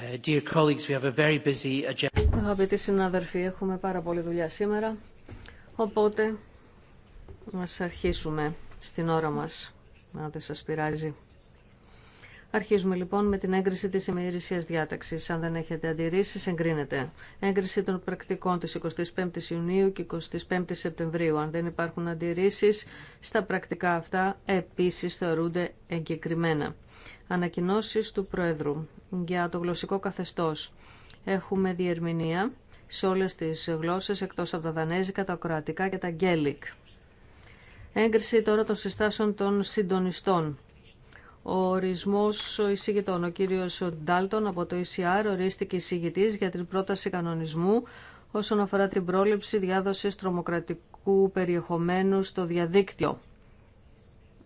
Uh, Αγαπητοί συναδελφοί, έχουμε πάρα πολλή δουλειά σήμερα, οπότε ας αρχίσουμε στην ώρα μας, αν δεν σας πειράζει. Αρχίζουμε λοιπόν με την έγκριση της ημερησίας διάταξης. Αν δεν έχετε αντιρρήσεις, εγκρίνεται. Έγκριση των πρακτικών της 25ης Ιουνίου και 25ης Σεπτεμβρίου. Αν δεν υπάρχουν αντιρρήσεις, στα πρακτικά αυτά επίσης θεωρούνται εγκεκριμένα. Ανακοινώσεις του Πρόεδρου για το γλωσσικό καθεστώς. Έχουμε διερμηνία σε όλες τις γλώσσες εκτός από τα δανέζικα, τα κροατικά και τα γκέλικ. Έγκριση τώρα των συστάσεων των συντονιστών. Ο ορισμός εισηγητών, ο κύριος Ντάλτον από το ECR ορίστηκε εισηγητή για την πρόταση κανονισμού όσον αφορά την πρόληψη διάδοσης τρομοκρατικού περιεχομένου στο διαδίκτυο.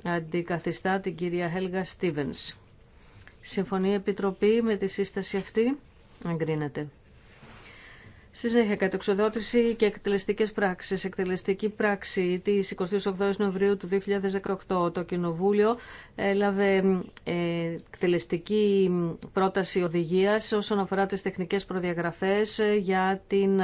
Αντικαθιστά την κυρία Χέλγα Στίβενς. Συμφωνεί η Επιτροπή με τη σύσταση αυτή. εγκρίνεται. Στη συνέχεια, κατεξοδότηση και εκτελεστικέ πράξεις. Εκτελεστική πράξη τη 28 Νοεμβρίου του 2018. Το Κοινοβούλιο έλαβε ε, εκτελεστική πρόταση οδηγίας όσον αφορά τις τεχνικές προδιαγραφές για την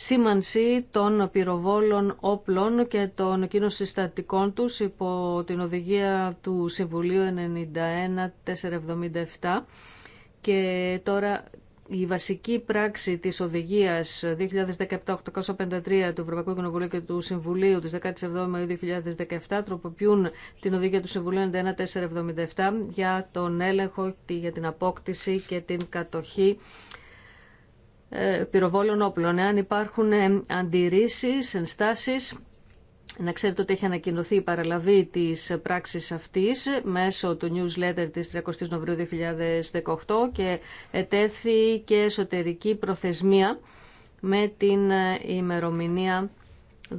σήμανση των πυροβόλων όπλων και των εκείνων συστατικών τους υπό την οδηγία του Συμβουλίου 91-477 και τώρα η βασική πράξη της οδηγίας 2017-853 του Ευρωπαϊκού Κοινοβουλίου και του Συμβουλίου της 17 Μαΐου 2017 τροποποιούν την οδηγία του Συμβουλίου 91-477 για τον έλεγχο, για την απόκτηση και την κατοχή ε, πυροβόλων όπλων. Εάν υπάρχουν ε, αντιρρήσεις, ενστάσεις, να ξέρετε ότι έχει ανακοινωθεί η παραλαβή της πράξης αυτής μέσω του newsletter της 30 Νοεμβρίου 2018 και ετέθη και εσωτερική προθεσμία με την ε, ημερομηνία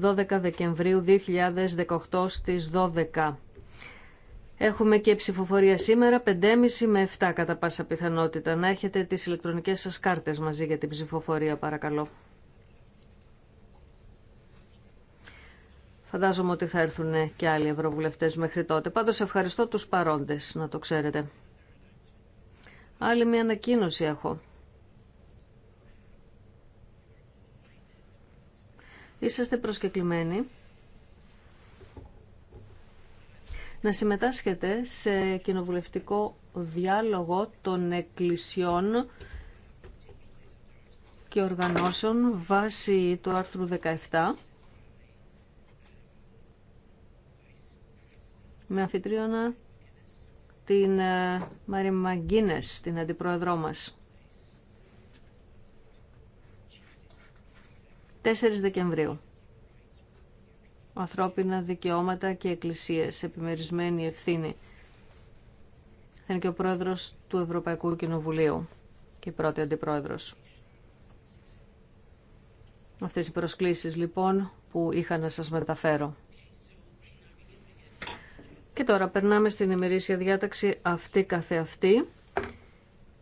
12 Δεκεμβρίου 2018 στις 12 Έχουμε και ψηφοφορία σήμερα, 5,5 με 7 κατά πάσα πιθανότητα. Να έχετε τις ηλεκτρονικές σας κάρτες μαζί για την ψηφοφορία, παρακαλώ. Φαντάζομαι ότι θα έρθουν και άλλοι ευρωβουλευτές μέχρι τότε. Πάντως ευχαριστώ τους παρόντες, να το ξέρετε. Άλλη μια ανακοίνωση έχω. Είσαστε προσκεκλημένοι να συμμετάσχετε σε κοινοβουλευτικό διάλογο των εκκλησιών και οργανώσεων βάσει του άρθρου 17 με αφιτρίωνα την ε, Μαρή Μαγκίνες, την αντιπρόεδρό μας. 4 Δεκεμβρίου ανθρώπινα δικαιώματα και εκκλησίες, επιμερισμένη ευθύνη. Θα είναι και ο πρόεδρος του Ευρωπαϊκού Κοινοβουλίου και η πρώτη αντιπρόεδρος. Αυτές οι προσκλήσεις λοιπόν που είχα να σας μεταφέρω. Και τώρα περνάμε στην ημερήσια διάταξη αυτή καθεαυτή.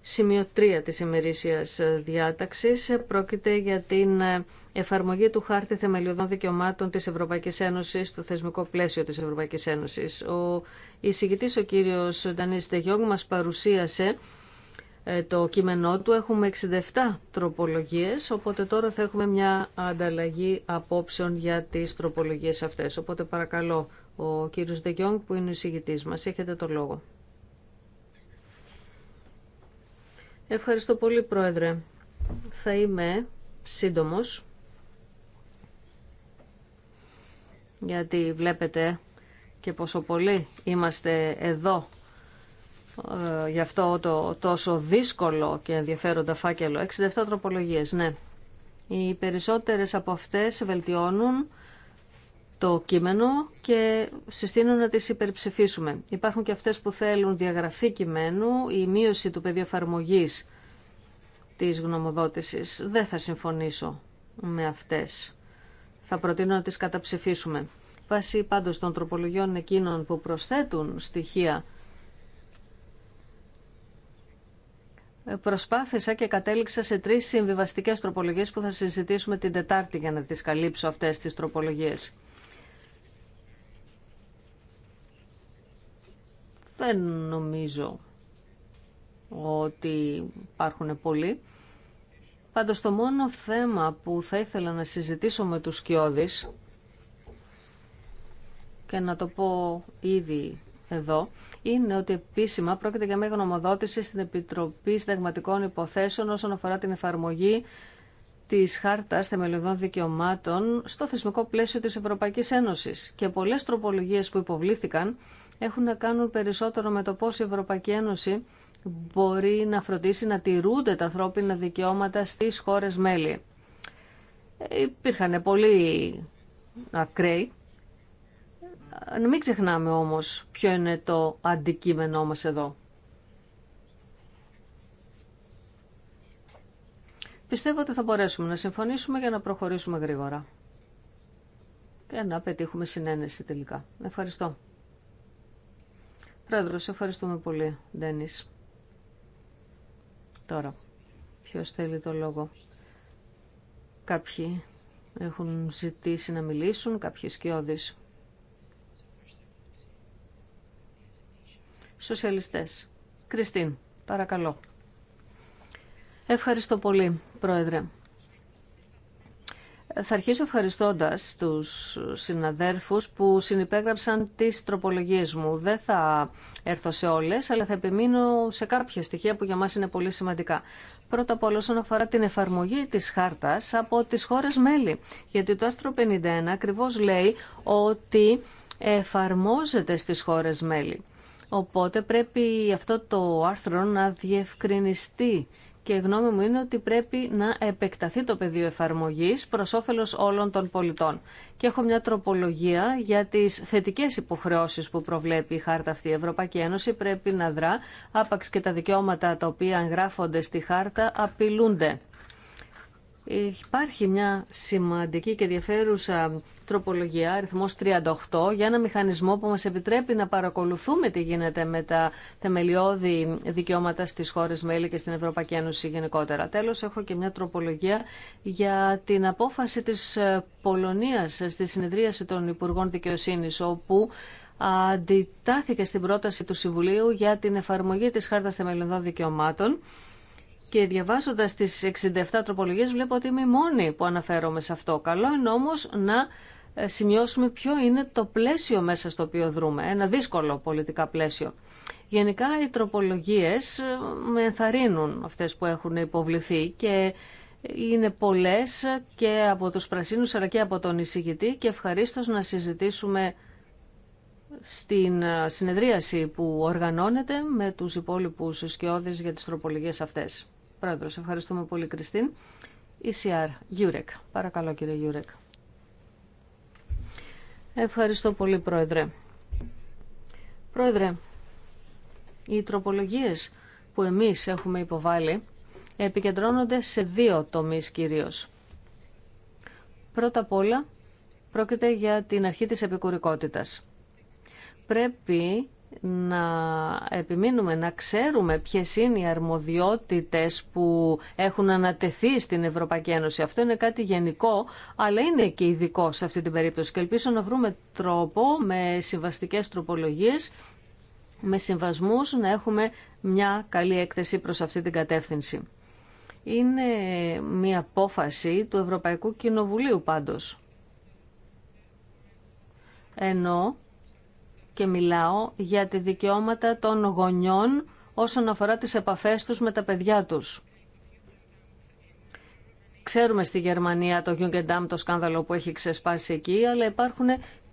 Σημείο 3 της ημερήσιας διάταξης πρόκειται για την ε, εφαρμογή του χάρτη θεμελιωδών δικαιωμάτων της Ευρωπαϊκής Ένωσης στο θεσμικό πλαίσιο της Ευρωπαϊκής Ένωσης. Ο εισηγητής ο κύριος Ντανίς Τεγιόγκ μας παρουσίασε ε, το κείμενό του. Έχουμε 67 τροπολογίες, οπότε τώρα θα έχουμε μια ανταλλαγή απόψεων για τις τροπολογίες αυτές. Οπότε παρακαλώ ο κύριος Ντεγιόγκ που είναι ο εισηγητής μας. Έχετε το λόγο. Ευχαριστώ πολύ Πρόεδρε. Θα είμαι σύντομος γιατί βλέπετε και πόσο πολύ είμαστε εδώ ε, γι' αυτό το τόσο δύσκολο και ενδιαφέροντα φάκελο. 67 τροπολογίες, ναι. Οι περισσότερες από αυτές βελτιώνουν το κείμενο και συστήνουν να τις υπερψηφίσουμε. Υπάρχουν και αυτές που θέλουν διαγραφή κειμένου, η μείωση του πεδίου εφαρμογή της γνωμοδότησης. Δεν θα συμφωνήσω με αυτές θα προτείνω να τις καταψηφίσουμε. Βάσει πάντως των τροπολογιών εκείνων που προσθέτουν στοιχεία Προσπάθησα και κατέληξα σε τρεις συμβιβαστικές τροπολογίες που θα συζητήσουμε την Τετάρτη για να τις καλύψω αυτές τις τροπολογίες. Δεν νομίζω ότι υπάρχουν πολλοί. Πάντως το μόνο θέμα που θα ήθελα να συζητήσω με τους Σκιώδης και να το πω ήδη εδώ, είναι ότι επίσημα πρόκειται για μια γνωμοδότηση στην Επιτροπή Συνταγματικών Υποθέσεων όσον αφορά την εφαρμογή της Χάρτας Θεμελιωδών Δικαιωμάτων στο θεσμικό πλαίσιο της Ευρωπαϊκής Ένωσης. Και πολλές τροπολογίες που υποβλήθηκαν έχουν να κάνουν περισσότερο με το πώς η Ευρωπαϊκή Ένωση μπορεί να φροντίσει να τηρούνται τα ανθρώπινα δικαιώματα στις χώρες μέλη. Υπήρχαν πολλοί ακραίοι. Να μην ξεχνάμε όμως ποιο είναι το αντικείμενό μας εδώ. Πιστεύω ότι θα μπορέσουμε να συμφωνήσουμε για να προχωρήσουμε γρήγορα και να πετύχουμε συνένεση τελικά. Ευχαριστώ. Πρόεδρος, ευχαριστούμε πολύ, Ντένις. Τώρα, ποιος θέλει το λόγο. Κάποιοι έχουν ζητήσει να μιλήσουν, κάποιοι σκιώδεις. Σοσιαλιστές. Κριστίν, παρακαλώ. Ευχαριστώ πολύ, Πρόεδρε. Θα αρχίσω ευχαριστώντας τους συναδέρφους που συνυπέγραψαν τις τροπολογίες μου. Δεν θα έρθω σε όλες, αλλά θα επιμείνω σε κάποια στοιχεία που για μα είναι πολύ σημαντικά. Πρώτα απ' όλα όσον αφορά την εφαρμογή της χάρτας από τις χώρες μέλη. Γιατί το άρθρο 51 ακριβώς λέει ότι εφαρμόζεται στις χώρες μέλη. Οπότε πρέπει αυτό το άρθρο να διευκρινιστεί και η γνώμη μου είναι ότι πρέπει να επεκταθεί το πεδίο εφαρμογής προς όφελος όλων των πολιτών. Και έχω μια τροπολογία για τις θετικές υποχρεώσεις που προβλέπει η χάρτα αυτή. Η Ευρωπαϊκή Ένωση πρέπει να δρά άπαξ και τα δικαιώματα τα οποία γράφονται στη χάρτα απειλούνται. Υπάρχει μια σημαντική και ενδιαφέρουσα τροπολογία, αριθμό 38, για ένα μηχανισμό που μας επιτρέπει να παρακολουθούμε τι γίνεται με τα θεμελιώδη δικαιώματα στις χώρες μέλη και στην Ευρωπαϊκή Ένωση γενικότερα. Τέλος, έχω και μια τροπολογία για την απόφαση της Πολωνίας στη συνεδρίαση των Υπουργών δικαιοσύνη, όπου αντιτάθηκε στην πρόταση του Συμβουλίου για την εφαρμογή τη χάρτα Θεμελιωδών Δικαιωμάτων και διαβάζοντα τι 67 τροπολογίες βλέπω ότι είμαι η μόνη που αναφέρομαι σε αυτό. Καλό είναι όμω να ε, σημειώσουμε ποιο είναι το πλαίσιο μέσα στο οποίο δρούμε. Ένα δύσκολο πολιτικά πλαίσιο. Γενικά οι τροπολογίες ε, με ενθαρρύνουν αυτές που έχουν υποβληθεί και είναι πολλές και από τους πρασίνους αλλά και από τον εισηγητή και ευχαρίστω να συζητήσουμε στην ε, συνεδρίαση που οργανώνεται με τους υπόλοιπους σκιώδες για τις τροπολογίες αυτές. Πρόεδρος, ευχαριστούμε πολύ Κριστίν. ECR, Γιούρεκ. Παρακαλώ κύριε Γιούρεκ. Ευχαριστώ πολύ Πρόεδρε. Πρόεδρε, οι τροπολογίες που εμείς έχουμε υποβάλει επικεντρώνονται σε δύο τομείς κυρίως. Πρώτα απ' όλα, πρόκειται για την αρχή της επικουρικότητας. Πρέπει να επιμείνουμε, να ξέρουμε ποιες είναι οι αρμοδιότητες που έχουν ανατεθεί στην Ευρωπαϊκή Ένωση. Αυτό είναι κάτι γενικό, αλλά είναι και ειδικό σε αυτή την περίπτωση. Και ελπίζω να βρούμε τρόπο με συμβαστικές τροπολογίες, με συμβασμούς, να έχουμε μια καλή έκθεση προς αυτή την κατεύθυνση. Είναι μια απόφαση του Ευρωπαϊκού Κοινοβουλίου πάντως. Ενώ και μιλάω για τη δικαιώματα των γονιών όσον αφορά τις επαφές τους με τα παιδιά τους. Ξέρουμε στη Γερμανία το Jungendamm, το σκάνδαλο που έχει ξεσπάσει εκεί, αλλά υπάρχουν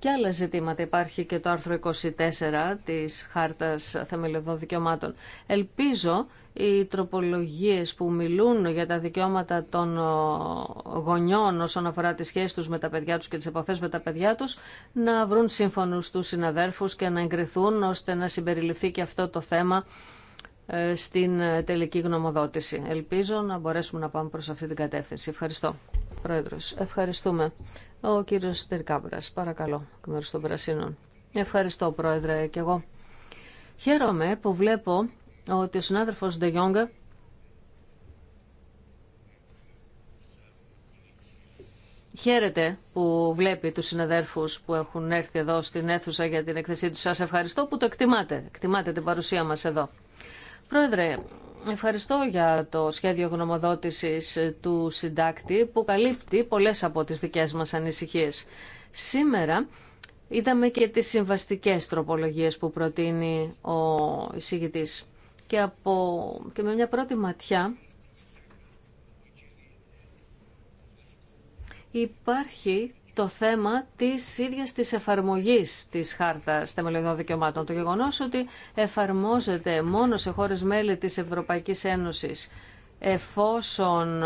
και άλλα ζητήματα. Υπάρχει και το άρθρο 24 της Χάρτας Θεμελιωδών Δικαιωμάτων. Ελπίζω οι τροπολογίες που μιλούν για τα δικαιώματα των γονιών όσον αφορά τις σχέσεις τους με τα παιδιά τους και τις επαφές με τα παιδιά τους να βρουν σύμφωνο τους συναδέρφους και να εγκριθούν ώστε να συμπεριληφθεί και αυτό το θέμα ε, στην ε, τελική γνωμοδότηση. Ελπίζω να μπορέσουμε να πάμε προς αυτή την κατεύθυνση. Ευχαριστώ. Πρόεδρος, ευχαριστούμε. Ο κύριο Τερικάμπρας, παρακαλώ, εκ μέρου των Πρασίνων. Ευχαριστώ, Πρόεδρε, και εγώ. Χαίρομαι που βλέπω ότι ο συνάδελφο Ντεγιόγκα χαίρεται που βλέπει τους συναδέρφους που έχουν έρθει εδώ στην αίθουσα για την εκθεσή του. Σας ευχαριστώ που το εκτιμάτε. Εκτιμάτε την παρουσία μας εδώ. Πρόεδρε, Ευχαριστώ για το σχέδιο γνωμοδότησης του συντάκτη που καλύπτει πολλές από τις δικές μας ανησυχίες. Σήμερα είδαμε και τις συμβαστικές τροπολογίες που προτείνει ο εισηγητής. Και, από... και με μια πρώτη ματιά υπάρχει το θέμα της ίδιας της εφαρμογής της χάρτας θεμελιωδών δικαιωμάτων. Το γεγονός ότι εφαρμόζεται μόνο σε χώρες μέλη της Ευρωπαϊκής Ένωσης εφόσον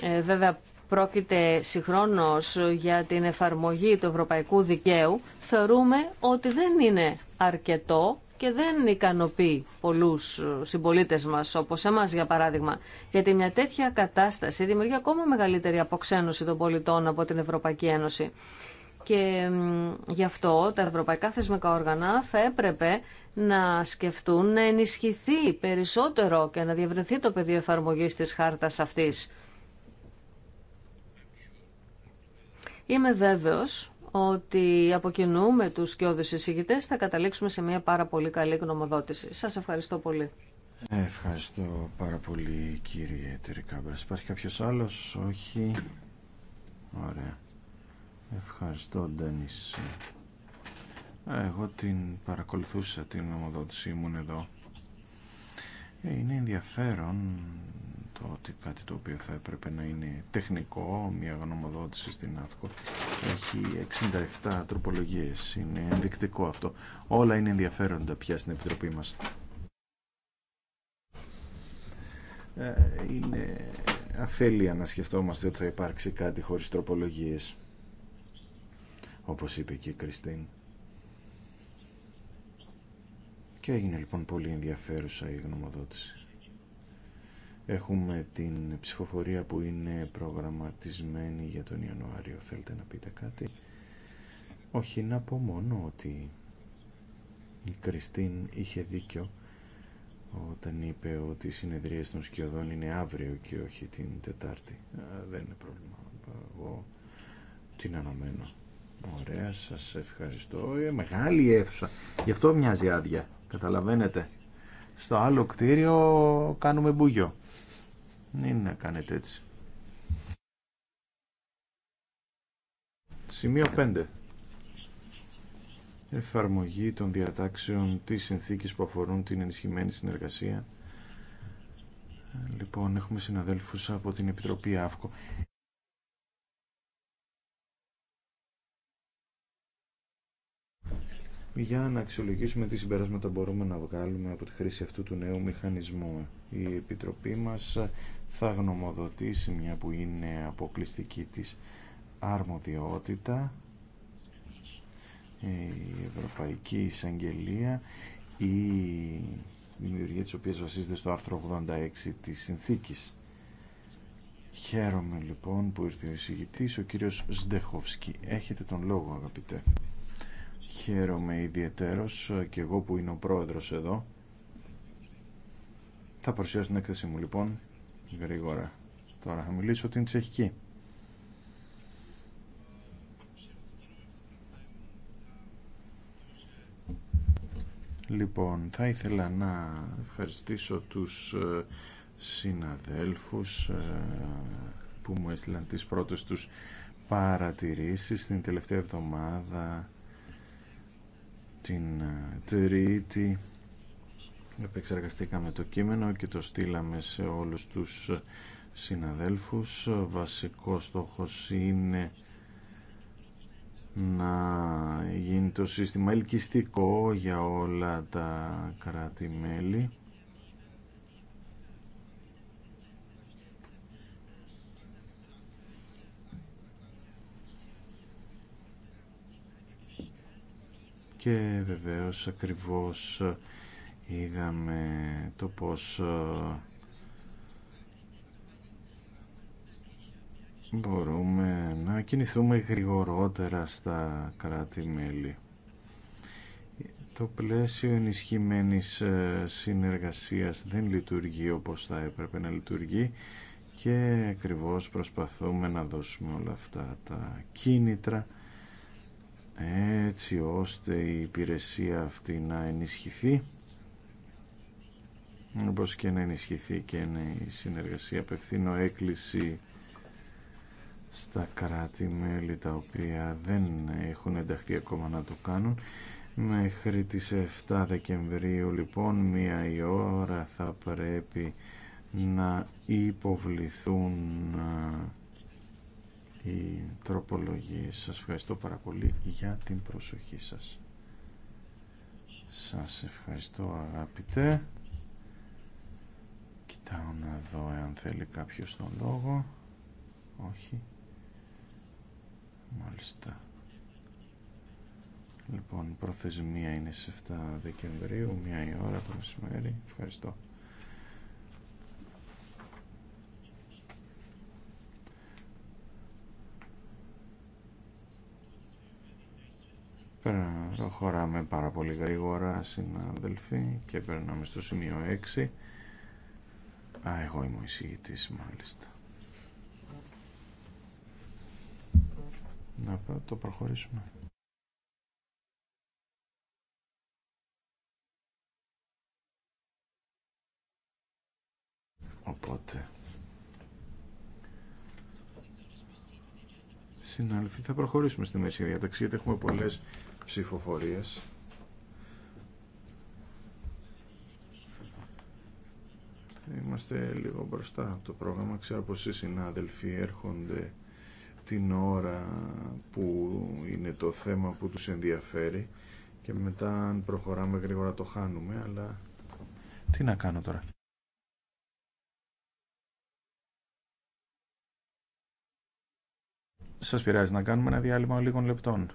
ε, βέβαια πρόκειται συγχρόνως για την εφαρμογή του ευρωπαϊκού δικαίου, θεωρούμε ότι δεν είναι αρκετό και δεν ικανοποιεί πολλούς ε, συμπολίτες μας, όπως εμάς για παράδειγμα. Γιατί μια τέτοια κατάσταση δημιουργεί ακόμα μεγαλύτερη αποξένωση των πολιτών από την Ευρωπαϊκή Ένωση. Και γι' αυτό τα ευρωπαϊκά θεσμικά όργανα θα έπρεπε να σκεφτούν να ενισχυθεί περισσότερο και να διευρυνθεί το πεδίο εφαρμογής της χάρτας αυτής. Είμαι βέβαιος ότι από κοινού με τους σκιώδει θα καταλήξουμε σε μια πάρα πολύ καλή γνωμοδότηση. Σα ευχαριστώ πολύ. Ευχαριστώ πάρα πολύ κύριε Τερικάμπρα. Υπάρχει κάποιο άλλο όχι. Ωραία. Ευχαριστώ Ντανής. Εγώ την παρακολουθούσα την νομοδότηση, ήμουν εδώ. Ε, είναι ενδιαφέρον ότι κάτι το οποίο θα έπρεπε να είναι τεχνικό, μια γνωμοδότηση στην ΑΦΚΟ, έχει 67 τροπολογίες. Είναι ενδεικτικό αυτό. Όλα είναι ενδιαφέροντα πια στην Επιτροπή μας. Ε, είναι αφέλεια να σκεφτόμαστε ότι θα υπάρξει κάτι χωρίς τροπολογίες. Όπως είπε και η Κριστίν. Και έγινε λοιπόν πολύ ενδιαφέρουσα η γνωμοδότηση. Έχουμε την ψηφοφορία που είναι προγραμματισμένη για τον Ιανουάριο. Θέλετε να πείτε κάτι. Όχι, να πω μόνο ότι η Κριστίν είχε δίκιο όταν είπε ότι οι συνεδρίες των σκιωδών είναι αύριο και όχι την Τετάρτη. δεν είναι πρόβλημα. Εγώ την αναμένω. Ωραία, σας ευχαριστώ. Ε, μεγάλη αίθουσα. Γι' αυτό μοιάζει άδεια. Καταλαβαίνετε. Στο άλλο κτίριο κάνουμε μπουγιο. Μην να κάνετε έτσι. Σημείο 5. Εφαρμογή των διατάξεων της συνθήκης που αφορούν την ενισχυμένη συνεργασία. Λοιπόν, έχουμε συναδέλφους από την Επιτροπή ΑΦΚΟ. για να αξιολογήσουμε τι συμπεράσματα μπορούμε να βγάλουμε από τη χρήση αυτού του νέου μηχανισμού. Η Επιτροπή μας θα γνωμοδοτήσει μια που είναι αποκλειστική της αρμοδιότητα η Ευρωπαϊκή Εισαγγελία η δημιουργία της οποίας βασίζεται στο άρθρο 86 της συνθήκης. Χαίρομαι λοιπόν που ήρθε ο εισηγητής, ο κύριος Σντεχόφσκι. Έχετε τον λόγο αγαπητέ. Χαίρομαι ιδιαιτέρως και εγώ που είναι ο πρόεδρος εδώ. Θα παρουσιάσω την έκθεση μου λοιπόν γρήγορα. Τώρα θα μιλήσω την τσεχική. Λοιπόν, θα ήθελα να ευχαριστήσω τους ε, συναδέλφους ε, που μου έστειλαν τις πρώτες τους παρατηρήσεις την τελευταία εβδομάδα την ε, Τρίτη επεξεργαστήκαμε το κείμενο και το στείλαμε σε όλους τους συναδέλφους. Βασικό στόχος είναι να γίνει το σύστημα ελκυστικό για όλα τα κράτη-μέλη. Και βεβαίως ακριβώς είδαμε το πως ε, μπορούμε να κινηθούμε γρηγορότερα στα κράτη-μέλη. Το πλαίσιο ενισχυμένης ε, συνεργασίας δεν λειτουργεί όπως θα έπρεπε να λειτουργεί και ακριβώ προσπαθούμε να δώσουμε όλα αυτά τα κίνητρα έτσι ώστε η υπηρεσία αυτή να ενισχυθεί όπως και να ενισχυθεί και να η συνεργασία απευθύνω έκκληση στα κράτη-μέλη τα οποία δεν έχουν ενταχθεί ακόμα να το κάνουν μέχρι τις 7 Δεκεμβρίου λοιπόν μία η ώρα θα πρέπει να υποβληθούν ε, οι τροπολογίες σας ευχαριστώ πάρα πολύ για την προσοχή σας σας ευχαριστώ αγαπητέ Κοιτάω να δω αν θέλει κάποιος τον λόγο. Όχι. Μάλιστα. Λοιπόν, η προθεσμία είναι σε 7 Δεκεμβρίου, μία η ώρα το μεσημέρι. Ευχαριστώ. Προχωράμε πάρα πολύ γρήγορα, συναδελφοί, και περνάμε στο σημείο 6. Α, εγώ είμαι ο εισηγητής, μάλιστα. Να το προχωρήσουμε. Οπότε... Συνάλληφοι, θα προχωρήσουμε στη μέση διαταξία, γιατί έχουμε πολλές ψηφοφορίες. Είμαστε λίγο μπροστά από το πρόγραμμα. Ξέρω πως οι συνάδελφοι έρχονται την ώρα που είναι το θέμα που τους ενδιαφέρει και μετά αν προχωράμε γρήγορα το χάνουμε, αλλά τι να κάνω τώρα. Σας πειράζει να κάνουμε ένα διάλειμμα λίγων λεπτών.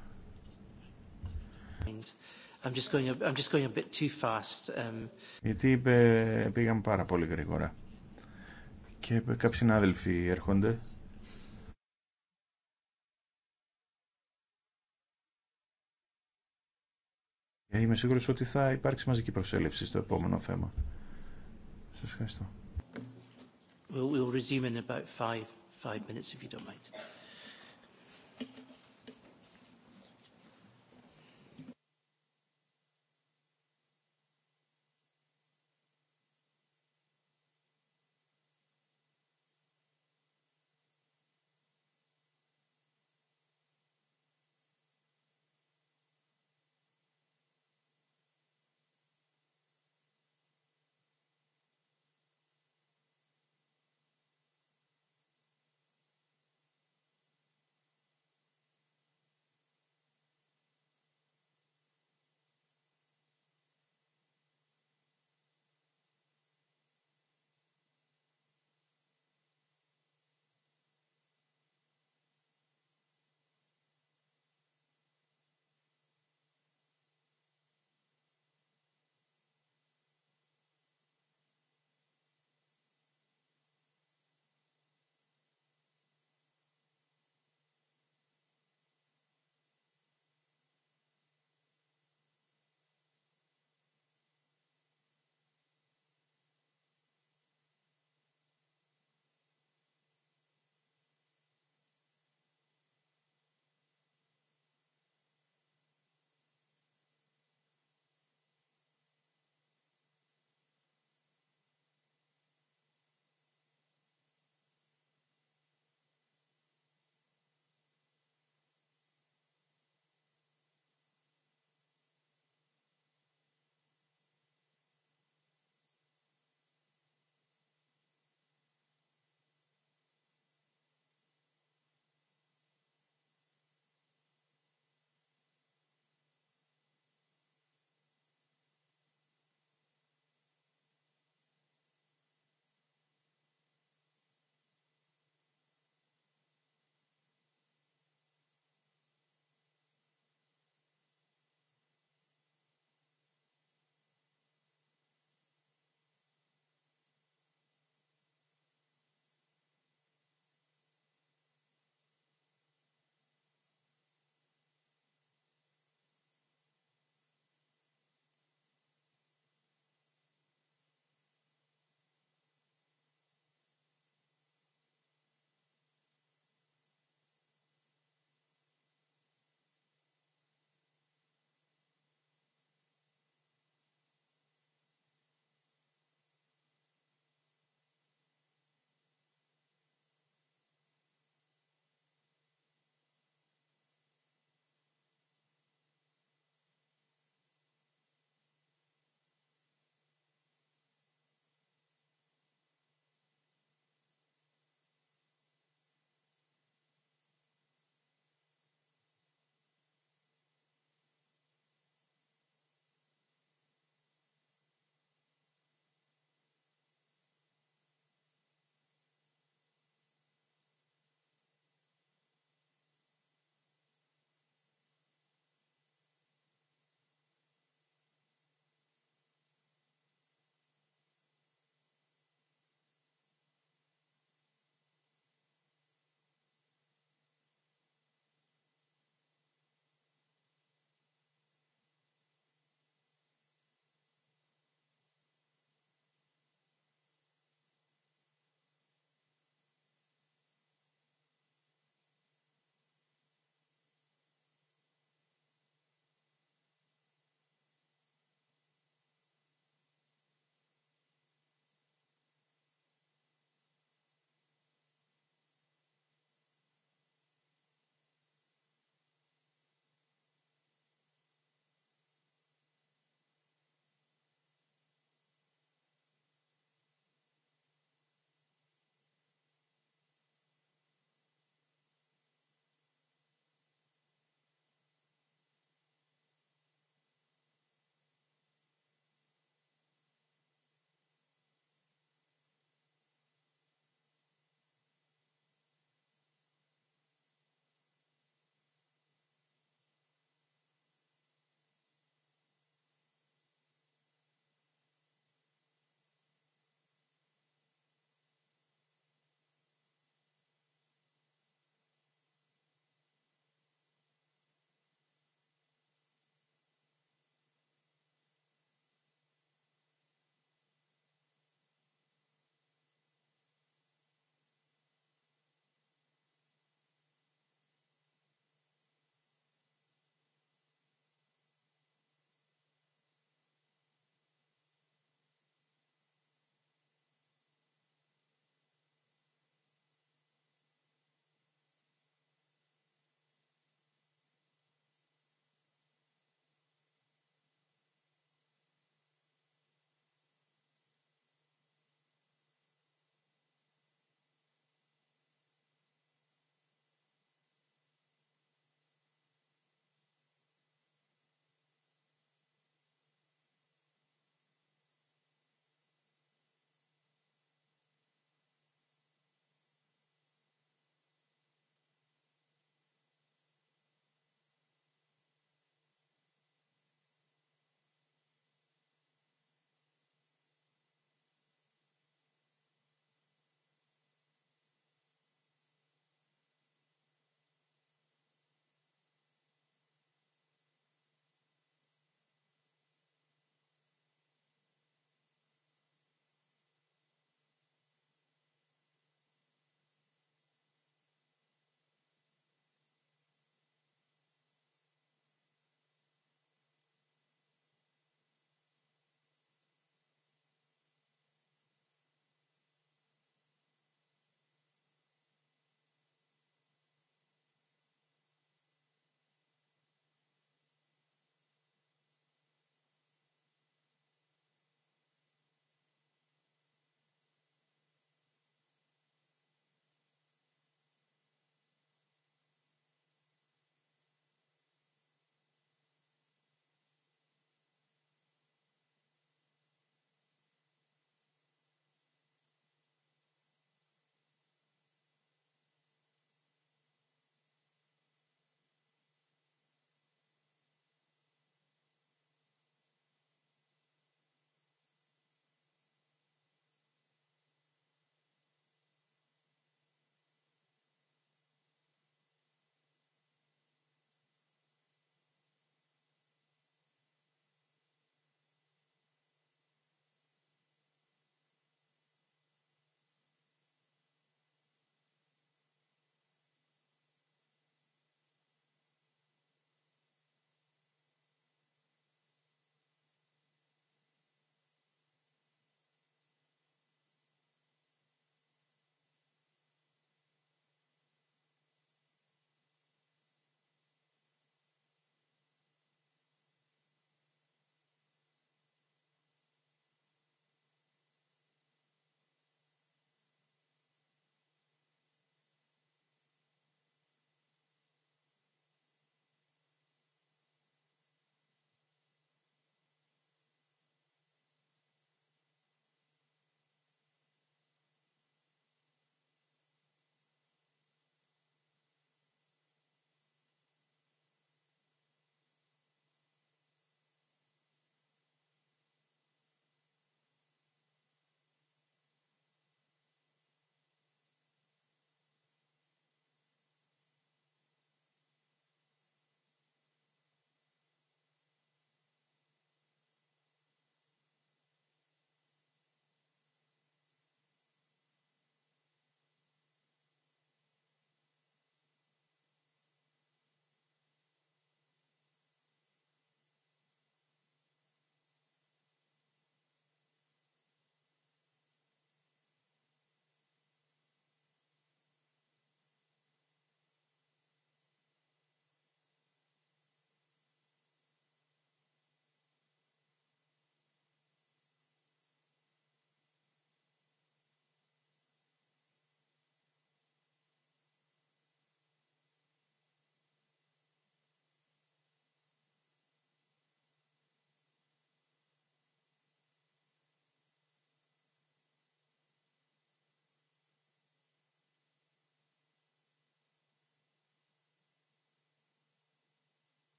I'm just going a, I'm just going a bit too fast. Um... Γιατί είπε, πήγαμε πάρα πολύ γρήγορα. Και κάποιοι συνάδελφοι έρχονται. Ε, είμαι σίγουρος ότι θα υπάρξει μαζική προσέλευση στο επόμενο θέμα. Σας ευχαριστώ. We'll, we'll resume in about five, five minutes if you don't mind.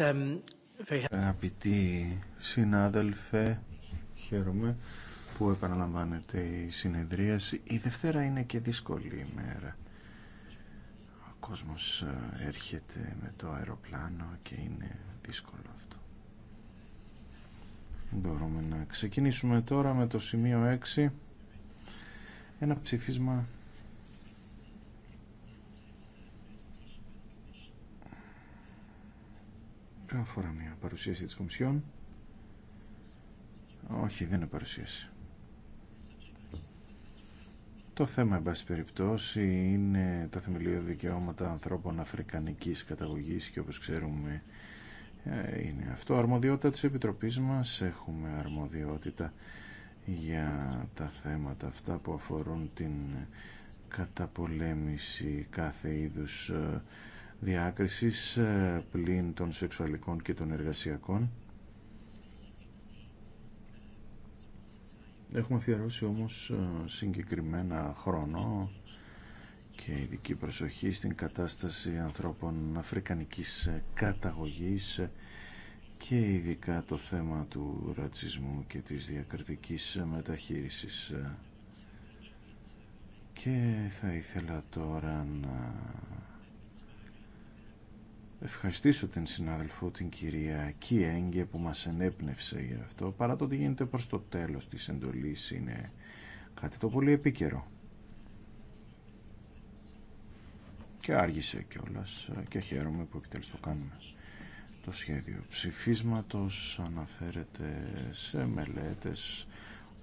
Um, Αγαπητοί συνάδελφε, χαίρομαι που επαναλαμβάνεται η συνεδρίαση. Η Δευτέρα είναι και δύσκολη ημέρα. Ο κόσμος ε, έρχεται με το αεροπλάνο και είναι δύσκολο αυτό. Μπορούμε να ξεκινήσουμε τώρα με το σημείο 6. Ένα ψήφισμα αφορά μια παρουσίαση της Κομισιόν. Όχι, δεν είναι παρουσίαση. Το θέμα, εν πάση περιπτώσει, είναι τα θεμελιώδη δικαιώματα ανθρώπων αφρικανικής καταγωγής και όπως ξέρουμε ε, είναι αυτό. Αρμοδιότητα της Επιτροπής μας. Έχουμε αρμοδιότητα για τα θέματα αυτά που αφορούν την καταπολέμηση κάθε είδους ε, διάκρισης ε, πλην των σεξουαλικών και των εργασιακών. Έχουμε αφιερώσει όμως ε, συγκεκριμένα χρόνο και ειδική προσοχή στην κατάσταση ανθρώπων αφρικανικής ε, καταγωγής και ειδικά το θέμα του ρατσισμού και της διακριτικής μεταχείρισης. Και θα ήθελα τώρα να ευχαριστήσω την συνάδελφο την κυρία Κιέγγε που μας ενέπνευσε για αυτό παρά το ότι γίνεται προς το τέλος της εντολής είναι κάτι το πολύ επίκαιρο και άργησε κιόλα και χαίρομαι που επιτέλους το κάνουμε το σχέδιο ψηφίσματος αναφέρεται σε μελέτες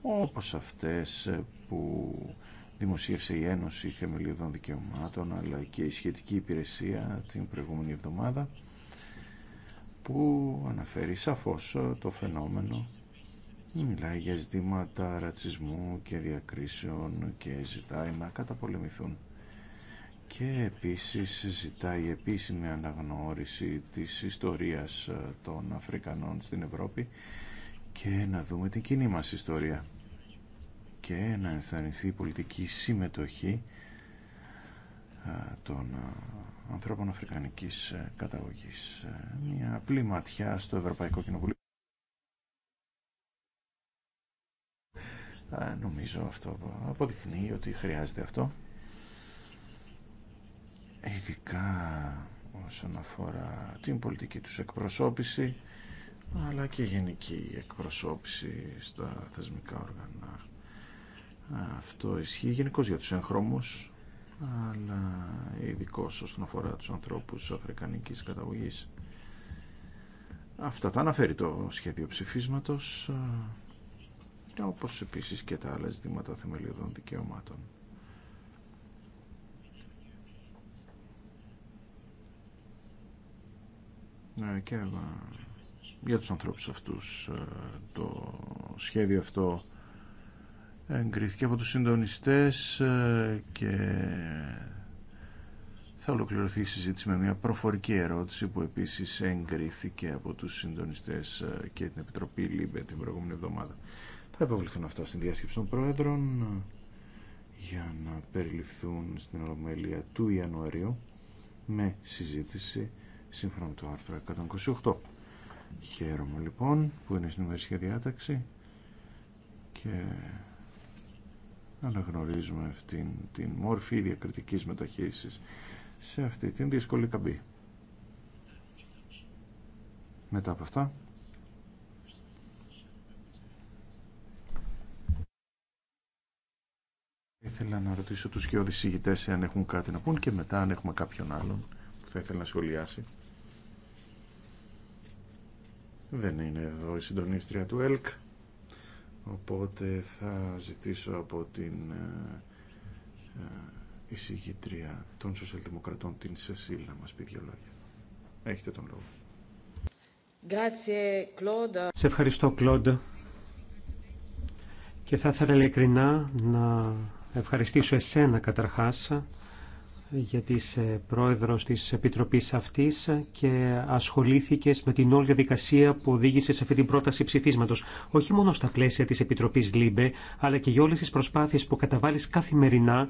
όπως αυτές που δημοσίευσε η Ένωση Θεμελιωδών Δικαιωμάτων αλλά και η σχετική υπηρεσία την προηγούμενη εβδομάδα που αναφέρει σαφώς ε, το φαινόμενο μιλάει για ζητήματα ρατσισμού και διακρίσεων και ζητάει να καταπολεμηθούν και επίσης ζητάει επίσημη αναγνώριση της ιστορίας ε, των Αφρικανών στην Ευρώπη και να δούμε την κοινή μας ιστορία και να ενθαρρυνθεί η πολιτική συμμετοχή των ανθρώπων αφρικανικής ε, καταγωγής. Ε, μια απλή ματιά στο Ευρωπαϊκό Κοινοβουλίο. Νομίζω αυτό αποδεικνύει ότι χρειάζεται αυτό. Ειδικά όσον αφορά την πολιτική τους εκπροσώπηση αλλά και γενική εκπροσώπηση στα θεσμικά όργανα αυτό ισχύει γενικώ για τους εγχρώμους, αλλά ειδικώ όσον αφορά τους ανθρώπους αφρικανικής καταγωγής. Αυτά τα αναφέρει το σχέδιο ψηφίσματος, ε, Όπω επίση και τα άλλα ζητήματα θεμελιωδών δικαιωμάτων. Ναι, και ε, για τους ανθρώπους αυτούς ε, το σχέδιο αυτό εγκρίθηκε από τους συντονιστές ε, και θα ολοκληρωθεί η συζήτηση με μια προφορική ερώτηση που επίσης εγκρίθηκε από τους συντονιστές ε, και την Επιτροπή ΛΥΜΠΕ την προηγούμενη εβδομάδα. Θα υποβληθούν αυτά στην διάσκεψη των Πρόεδρων ε, για να περιληφθούν στην Ολομέλεια του Ιανουαρίου με συζήτηση σύμφωνα με το άρθρο 128. Χαίρομαι λοιπόν που είναι στην ημερήσια διάταξη και αναγνωρίζουμε αυτήν την μόρφη διακριτικής μεταχείρισης σε αυτή την δύσκολη καμπή. Μετά από αυτά, ήθελα να ρωτήσω τους και ηγητές αν έχουν κάτι να πούν και μετά αν έχουμε κάποιον άλλον που θα ήθελε να σχολιάσει. Δεν είναι εδώ η συντονίστρια του ΕΛΚ. Οπότε θα ζητήσω από την ε, ε, εισηγήτρια των Σοσιαλδημοκρατών, την Σεσίλ, να μας πει δύο λόγια. Έχετε τον λόγο. Σε ευχαριστώ, Κλόντ. Και θα ήθελα ειλικρινά να ευχαριστήσω εσένα καταρχάς γιατί είσαι πρόεδρος της Επιτροπής αυτής και ασχολήθηκες με την όλη διαδικασία που οδήγησε σε αυτή την πρόταση ψηφίσματος. Όχι μόνο στα πλαίσια της Επιτροπής ΛΥΜΠΕ, αλλά και για όλες τις προσπάθειες που καταβάλεις καθημερινά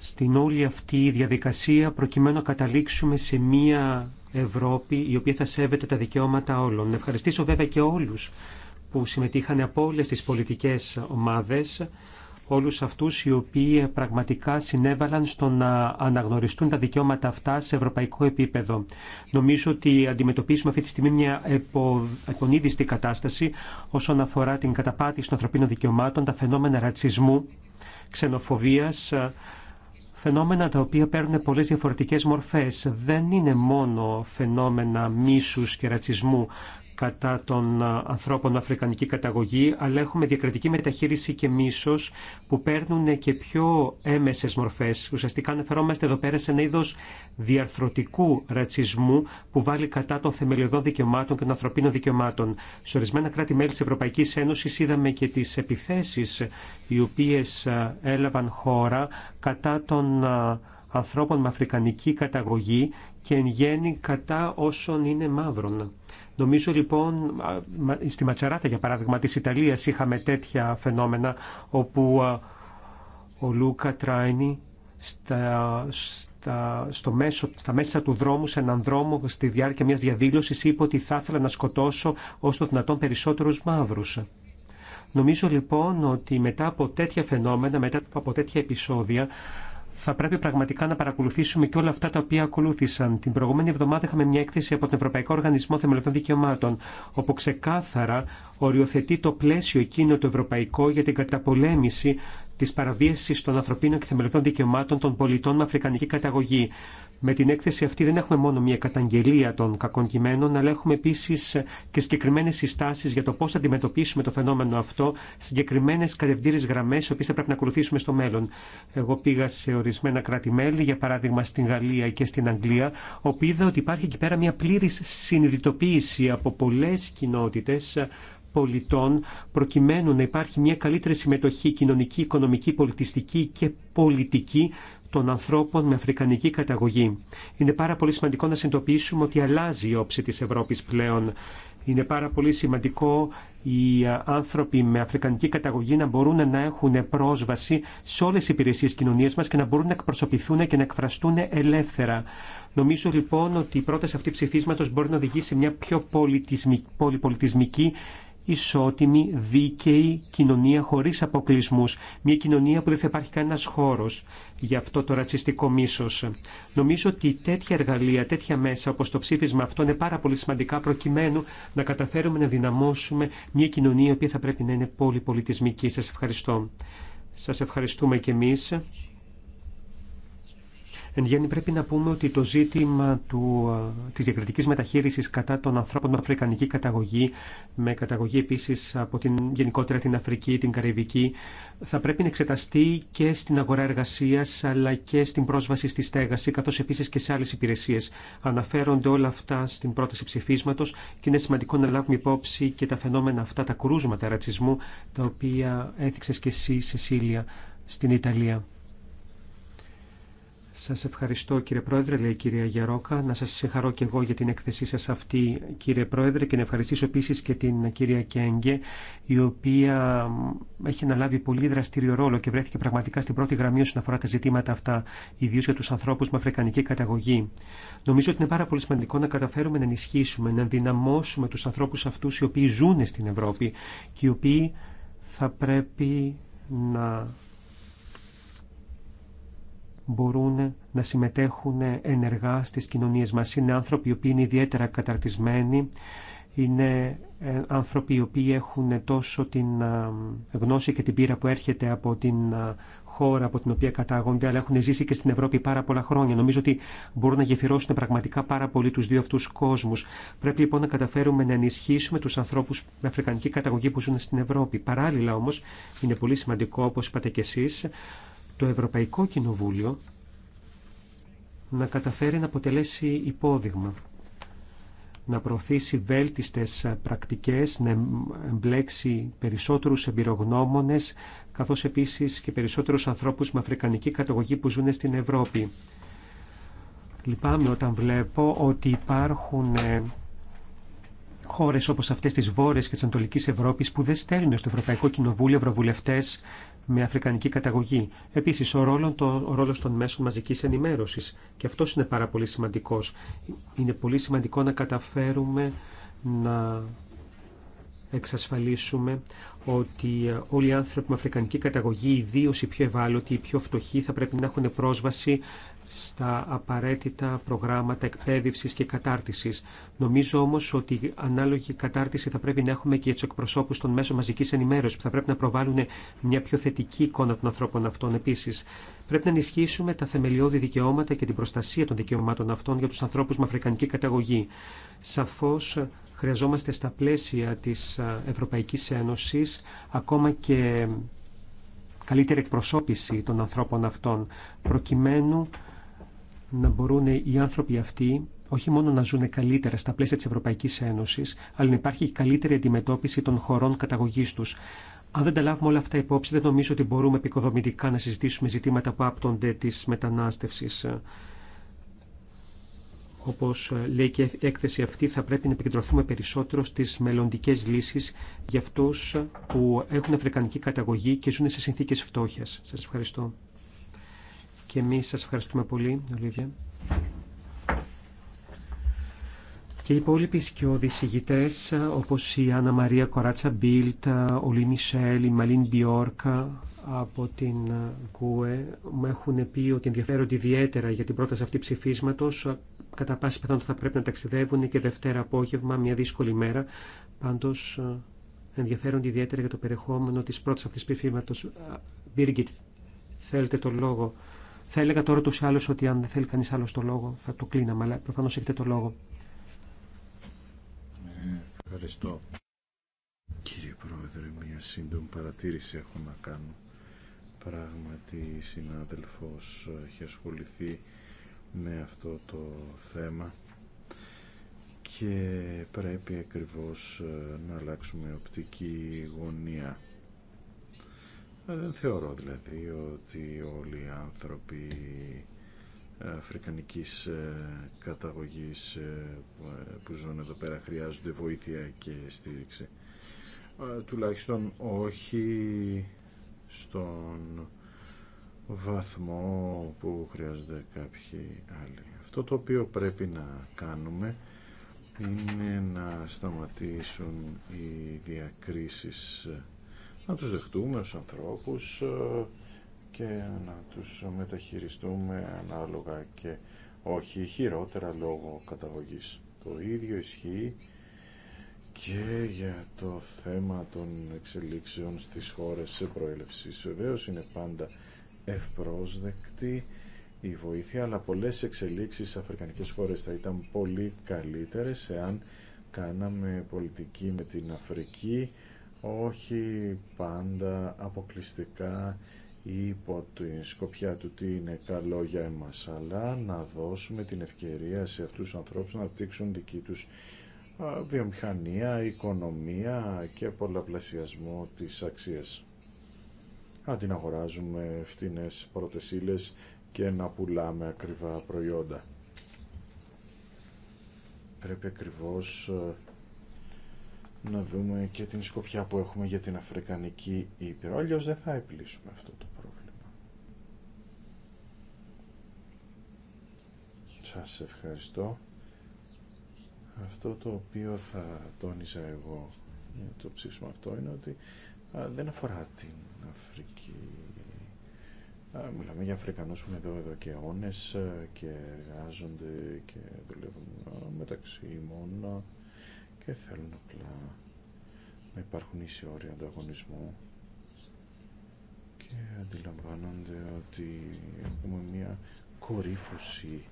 στην όλη αυτή διαδικασία προκειμένου να καταλήξουμε σε μία Ευρώπη η οποία θα σέβεται τα δικαιώματα όλων. ευχαριστήσω βέβαια και όλους που συμμετείχαν από όλες τις πολιτικές ομάδες όλους αυτούς οι οποίοι πραγματικά συνέβαλαν στο να αναγνωριστούν τα δικαιώματα αυτά σε ευρωπαϊκό επίπεδο. Νομίζω ότι αντιμετωπίσουμε αυτή τη στιγμή μια επονίδιστη κατάσταση όσον αφορά την καταπάτηση των ανθρωπίνων δικαιωμάτων, τα φαινόμενα ρατσισμού, ξενοφοβίας, φαινόμενα τα οποία παίρνουν πολλές διαφορετικές μορφές. Δεν είναι μόνο φαινόμενα μίσους και ρατσισμού κατά των ανθρώπων αφρικανική καταγωγή, αλλά έχουμε διακριτική μεταχείριση και μίσος που παίρνουν και πιο έμεσες μορφές. Ουσιαστικά αναφερόμαστε εδώ πέρα σε ένα είδος διαρθρωτικού ρατσισμού που βάλει κατά των θεμελιωδών δικαιωμάτων και των ανθρωπίνων δικαιωμάτων. Σε ορισμένα κράτη-μέλη της Ευρωπαϊκής Ένωσης είδαμε και τις επιθέσεις οι οποίες έλαβαν χώρα κατά των ανθρώπων με αφρικανική καταγωγή και εν γέννη κατά όσων είναι μαύρων. Νομίζω λοιπόν, στη Ματσαράτα για παράδειγμα της Ιταλίας είχαμε τέτοια φαινόμενα όπου ο Λούκα Τράινι στα, στα, στο μέσο, στα μέσα του δρόμου, σε έναν δρόμο, στη διάρκεια μιας διαδήλωσης, είπε ότι θα ήθελα να σκοτώσω ως το δυνατόν περισσότερους μαύρους. Νομίζω λοιπόν ότι μετά από τέτοια φαινόμενα, μετά από τέτοια επεισόδια, θα πρέπει πραγματικά να παρακολουθήσουμε και όλα αυτά τα οποία ακολούθησαν. Την προηγούμενη εβδομάδα είχαμε μια έκθεση από τον Ευρωπαϊκό Οργανισμό Θεμελιωδών Δικαιωμάτων, όπου ξεκάθαρα οριοθετεί το πλαίσιο εκείνο το ευρωπαϊκό για την καταπολέμηση τη παραβίαση των ανθρωπίνων και θεμελιωδών δικαιωμάτων των πολιτών με αφρικανική καταγωγή. Με την έκθεση αυτή δεν έχουμε μόνο μια καταγγελία των κακών κειμένων, αλλά έχουμε επίση και συγκεκριμένε συστάσει για το πώ θα αντιμετωπίσουμε το φαινόμενο αυτό, συγκεκριμένε κατευθύνε γραμμέ, οι οποίε θα πρέπει να ακολουθήσουμε στο μέλλον. Εγώ πήγα σε ορισμένα κράτη-μέλη, για παράδειγμα στην Γαλλία και στην Αγγλία, όπου είδα ότι υπάρχει εκεί πέρα μια πλήρη συνειδητοποίηση από πολλέ κοινότητε πολιτών προκειμένου να υπάρχει μια καλύτερη συμμετοχή κοινωνική, οικονομική, πολιτιστική και πολιτική των ανθρώπων με αφρικανική καταγωγή. Είναι πάρα πολύ σημαντικό να συνειδητοποιήσουμε ότι αλλάζει η όψη της Ευρώπης πλέον. Είναι πάρα πολύ σημαντικό οι άνθρωποι με αφρικανική καταγωγή να μπορούν να έχουν πρόσβαση σε όλες τις υπηρεσίες κοινωνίας μας και να μπορούν να εκπροσωπηθούν και να εκφραστούν ελεύθερα. Νομίζω λοιπόν ότι η πρόταση αυτή ψηφίσματος μπορεί να οδηγήσει μια πιο πολυπολιτισμική ισότιμη, δίκαιη κοινωνία χωρίς αποκλεισμούς. Μια κοινωνία που δεν θα υπάρχει κανένα χώρος για αυτό το ρατσιστικό μίσος. Νομίζω ότι τέτοια εργαλεία, τέτοια μέσα όπως το ψήφισμα αυτό είναι πάρα πολύ σημαντικά προκειμένου να καταφέρουμε να δυναμώσουμε μια κοινωνία η οποία θα πρέπει να είναι πολυπολιτισμική. Σας ευχαριστώ. Σας ευχαριστούμε και εμείς. Εν γέννη πρέπει να πούμε ότι το ζήτημα του, της διακριτικής μεταχείρισης κατά των ανθρώπων με αφρικανική καταγωγή, με καταγωγή επίσης από την, γενικότερα την Αφρική, την Καραϊβική, θα πρέπει να εξεταστεί και στην αγορά εργασίας αλλά και στην πρόσβαση στη στέγαση καθώς επίσης και σε άλλες υπηρεσίες. Αναφέρονται όλα αυτά στην πρόταση ψηφίσματος και είναι σημαντικό να λάβουμε υπόψη και τα φαινόμενα αυτά, τα κρούσματα ρατσισμού τα οποία έθιξες και εσύ Σεσίλια στην Ιταλία. Σα ευχαριστώ κύριε Πρόεδρε, λέει η κυρία Γερόκα. Να σα συγχαρώ και εγώ για την εκθεσή σα, αυτή κύριε Πρόεδρε και να ευχαριστήσω επίση και την κυρία Κέγγε η οποία έχει αναλάβει πολύ δραστηριό ρόλο και βρέθηκε πραγματικά στην πρώτη γραμμή όσον αφορά τα ζητήματα αυτά, ιδίω για του ανθρώπου με αφρικανική καταγωγή. Νομίζω ότι είναι πάρα πολύ σημαντικό να καταφέρουμε να ενισχύσουμε, να δυναμώσουμε του ανθρώπου αυτού, οι οποίοι ζουν στην Ευρώπη και οι οποίοι θα πρέπει να μπορούν να συμμετέχουν ενεργά στις κοινωνίες μας. Είναι άνθρωποι οι οποίοι είναι ιδιαίτερα καταρτισμένοι, είναι ε, άνθρωποι οι οποίοι έχουν τόσο την ε, γνώση και την πείρα που έρχεται από την ε, χώρα από την οποία κατάγονται, αλλά έχουν ζήσει και στην Ευρώπη πάρα πολλά χρόνια. Νομίζω ότι μπορούν να γεφυρώσουν πραγματικά πάρα πολύ του δύο αυτού κόσμου. Πρέπει λοιπόν να καταφέρουμε να ενισχύσουμε του ανθρώπου με αφρικανική καταγωγή που ζουν στην Ευρώπη. Παράλληλα όμω, είναι πολύ σημαντικό, όπω είπατε κι εσεί, το Ευρωπαϊκό Κοινοβούλιο να καταφέρει να αποτελέσει υπόδειγμα, να προωθήσει βέλτιστες πρακτικές, να εμπλέξει περισσότερους εμπειρογνώμονες, καθώς επίσης και περισσότερους ανθρώπους με αφρικανική καταγωγή που ζουν στην Ευρώπη. Λυπάμαι όταν βλέπω ότι υπάρχουν ε, χώρες όπως αυτές της Βόρειας και της Ανατολικής Ευρώπης που δεν στέλνουν στο Ευρωπαϊκό Κοινοβούλιο ευρωβουλευτές με αφρικανική καταγωγή. Επίσης, ο, ρόλο, ρόλος των μέσων μαζικής ενημέρωσης. Και αυτό είναι πάρα πολύ σημαντικός. Είναι πολύ σημαντικό να καταφέρουμε να εξασφαλίσουμε ότι ε, όλοι οι άνθρωποι με αφρικανική καταγωγή, ιδίω οι πιο ευάλωτοι, οι πιο φτωχοί, θα πρέπει να έχουν πρόσβαση στα απαραίτητα προγράμματα εκπαίδευσης και κατάρτισης. Νομίζω όμως ότι ανάλογη κατάρτιση θα πρέπει να έχουμε και για τους εκπροσώπους των μέσων μαζικής ενημέρωσης που θα πρέπει να προβάλλουν μια πιο θετική εικόνα των ανθρώπων αυτών. Επίσης, πρέπει να ενισχύσουμε τα θεμελιώδη δικαιώματα και την προστασία των δικαιωμάτων αυτών για τους ανθρώπους με αφρικανική καταγωγή. Σαφώς χρειαζόμαστε στα πλαίσια της Ευρωπαϊκής Ένωσης ακόμα και καλύτερη εκπροσώπηση των ανθρώπων αυτών προκειμένου να μπορούν οι άνθρωποι αυτοί όχι μόνο να ζουν καλύτερα στα πλαίσια της Ευρωπαϊκής Ένωσης, αλλά να υπάρχει καλύτερη αντιμετώπιση των χωρών καταγωγής τους. Αν δεν τα λάβουμε όλα αυτά υπόψη, δεν νομίζω ότι μπορούμε επικοδομητικά να συζητήσουμε ζητήματα που άπτονται της μετανάστευσης. Όπως ε, λέει και η έκθεση αυτή, θα πρέπει να επικεντρωθούμε περισσότερο στις μελλοντικέ λύσεις για αυτούς που έχουν αφρικανική καταγωγή και ζουν σε συνθήκες φτώχειας. Σας ευχαριστώ. Και εμεί σα ευχαριστούμε πολύ, Ολίβια. Και οι υπόλοιποι σκιώδει ηγητέ, όπω η Άννα Μαρία Κοράτσα Μπίλτ, ο Λί Μισελ, η Μαλίν Μπιόρκα από την ΚΟΕ, μου έχουν πει ότι ενδιαφέρονται ιδιαίτερα για την πρόταση αυτή ψηφίσματο. Κατά πάση πιθανότητα θα πρέπει να ταξιδεύουν και Δευτέρα απόγευμα, μια δύσκολη μέρα. Πάντως ενδιαφέρονται ιδιαίτερα για το περιεχόμενο τη πρώτης αυτή ψηφίσματο. Μπίργκιτ, θέλετε τον λόγο. Θα έλεγα τώρα τους άλλους ότι αν δεν θέλει κανείς άλλο το λόγο θα το κλείναμε, αλλά προφανώς έχετε το λόγο. ευχαριστώ. Κύριε Πρόεδρε, μια σύντομη παρατήρηση έχω να κάνω. Πράγματι, συνάδελφος έχει ασχοληθεί με αυτό το θέμα και πρέπει ακριβώς να αλλάξουμε οπτική γωνία ε, δεν θεωρώ δηλαδή ότι όλοι οι άνθρωποι αφρικανικής ε, καταγωγής ε, που ζουν εδώ πέρα χρειάζονται βοήθεια και στήριξη. Τουλάχιστον όχι στον βαθμό που χρειάζονται κάποιοι άλλοι. Αυτό το οποίο πρέπει να κάνουμε είναι να σταματήσουν οι διακρίσεις να τους δεχτούμε ως ανθρώπους ε, και να τους μεταχειριστούμε ανάλογα και όχι χειρότερα λόγω καταγωγής. Το ίδιο ισχύει και για το θέμα των εξελίξεων στις χώρες σε προέλευση. Βεβαίω είναι πάντα ευπρόσδεκτη η βοήθεια, αλλά πολλές εξελίξεις στις αφρικανικές χώρες θα ήταν πολύ καλύτερες εάν κάναμε πολιτική με την Αφρική όχι πάντα αποκλειστικά υπό τη σκοπιά του τι είναι καλό για εμάς, αλλά να δώσουμε την ευκαιρία σε αυτούς τους ανθρώπους να αναπτύξουν δική τους βιομηχανία, οικονομία και πολλαπλασιασμό της αξίας. αντί να αγοράζουμε φτηνές πρώτες και να πουλάμε ακριβά προϊόντα. Πρέπει ακριβώς να δούμε και την σκοπιά που έχουμε για την Αφρικανική Ήπειρο. Αλλιώ δεν θα επιλύσουμε αυτό το πρόβλημα. Σας ευχαριστώ. Αυτό το οποίο θα τόνιζα εγώ το ψήφισμα αυτό είναι ότι δεν αφορά την Αφρική. Α, μιλάμε για Αφρικανούς που είναι εδώ, και αιώνες και εργάζονται και δουλεύουν μεταξύ μόνο και θέλουν απλά να υπάρχουν ίσοι όροι ανταγωνισμού και αντιλαμβάνονται ότι έχουμε μία κορύφωση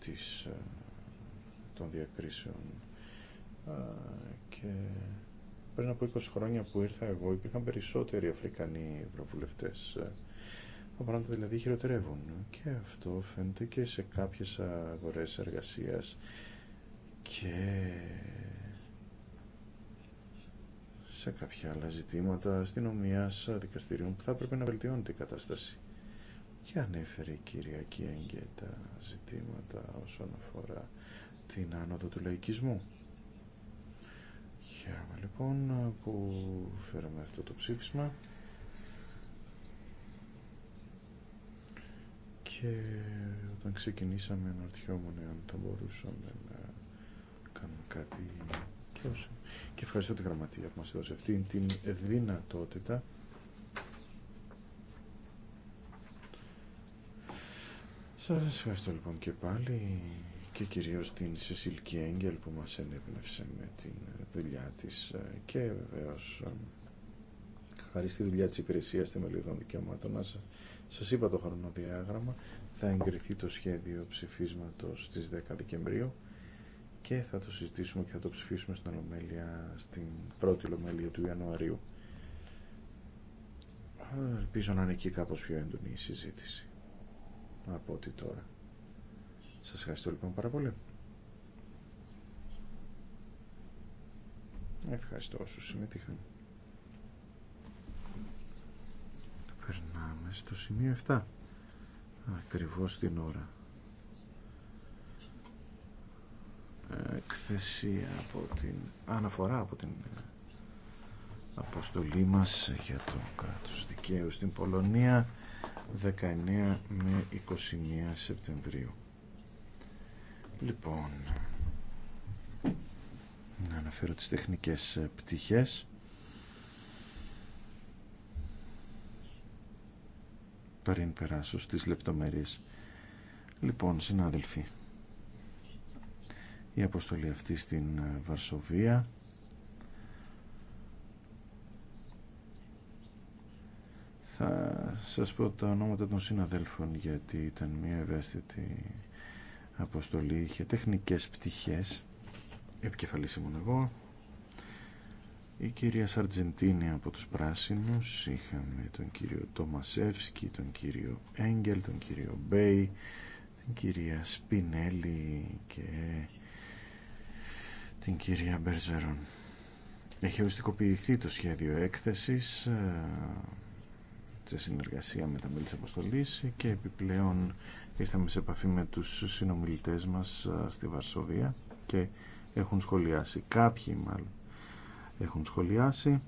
της, α, των διακρίσεων α, και πριν από 20 χρόνια που ήρθα εγώ υπήρχαν περισσότεροι Αφρικανοί ευρωβουλευτές τα πράγματα δηλαδή χειροτερεύουν και αυτό φαίνεται και σε κάποιες αγορές εργασίας και σε κάποια άλλα ζητήματα αστυνομία δικαστηρίων που θα έπρεπε να βελτιώνεται η κατάσταση. Και ανέφερε η Κυριακή Έγκαι ζητήματα όσον αφορά την άνοδο του λαϊκισμού. Χαίρομαι λοιπόν που φέραμε αυτό το ψήφισμα και όταν ξεκινήσαμε αναρωτιόμουν αν θα μπορούσαμε να κάτι και, και ευχαριστώ τη γραμματεία που μας έδωσε αυτή την δυνατότητα Σας ευχαριστώ λοιπόν και πάλι και κυρίως την Σεσίλ Κιέγγελ που μας ενέπνευσε με την δουλειά της και βεβαίω χάρη ε, στη δουλειά της υπηρεσίας θεμελιωδών δικαιωμάτων σας είπα το χρονοδιάγραμμα θα εγκριθεί το σχέδιο ψηφίσματος στις 10 Δεκεμβρίου και θα το συζητήσουμε και θα το ψηφίσουμε στην Ολομέλεια, στην πρώτη Ολομέλεια του Ιανουαρίου. Ελπίζω να είναι εκεί κάπως πιο έντονη η συζήτηση από ό,τι τώρα. Σας ευχαριστώ λοιπόν πάρα πολύ. Ευχαριστώ όσους συμμετείχαν. Περνάμε στο σημείο 7. Ακριβώς την ώρα εκθεσία από την αναφορά από την αποστολή μας για το κράτος δικαίου στην Πολωνία 19 με 21 Σεπτεμβρίου. Λοιπόν, να αναφέρω τις τεχνικές πτυχές. Πριν περάσω στις λεπτομέρειες. Λοιπόν, συνάδελφοι, η αποστολή αυτή στην ε, Βαρσοβία θα σας πω τα ονόματα των συναδέλφων γιατί ήταν μια ευαίσθητη αποστολή είχε τεχνικές πτυχές επικεφαλής ήμουν εγώ η κυρία Σαρτζεντίνη από τους Πράσινους είχαμε τον κύριο Τόμασεύσκι τον κύριο Έγγελ τον κύριο Μπέι την κυρία Σπινέλη και την κυρία Μπερζερόν. Έχει οριστικοποιηθεί το σχέδιο έκθεσης ε, σε συνεργασία με τα μέλη της Αποστολής και επιπλέον ήρθαμε σε επαφή με τους συνομιλητές μας ε, στη Βαρσοβία και έχουν σχολιάσει. Κάποιοι μάλλον έχουν σχολιάσει,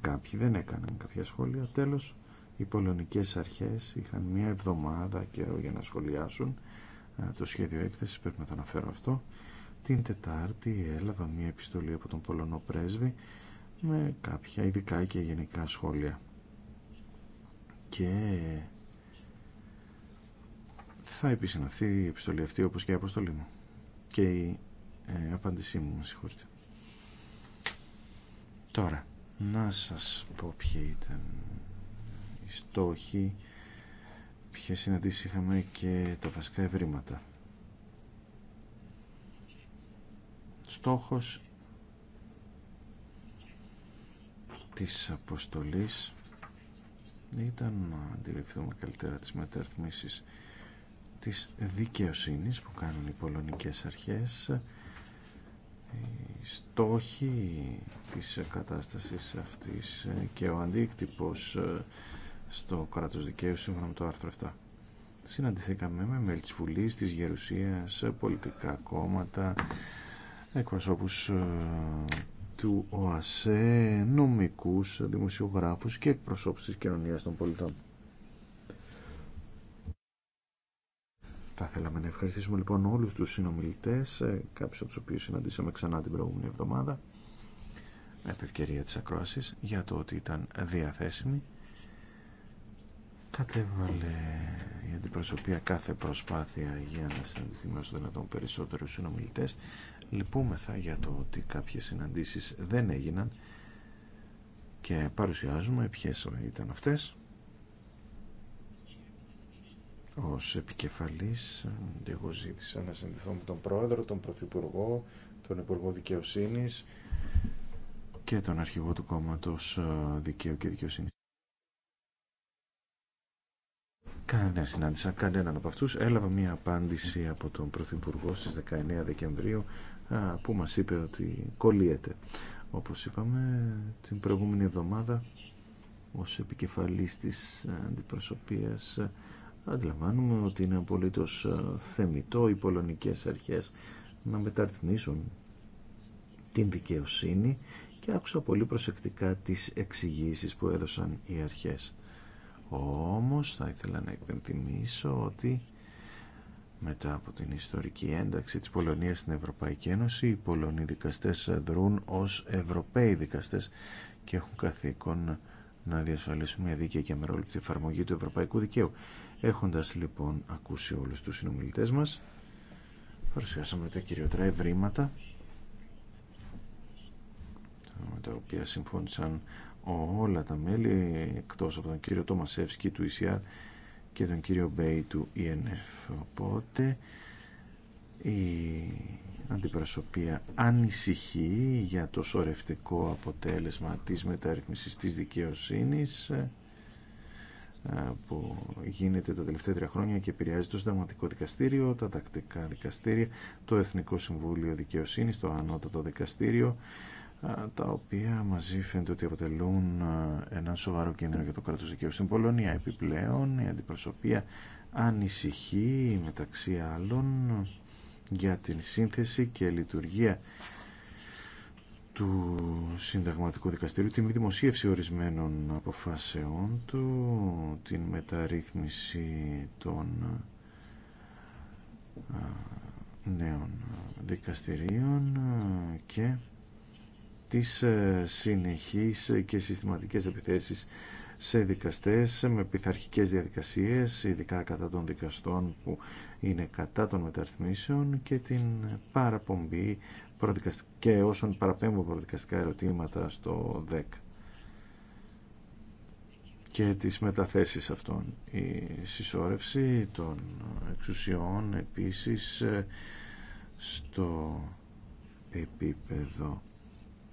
κάποιοι δεν έκαναν κάποια σχόλια. Τέλος, οι πολωνικές αρχές είχαν μία εβδομάδα καιρό για να σχολιάσουν ε, το σχέδιο έκθεσης, πρέπει να το αναφέρω αυτό. Την Τετάρτη έλαβα μια επιστολή από τον Πολωνό πρέσβη με κάποια ειδικά και γενικά σχόλια. Και θα επισυναθεί η επιστολή αυτή όπως και η αποστολή μου. Και η ε, απάντησή μου, με συγχωρείτε. Τώρα, να σας πω ποιοι ήταν οι στόχοι, ποιες συναντήσεις είχαμε και τα βασικά ευρήματα. στόχος της αποστολής ήταν να αντιληφθούμε καλύτερα τις μεταρρυθμίσεις της δικαιοσύνης που κάνουν οι πολωνικές αρχές οι στόχοι της κατάστασης αυτής και ο αντίκτυπος στο κράτος δικαίου σύμφωνα με το άρθρο 7. Συναντηθήκαμε με μέλη της Βουλής, της Γερουσίας, πολιτικά κόμματα, εκπροσώπους ε, του ΟΑΣΕ, νομικούς, δημοσιογράφους και εκπροσώπους της κοινωνίας των πολιτών. Θα θέλαμε να ευχαριστήσουμε λοιπόν όλους τους συνομιλητές, ε, κάποιους από τους οποίους συναντήσαμε ξανά την προηγούμενη εβδομάδα, με ευκαιρία της ακρόασης, για το ότι ήταν διαθέσιμοι. Κατέβαλε η αντιπροσωπεία κάθε προσπάθεια για να συναντηθεί με όσο δυνατόν περισσότερους συνομιλητές λυπούμεθα για το ότι κάποιες συναντήσεις δεν έγιναν και παρουσιάζουμε ποιες ήταν αυτές ως επικεφαλής εγώ ζήτησα να συνδεθώ με τον πρόεδρο, τον πρωθυπουργό τον υπουργό δικαιοσύνης και τον αρχηγό του κόμματος ε, δικαίου και δικαιοσύνης Κανένα συνάντησα κανέναν από αυτούς. Έλαβα μία απάντηση από τον Πρωθυπουργό στις 19 Δεκεμβρίου που μας είπε ότι κολλείεται. Όπως είπαμε την προηγούμενη εβδομάδα ως επικεφαλής της αντιπροσωπείας αντιλαμβάνουμε ότι είναι απολύτως ε, θεμητό οι πολωνικές αρχές να μεταρρυθμίσουν την δικαιοσύνη και άκουσα πολύ προσεκτικά τις εξηγήσει που έδωσαν οι αρχές. Όμως θα ήθελα να υπενθυμίσω ότι μετά από την ιστορική ένταξη της Πολωνίας στην Ευρωπαϊκή Ένωση, οι Πολωνοί δικαστές δρούν ως Ευρωπαίοι δικαστές και έχουν καθήκον να διασφαλίσουν μια δίκαιη και αμερόληπτη εφαρμογή του ευρωπαϊκού δικαίου. Έχοντας λοιπόν ακούσει όλους τους συνομιλητές μας, παρουσιάσαμε τα κυριότερα ευρήματα με τα οποία συμφώνησαν όλα τα μέλη εκτός από τον κύριο Τόμασεύσκη του ΙΣΙΑΡ, και τον κύριο Μπέι του ΙΕΝΕΦ. Οπότε η αντιπροσωπεία ανησυχεί για το σωρευτικό αποτέλεσμα της μεταρρύθμισης της δικαιοσύνης ε, που γίνεται τα τελευταία τρία χρόνια και επηρεάζει το Συνταγματικό Δικαστήριο, τα Τακτικά Δικαστήρια, το Εθνικό Συμβούλιο Δικαιοσύνης, το Ανώτατο Δικαστήριο, τα οποία μαζί φαίνεται ότι αποτελούν ένα σοβαρό κίνδυνο για το κράτος δικαίου στην Πολωνία. Επιπλέον η αντιπροσωπεία ανησυχεί μεταξύ άλλων για την σύνθεση και λειτουργία του Συνταγματικού Δικαστηρίου, τη δημοσίευση ορισμένων αποφάσεών του, την μεταρρύθμιση των νέων δικαστηρίων και τις ε, συνεχείς ε, και συστηματικές επιθέσεις σε δικαστές ε, με πειθαρχικές διαδικασίες, ειδικά κατά των δικαστών που είναι κατά των μεταρρυθμίσεων και την παραπομπή και όσων παραπέμπουν προδικαστικά ερωτήματα στο ΔΕΚ και τις μεταθέσεις αυτών. Η συσσόρευση των εξουσιών επίσης στο επίπεδο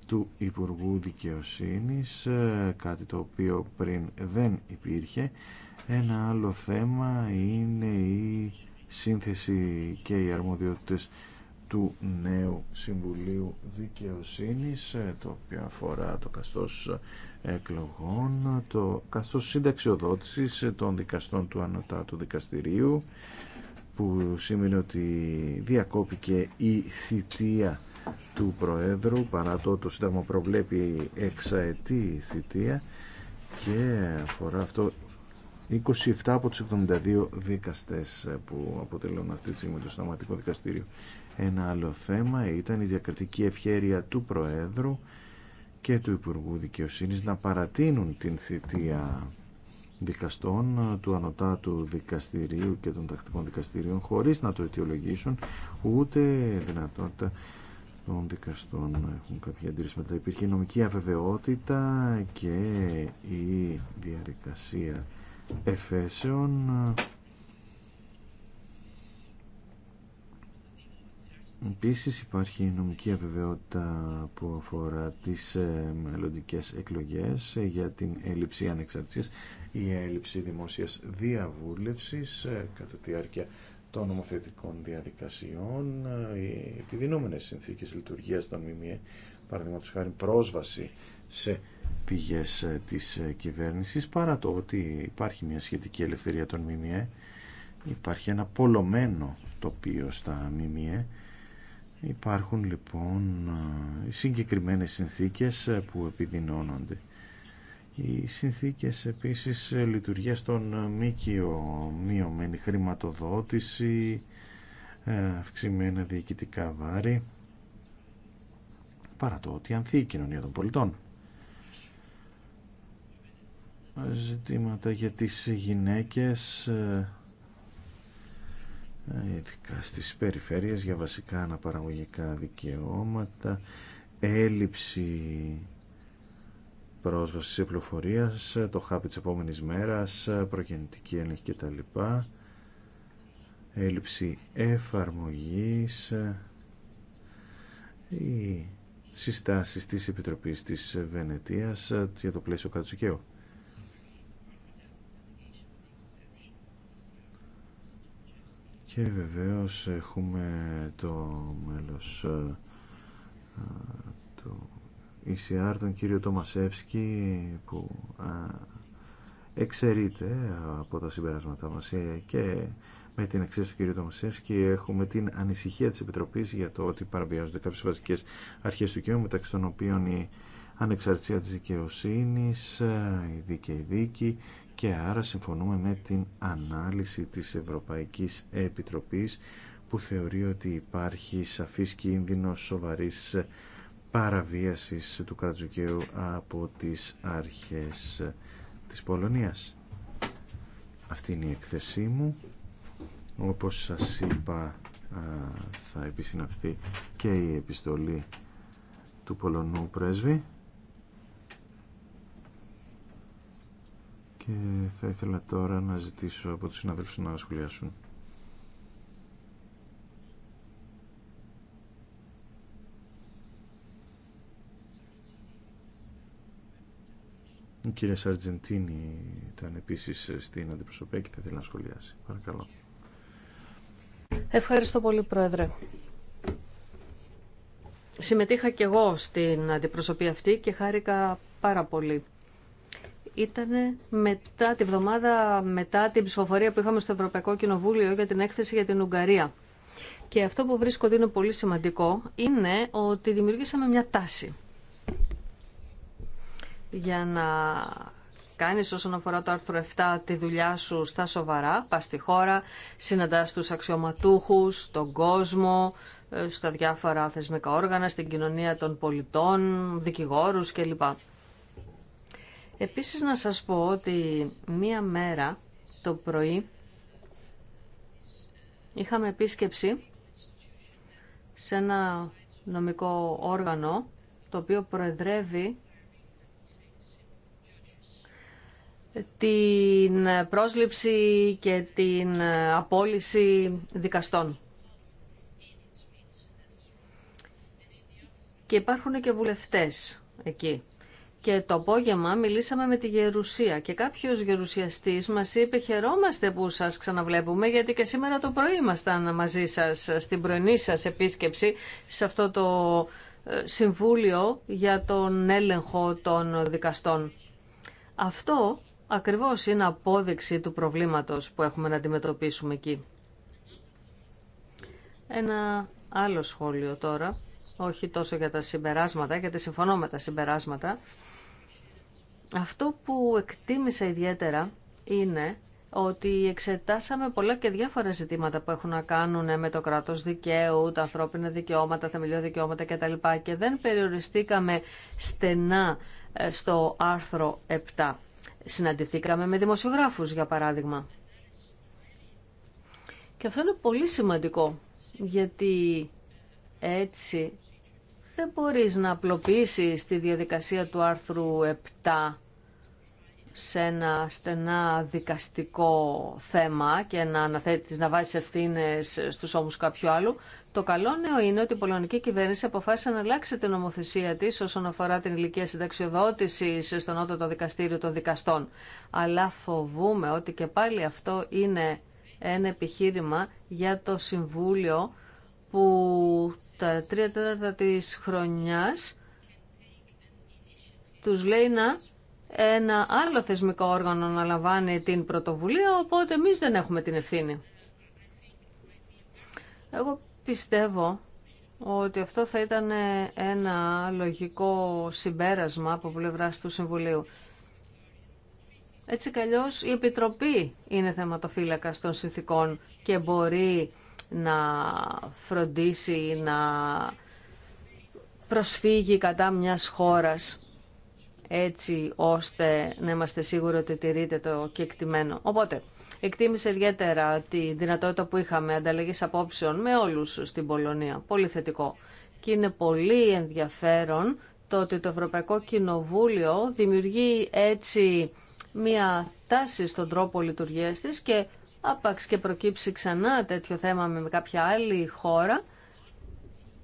του Υπουργού Δικαιοσύνης, ε, κάτι το οποίο πριν δεν υπήρχε. Ένα άλλο θέμα είναι η σύνθεση και οι αρμοδιότητες του νέου Συμβουλίου Δικαιοσύνης, ε, το οποίο αφορά το καστός εκλογών, το καστός συνταξιοδότησης ε, των δικαστών του Ανωτάτου Δικαστηρίου, που σήμαινε ότι διακόπηκε η θητεία του Προέδρου παρά το το Σύνταγμα προβλέπει εξαετή θητεία και αφορά αυτό 27 από τους 72 δικαστές που αποτελούν αυτή τη στιγμή το Συνταγματικό Δικαστήριο. Ένα άλλο θέμα ήταν η διακριτική ευχέρεια του Προέδρου και του Υπουργού Δικαιοσύνης να παρατείνουν την θητεία δικαστών του Ανωτάτου Δικαστηρίου και των Τακτικών Δικαστηρίων χωρίς να το αιτιολογήσουν ούτε δυνατότητα των δικαστών έχουν κάποια αντίρρηση μετά. Υπήρχε νομική αβεβαιότητα και η διαδικασία εφέσεων ε, Επίσης υπάρχει νομική αβεβαιότητα που αφορά τις ε, μελλοντικέ εκλογές ε, για την έλλειψη ανεξαρτησίας ή έλλειψη δημόσιας διαβούλευσης κατά τη διάρκεια των νομοθετικών διαδικασιών, ε, οι επιδεινόμενες συνθήκες λειτουργίας των ΜΜΕ, παραδείγματο χάρη πρόσβαση σε πηγές ε, της ε, κυβέρνησης, παρά το ότι υπάρχει μια σχετική ελευθερία των ΜΜΕ, υπάρχει ένα πολλωμένο τοπίο στα ΜΜΕ, Υπάρχουν λοιπόν συγκεκριμένες συνθήκες που επιδεινώνονται. Οι συνθήκες επίσης λειτουργίας των ΜΚΙΟ, μειωμένη χρηματοδότηση, ε, αυξημένα διοικητικά βάρη, παρά το ότι ανθεί η κοινωνία των πολιτών. Ζητήματα για τις γυναίκες, ε, ε, ειδικά στις περιφέρειες για βασικά αναπαραγωγικά δικαιώματα, έλλειψη πρόσβαση πληροφορία, το χάπι τη επόμενη μέρας, προγεννητική έλεγχη κτλ. Έλλειψη εφαρμογής, ή συστάσει τη Επιτροπής της Βενετίας για το πλαίσιο κατσουκαίου. Και βεβαίως έχουμε το μέλος του ECR τον κύριο Τομασεύσκη που εξαιρείται από τα συμπεράσματά μας ε, και με την αξία του κύριου Τομασεύσκη έχουμε την ανησυχία της Επιτροπής για το ότι παραβιάζονται κάποιες βασικές αρχές του κοινού μεταξύ των οποίων η ανεξαρτησία της δικαιοσύνη, η δίκαιη δίκη και άρα συμφωνούμε με την ανάλυση της Ευρωπαϊκής Επιτροπής που θεωρεί ότι υπάρχει σαφής κίνδυνος σοβαρής παραβίασης του κρατζουκαίου από τις αρχές της Πολωνίας. Αυτή είναι η εκθεσή μου. Όπως σας είπα θα επισυναυθεί και η επιστολή του Πολωνού πρέσβη και θα ήθελα τώρα να ζητήσω από τους συναδέλφους να σχολιάσουν. Η κυρία Σαρτζεντίνη ήταν επίση ε, στην αντιπροσωπεία και θα ήθελα να σχολιάσει. Παρακαλώ. Ευχαριστώ πολύ, Πρόεδρε. Συμμετείχα και εγώ στην αντιπροσωπεία αυτή και χάρηκα πάρα πολύ. Ήταν μετά τη βδομάδα μετά την ψηφοφορία που είχαμε στο Ευρωπαϊκό Κοινοβούλιο για την έκθεση για την Ουγγαρία. Και αυτό που βρίσκω ότι είναι πολύ σημαντικό είναι ότι δημιουργήσαμε μια τάση για να κάνει όσον αφορά το άρθρο 7 τη δουλειά σου στα σοβαρά, πά στη χώρα, συναντάς τους αξιωματούχους, τον κόσμο, ε, στα διάφορα θεσμικά όργανα, στην κοινωνία των πολιτών, δικηγόρους κλπ. Επίσης να σας πω ότι μία μέρα το πρωί είχαμε επίσκεψη σε ένα νομικό όργανο το οποίο προεδρεύει την πρόσληψη και την απόλυση δικαστών. Και υπάρχουν και βουλευτές εκεί. Και το απόγευμα μιλήσαμε με τη Γερουσία και κάποιος γερουσιαστής μας είπε «Χαιρόμαστε που σας ξαναβλέπουμε γιατί και σήμερα το πρωί ήμασταν μαζί σας στην πρωινή σας επίσκεψη σε αυτό το ε, Συμβούλιο για τον έλεγχο των δικαστών». Αυτό ακριβώς είναι απόδειξη του προβλήματος που έχουμε να αντιμετωπίσουμε εκεί. Ένα άλλο σχόλιο τώρα, όχι τόσο για τα συμπεράσματα, γιατί συμφωνώ με τα συμπεράσματα. Αυτό που εκτίμησα ιδιαίτερα είναι ότι εξετάσαμε πολλά και διάφορα ζητήματα που έχουν να κάνουν με το κράτος δικαίου, τα ανθρώπινα δικαιώματα, θεμελιώδη δικαιώματα κτλ. Και δεν περιοριστήκαμε στενά ε, στο άρθρο 7. Συναντηθήκαμε με δημοσιογράφους, για παράδειγμα. Και αυτό είναι πολύ σημαντικό, γιατί έτσι δεν μπορείς να απλοποιήσεις τη διαδικασία του άρθρου 7 σε ένα στενά δικαστικό θέμα και να αναθέτεις, να βάζεις ευθύνε στους ώμους κάποιου άλλου, το καλό νέο είναι ότι η πολωνική κυβέρνηση αποφάσισε να αλλάξει την νομοθεσία τη όσον αφορά την ηλικία συνταξιοδότηση στον Νότο Δικαστήριο των Δικαστών. Αλλά φοβούμε ότι και πάλι αυτό είναι ένα επιχείρημα για το Συμβούλιο που τα τρία τέταρτα της χρονιάς τους λέει να ένα άλλο θεσμικό όργανο να λαμβάνει την πρωτοβουλία, οπότε εμείς δεν έχουμε την ευθύνη. Εγώ Πιστεύω ότι αυτό θα ήταν ένα λογικό συμπέρασμα από πλευρά του Συμβουλίου. Έτσι καλλιώς η Επιτροπή είναι θεματοφύλακα των συνθήκων και μπορεί να φροντίσει, να προσφύγει κατά μιας χώρας έτσι ώστε να είμαστε σίγουροι ότι τηρείται το κεκτημένο. Οπότε, εκτίμησε ιδιαίτερα τη δυνατότητα που είχαμε ανταλλαγή απόψεων με όλους στην Πολωνία. Πολύ θετικό. Και είναι πολύ ενδιαφέρον το ότι το Ευρωπαϊκό Κοινοβούλιο δημιουργεί έτσι μία τάση στον τρόπο λειτουργίας της και άπαξ και προκύψει ξανά τέτοιο θέμα με κάποια άλλη χώρα,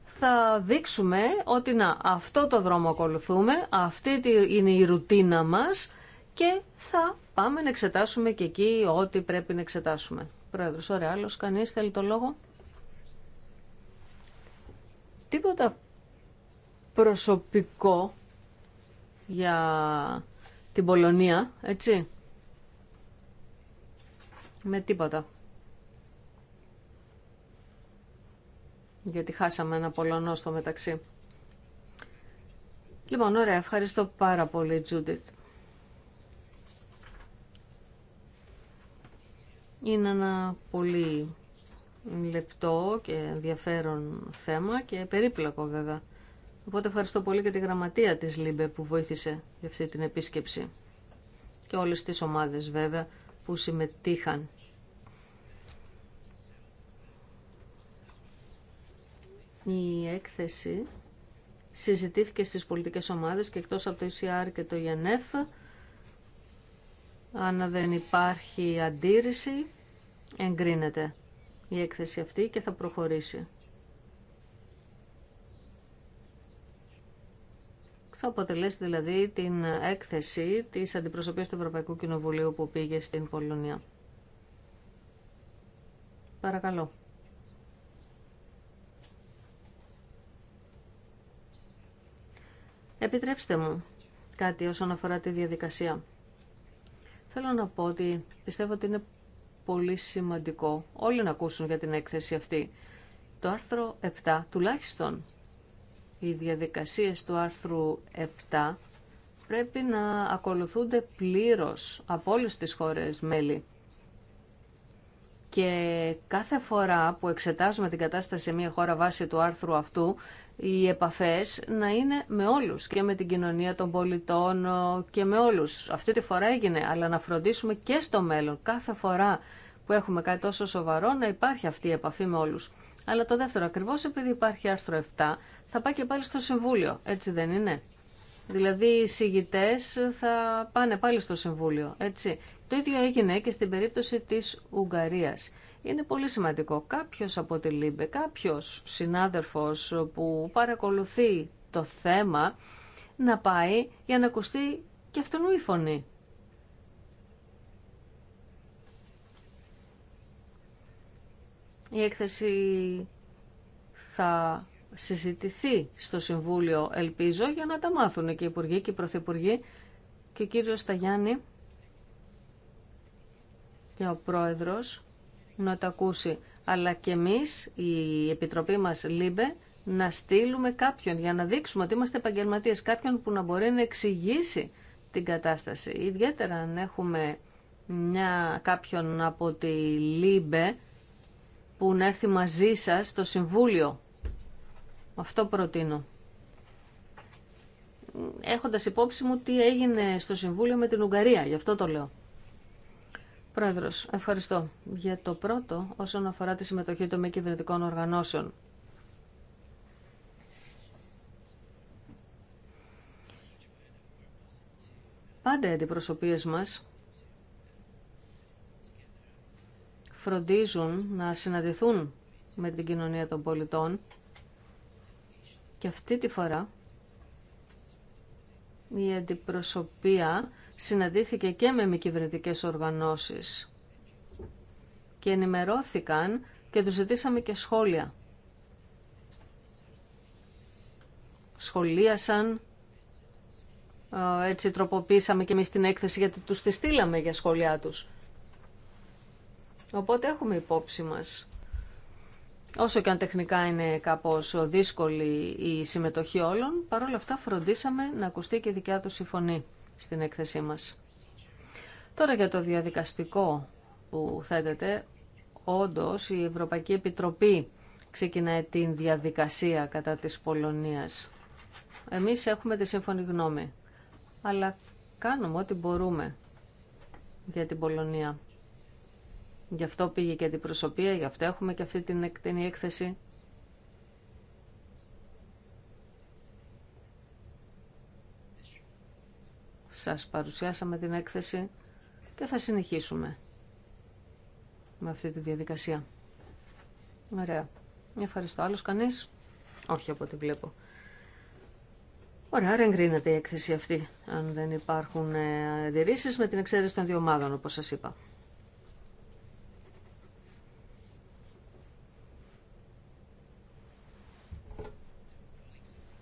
θα δείξουμε ότι να, αυτό το δρόμο ακολουθούμε, αυτή είναι η ρουτίνα μας και θα Πάμε να εξετάσουμε και εκεί ό,τι πρέπει να εξετάσουμε. Πρόεδρος, ωραία, άλλος κανείς θέλει το λόγο. Τίποτα προσωπικό για την Πολωνία, έτσι. Με τίποτα. Γιατί χάσαμε ένα Πολωνό στο μεταξύ. Λοιπόν, ωραία, ευχαριστώ πάρα πολύ, Τζούντιθ. Είναι ένα πολύ λεπτό και ενδιαφέρον θέμα και περίπλοκο βέβαια. Οπότε ευχαριστώ πολύ και τη γραμματεία της ΛΥΜΠΕ που βοήθησε για αυτή την επίσκεψη και όλες τις ομάδες βέβαια που συμμετείχαν. Η έκθεση συζητήθηκε στις πολιτικές ομάδες και εκτός από το ECR και το ΙΕΝΕΦ αν δεν υπάρχει αντίρρηση εγκρίνεται η έκθεση αυτή και θα προχωρήσει. Θα αποτελέσει δηλαδή την έκθεση της αντιπροσωπείας του Ευρωπαϊκού Κοινοβουλίου που πήγε στην Πολωνία. Παρακαλώ. Επιτρέψτε μου κάτι όσον αφορά τη διαδικασία. Θέλω να πω ότι πιστεύω ότι είναι πολύ σημαντικό όλοι να ακούσουν για την έκθεση αυτή. Το άρθρο 7 τουλάχιστον οι διαδικασίες του άρθρου 7 πρέπει να ακολουθούνται πλήρως από όλες τις χώρες μέλη. Και κάθε φορά που εξετάζουμε την κατάσταση σε μια χώρα βάσει του άρθρου αυτού, οι επαφές να είναι με όλους και με την κοινωνία των πολιτών και με όλους. Αυτή τη φορά έγινε, αλλά να φροντίσουμε και στο μέλλον κάθε φορά που έχουμε κάτι τόσο σοβαρό να υπάρχει αυτή η επαφή με όλους. Αλλά το δεύτερο, ακριβώς επειδή υπάρχει άρθρο 7, θα πάει και πάλι στο Συμβούλιο, έτσι δεν είναι. Δηλαδή οι συγητές θα πάνε πάλι στο Συμβούλιο, έτσι. Το ίδιο έγινε και στην περίπτωση της Ουγγαρίας. Είναι πολύ σημαντικό. Κάποιος από τη ΛΥΜΠΕ, κάποιος συνάδελφος που παρακολουθεί το θέμα να πάει για να ακουστεί και αυτόν η φωνή. Η έκθεση θα συζητηθεί στο Συμβούλιο, ελπίζω, για να τα μάθουν και οι Υπουργοί και οι Πρωθυπουργοί και ο κύριος Σταγιάννη και ο Πρόεδρος να το ακούσει. Αλλά και εμείς, η Επιτροπή μας ΛΥΜΠΕ, να στείλουμε κάποιον για να δείξουμε ότι είμαστε επαγγελματίες, κάποιον που να μπορεί να εξηγήσει την κατάσταση. Ιδιαίτερα αν έχουμε μια, κάποιον από τη ΛΥΜΠΕ που να έρθει μαζί σας στο Συμβούλιο. Αυτό προτείνω. Έχοντας υπόψη μου τι έγινε στο Συμβούλιο με την Ουγγαρία, γι' αυτό το λέω. Πρόεδρο, ευχαριστώ. Για το πρώτο, όσον αφορά τη συμμετοχή των μη κυβερνητικών οργανώσεων. Πάντα οι αντιπροσωπείες μας φροντίζουν να συναντηθούν με την κοινωνία των πολιτών και αυτή τη φορά η αντιπροσωπεία συναντήθηκε και με μη κυβερνητικέ οργανώσεις και ενημερώθηκαν και τους ζητήσαμε και σχόλια. Σχολίασαν, ε, έτσι τροποποίησαμε και εμείς την έκθεση γιατί τους τη στείλαμε για σχόλιά τους. Οπότε έχουμε υπόψη μας. Όσο και αν τεχνικά είναι κάπως δύσκολη η συμμετοχή όλων, παρόλα αυτά φροντίσαμε να ακουστεί και η δικιά του η φωνή στην έκθεσή μας. Τώρα για το διαδικαστικό που θέτεται, όντως η Ευρωπαϊκή Επιτροπή ξεκινάει την διαδικασία κατά της Πολωνίας. Εμείς έχουμε τη σύμφωνη γνώμη, αλλά κάνουμε ό,τι μπορούμε για την Πολωνία. Γι' αυτό πήγε και την προσωπία, γι' αυτό έχουμε και αυτή την εκτενή έκθεση. Σας παρουσιάσαμε την έκθεση και θα συνεχίσουμε με αυτή τη διαδικασία. Ωραία. Ευχαριστώ. Άλλος κανείς? Όχι από ό,τι βλέπω. Ωραία, άρα εγκρίνεται η έκθεση αυτή, αν δεν υπάρχουν ε, αντιρρήσει με την εξαίρεση των δύο ομάδων, όπως σας είπα.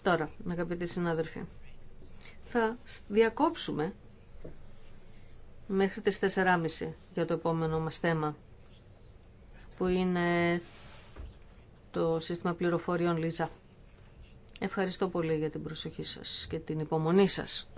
Τώρα, αγαπητοί συνάδελφοι θα διακόψουμε μέχρι τις 4.30 για το επόμενο μας θέμα που είναι το σύστημα πληροφοριών Λίζα. Ευχαριστώ πολύ για την προσοχή σας και την υπομονή σας.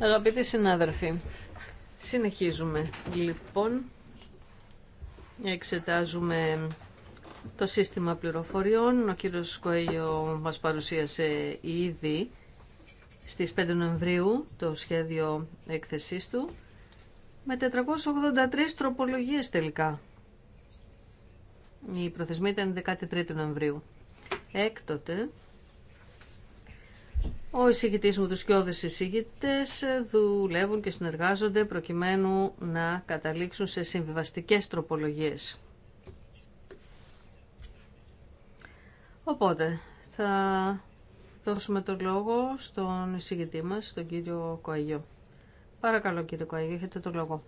Αγαπητοί συνάδελφοι, συνεχίζουμε. Λοιπόν, εξετάζουμε το σύστημα πληροφοριών. Ο κύριος Κοέλιο μας παρουσίασε ήδη στις 5 Νοεμβρίου το σχέδιο έκθεσής του με 483 τροπολογίες τελικά. Η προθεσμία ήταν 13 Νοεμβρίου. Έκτοτε, ο εισηγητή μου, του σκιώδε εισηγητέ δουλεύουν και συνεργάζονται προκειμένου να καταλήξουν σε συμβιβαστικέ τροπολογίε. Οπότε, θα δώσουμε το λόγο στον εισηγητή μα, τον κύριο Κοαγιό. Παρακαλώ κύριε Κοαγιό, έχετε το λόγο.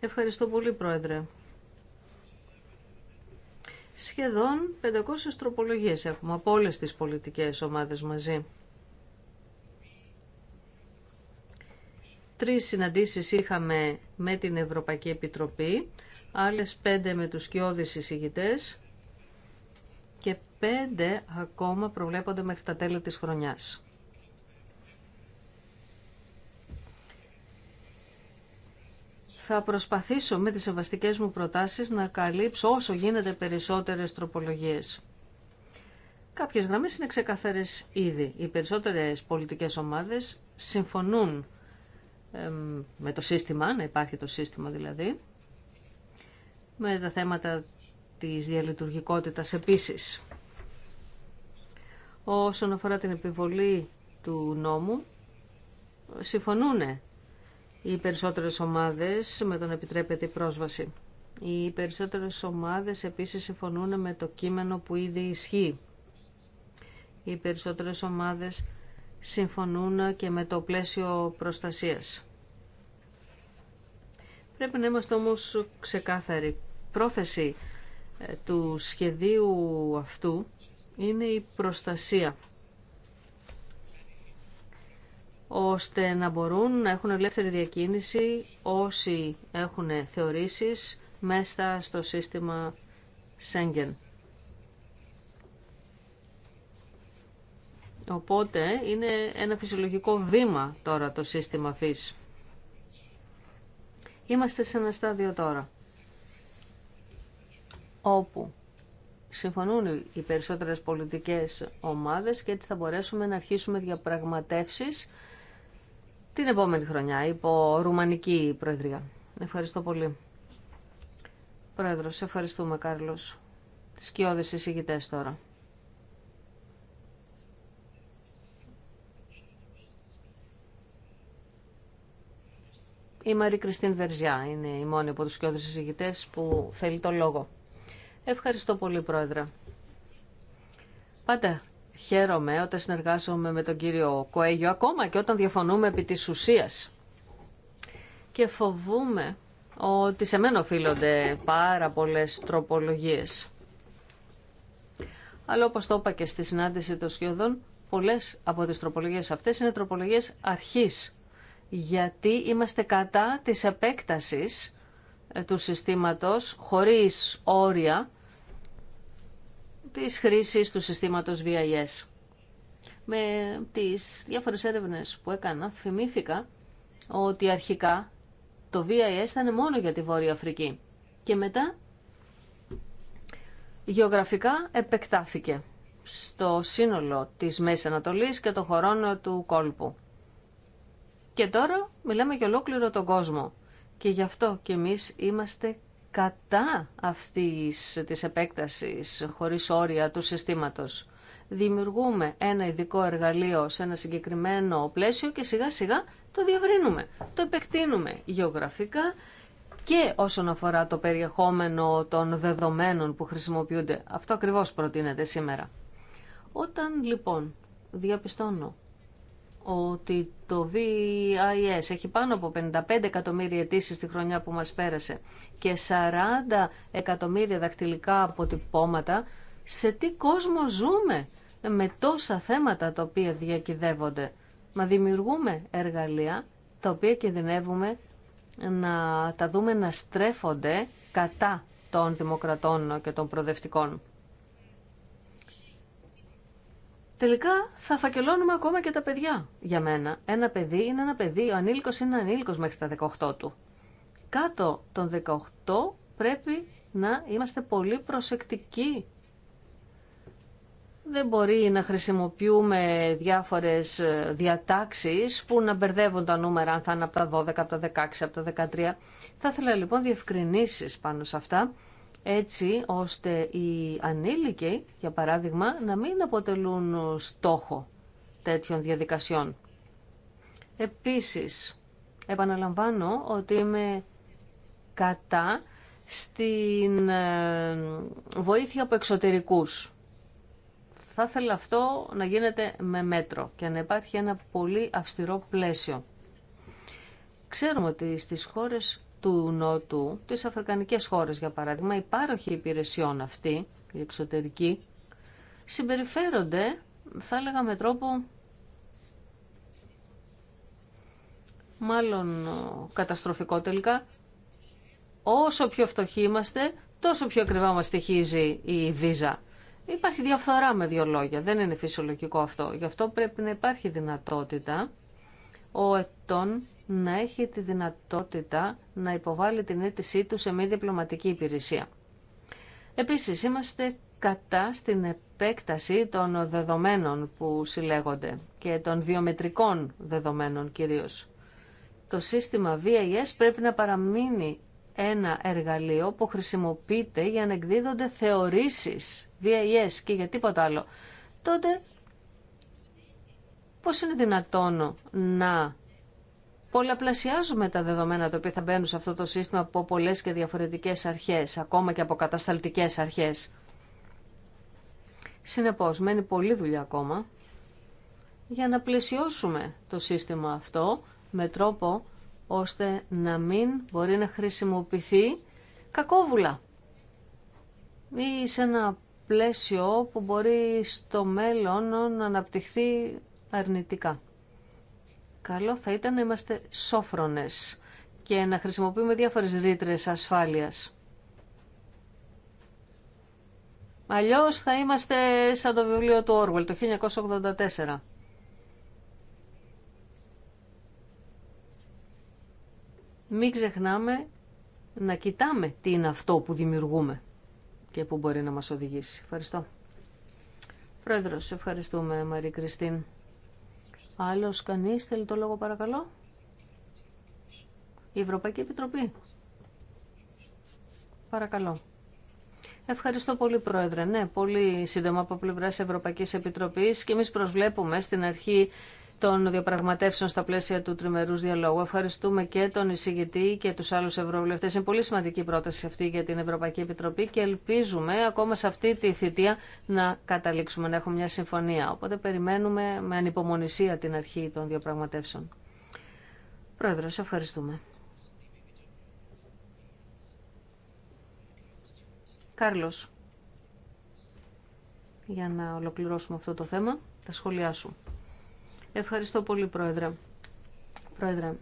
Ευχαριστώ πολύ Πρόεδρε. Σχεδόν 500 τροπολογίες έχουμε από όλες τις πολιτικές ομάδες μαζί. Τρεις συναντήσεις είχαμε με την Ευρωπαϊκή Επιτροπή, άλλες πέντε με τους σκιώδεις εισηγητές και πέντε ακόμα προβλέπονται μέχρι τα τέλη της χρονιάς. Θα προσπαθήσω με τις σεβαστικές μου προτάσεις να καλύψω όσο γίνεται περισσότερες τροπολογίες. Κάποιες γραμμές είναι ξεκαθαρές ήδη. Οι περισσότερες πολιτικές ομάδες συμφωνούν με το σύστημα, να υπάρχει το σύστημα δηλαδή, με τα θέματα της διαλειτουργικότητας επίσης. Όσον αφορά την επιβολή του νόμου, συμφωνούν οι περισσότερες ομάδες με τον επιτρέπεται η πρόσβαση. Οι περισσότερες ομάδες επίσης συμφωνούν με το κείμενο που ήδη ισχύει. Οι περισσότερες ομάδες συμφωνούν και με το πλαίσιο προστασίας. Πρέπει να είμαστε όμως ξεκάθαροι. Πρόθεση ε, του σχεδίου αυτού είναι η προστασία ώστε να μπορούν να έχουν ελεύθερη διακίνηση όσοι έχουν θεωρήσεις μέσα στο σύστημα Σέγγεν. Οπότε είναι ένα φυσιολογικό βήμα τώρα το σύστημα φύσης. Είμαστε σε ένα στάδιο τώρα όπου συμφωνούν οι περισσότερες πολιτικές ομάδες και έτσι θα μπορέσουμε να αρχίσουμε διαπραγματεύσεις την επόμενη χρονιά υπό Ρουμανική Προεδρία. Ευχαριστώ πολύ. Πρόεδρος, ευχαριστούμε Κάρλος. Σκιώδες εισηγητές τώρα. Η Μαρή Κριστίν Βερζιά είναι η μόνη από τους κοιόδρους συζητητές που θέλει το λόγο. Ευχαριστώ πολύ, Πρόεδρε. Πάντα χαίρομαι όταν συνεργάζομαι με τον κύριο Κοέγιο, ακόμα και όταν διαφωνούμε επί της ουσίας. Και φοβούμε ότι σε μένα οφείλονται πάρα πολλές τροπολογίες. Αλλά όπως το είπα και στη συνάντηση των σχεδόν, πολλές από τις τροπολογίες αυτές είναι τροπολογίες αρχής γιατί είμαστε κατά της επέκτασης ε, του συστήματος χωρίς όρια της χρήσης του συστήματος VIS. Με τις διάφορες έρευνες που έκανα, θυμήθηκα ότι αρχικά το VIS ήταν μόνο για τη Βόρεια Αφρική και μετά γεωγραφικά επεκτάθηκε στο σύνολο της Μέσης Ανατολής και των χωρών του κόλπου. Και τώρα μιλάμε για ολόκληρο τον κόσμο. Και γι' αυτό και εμείς είμαστε κατά αυτής της επέκτασης χωρίς όρια του συστήματος. Δημιουργούμε ένα ειδικό εργαλείο σε ένα συγκεκριμένο πλαίσιο και σιγά σιγά το διαβρύνουμε. το επεκτείνουμε γεωγραφικά και όσον αφορά το περιεχόμενο των δεδομένων που χρησιμοποιούνται. Αυτό ακριβώς προτείνεται σήμερα. Όταν λοιπόν διαπιστώνω ότι το VIS έχει πάνω από 55 εκατομμύρια αιτήσει τη χρονιά που μας πέρασε και 40 εκατομμύρια δακτυλικά αποτυπώματα, σε τι κόσμο ζούμε με τόσα θέματα τα οποία διακυδεύονται. Μα δημιουργούμε εργαλεία τα οποία κινδυνεύουμε να τα δούμε να στρέφονται κατά των δημοκρατών και των προοδευτικών. Τελικά θα φακελώνουμε ακόμα και τα παιδιά. Για μένα, ένα παιδί είναι ένα παιδί, ο ανήλικο είναι ανήλικο μέχρι τα 18 του. Κάτω των 18 πρέπει να είμαστε πολύ προσεκτικοί. Δεν μπορεί να χρησιμοποιούμε διάφορες ε, διατάξεις που να μπερδεύουν τα νούμερα, αν θα είναι από τα 12, από τα 16, από τα 13. Θα ήθελα λοιπόν διευκρινήσεις πάνω σε αυτά έτσι ώστε οι ανήλικοι, για παράδειγμα, να μην αποτελούν στόχο τέτοιων διαδικασιών. Επίσης, επαναλαμβάνω ότι είμαι κατά στην ε, βοήθεια από εξωτερικούς. Θα ήθελα αυτό να γίνεται με μέτρο και να υπάρχει ένα πολύ αυστηρό πλαίσιο. Ξέρουμε ότι στις χώρες του Νότου, τις Αφρικανικές χώρες για παράδειγμα, οι πάροχοι υπηρεσιών αυτοί, οι εξωτερικοί, συμπεριφέρονται, θα έλεγα με τρόπο μάλλον καταστροφικό τελικά. Όσο πιο φτωχοί είμαστε, τόσο πιο ακριβά μας στοιχίζει η βίζα. Υπάρχει διαφθορά με δύο λόγια, δεν είναι φυσιολογικό αυτό. Γι' αυτό πρέπει να υπάρχει δυνατότητα ο ετών να έχει τη δυνατότητα να υποβάλει την αίτησή του σε μη διπλωματική υπηρεσία. Επίσης, είμαστε κατά στην επέκταση των δεδομένων που συλλέγονται και των βιομετρικών δεδομένων κυρίως. Το σύστημα VIS πρέπει να παραμείνει ένα εργαλείο που χρησιμοποιείται για να εκδίδονται θεωρήσεις VIS και για τίποτα άλλο. Τότε πώς είναι δυνατόν να πολλαπλασιάζουμε τα δεδομένα τα οποία θα μπαίνουν σε αυτό το σύστημα από πολλέ και διαφορετικές αρχές, ακόμα και από κατασταλτικές αρχές. Συνεπώ, μένει πολλή δουλειά ακόμα για να πλαισιώσουμε το σύστημα αυτό με τρόπο ώστε να μην μπορεί να χρησιμοποιηθεί κακόβουλα ή σε ένα πλαίσιο που μπορεί στο μέλλον να αναπτυχθεί αρνητικά. Καλό θα ήταν να είμαστε σόφρονες και να χρησιμοποιούμε διάφορες ρήτρε ασφάλειας. Αλλιώ θα είμαστε σαν το βιβλίο του Όρουελ το 1984. Μην ξεχνάμε να κοιτάμε τι είναι αυτό που δημιουργούμε και που μπορεί να μας οδηγήσει. Ευχαριστώ. Πρόεδρος, ευχαριστούμε Μαρή Κριστίν. Άλλος κανείς θέλει το λόγο παρακαλώ. Η Ευρωπαϊκή Επιτροπή. Παρακαλώ. Ευχαριστώ πολύ, Πρόεδρε. Ναι, πολύ σύντομα από πλευρά Ευρωπαϊκή Επιτροπή και εμεί προσβλέπουμε στην αρχή των διαπραγματεύσεων στα πλαίσια του τριμερούς διαλόγου. Ευχαριστούμε και τον εισηγητή και τους άλλους ευρωβουλευτέ. Είναι πολύ σημαντική πρόταση αυτή για την Ευρωπαϊκή Επιτροπή και ελπίζουμε ακόμα σε αυτή τη θητεία να καταλήξουμε, να έχουμε μια συμφωνία. Οπότε περιμένουμε με ανυπομονησία την αρχή των διαπραγματεύσεων. Πρόεδρος, ευχαριστούμε. Κάρλος, για να ολοκληρώσουμε αυτό το θέμα, τα σχόλιά σου. Ευχαριστώ πολύ, Πρόεδρε. Πρόεδρε,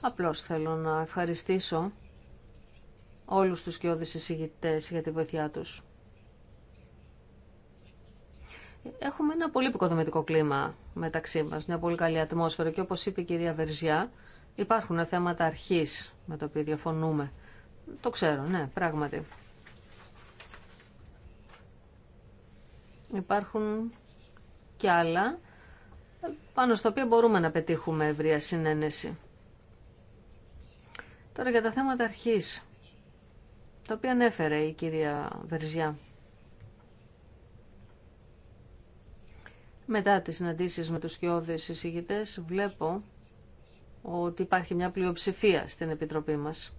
απλώς θέλω να ευχαριστήσω όλους τους κοιόδες εισηγητές για τη βοήθειά τους. Έχουμε ένα πολύ επικοδομητικό κλίμα μεταξύ μας, μια πολύ καλή ατμόσφαιρα και όπως είπε η κυρία Βερζιά, υπάρχουν θέματα αρχής με το οποίο διαφωνούμε. Το ξέρω, ναι, πράγματι. Υπάρχουν και άλλα πάνω στα οποία μπορούμε να πετύχουμε ευρεία συνένεση. Τώρα για τα θέματα αρχής, τα οποία ανέφερε η κυρία Βερζιά. Μετά τις συναντήσεις με τους σκιώδες εισηγητές βλέπω ότι υπάρχει μια πλειοψηφία στην Επιτροπή μας.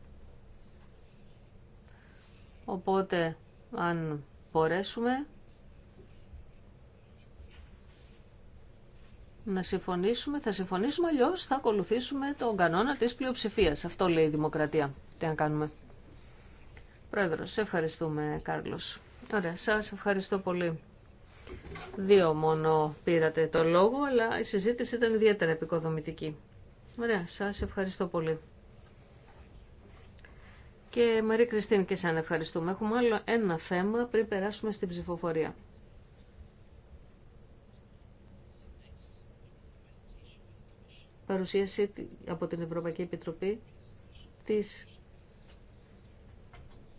Οπότε, αν μπορέσουμε, να συμφωνήσουμε, θα συμφωνήσουμε, αλλιώ θα ακολουθήσουμε τον κανόνα της πλειοψηφία. Αυτό λέει η δημοκρατία. Τι να κάνουμε. Πρόεδρο, σε ευχαριστούμε, Κάρλος. Ωραία, σας ευχαριστώ πολύ. Δύο μόνο πήρατε το λόγο, αλλά η συζήτηση ήταν ιδιαίτερα επικοδομητική. Ωραία, σας ευχαριστώ πολύ. Και Μαρή Κριστίν και σαν ευχαριστούμε. Έχουμε άλλο ένα θέμα πριν περάσουμε στην ψηφοφορία. παρουσίαση από την Ευρωπαϊκή Επιτροπή της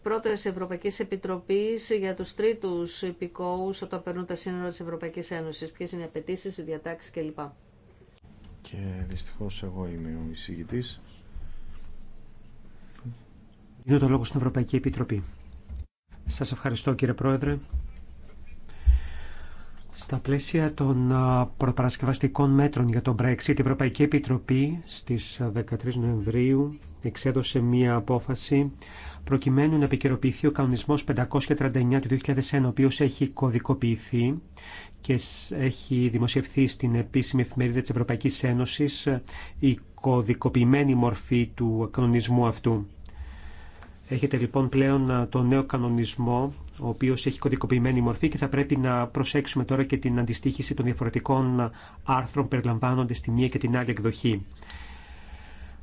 πρώτες Ευρωπαϊκής Επιτροπής για τους τρίτους υπηκόους όταν περνούν τα σύνορα της Ευρωπαϊκής Ένωσης. Ποιες είναι οι απαιτήσει, οι διατάξεις κλπ. Και δυστυχώς εγώ είμαι ο εισηγητής. Δίνω το λόγο στην Ευρωπαϊκή Επιτροπή. Σας ευχαριστώ κύριε Πρόεδρε. Στα πλαίσια των προπαρασκευαστικών μέτρων για τον Brexit, η Ευρωπαϊκή Επιτροπή στις 13 Νοεμβρίου εξέδωσε μία απόφαση προκειμένου να επικαιροποιηθεί ο κανονισμός 539 του 2001, ο οποίος έχει κωδικοποιηθεί και έχει δημοσιευθεί στην επίσημη εφημερίδα της Ευρωπαϊκής Ένωσης ε, η κωδικοποιημένη μορφή του κανονισμού αυτού. Έχετε λοιπόν πλέον το νέο κανονισμό ο οποίο έχει κωδικοποιημένη μορφή και θα πρέπει να προσέξουμε τώρα και την αντιστοίχηση των διαφορετικών άρθρων που περιλαμβάνονται στη μία και την άλλη εκδοχή.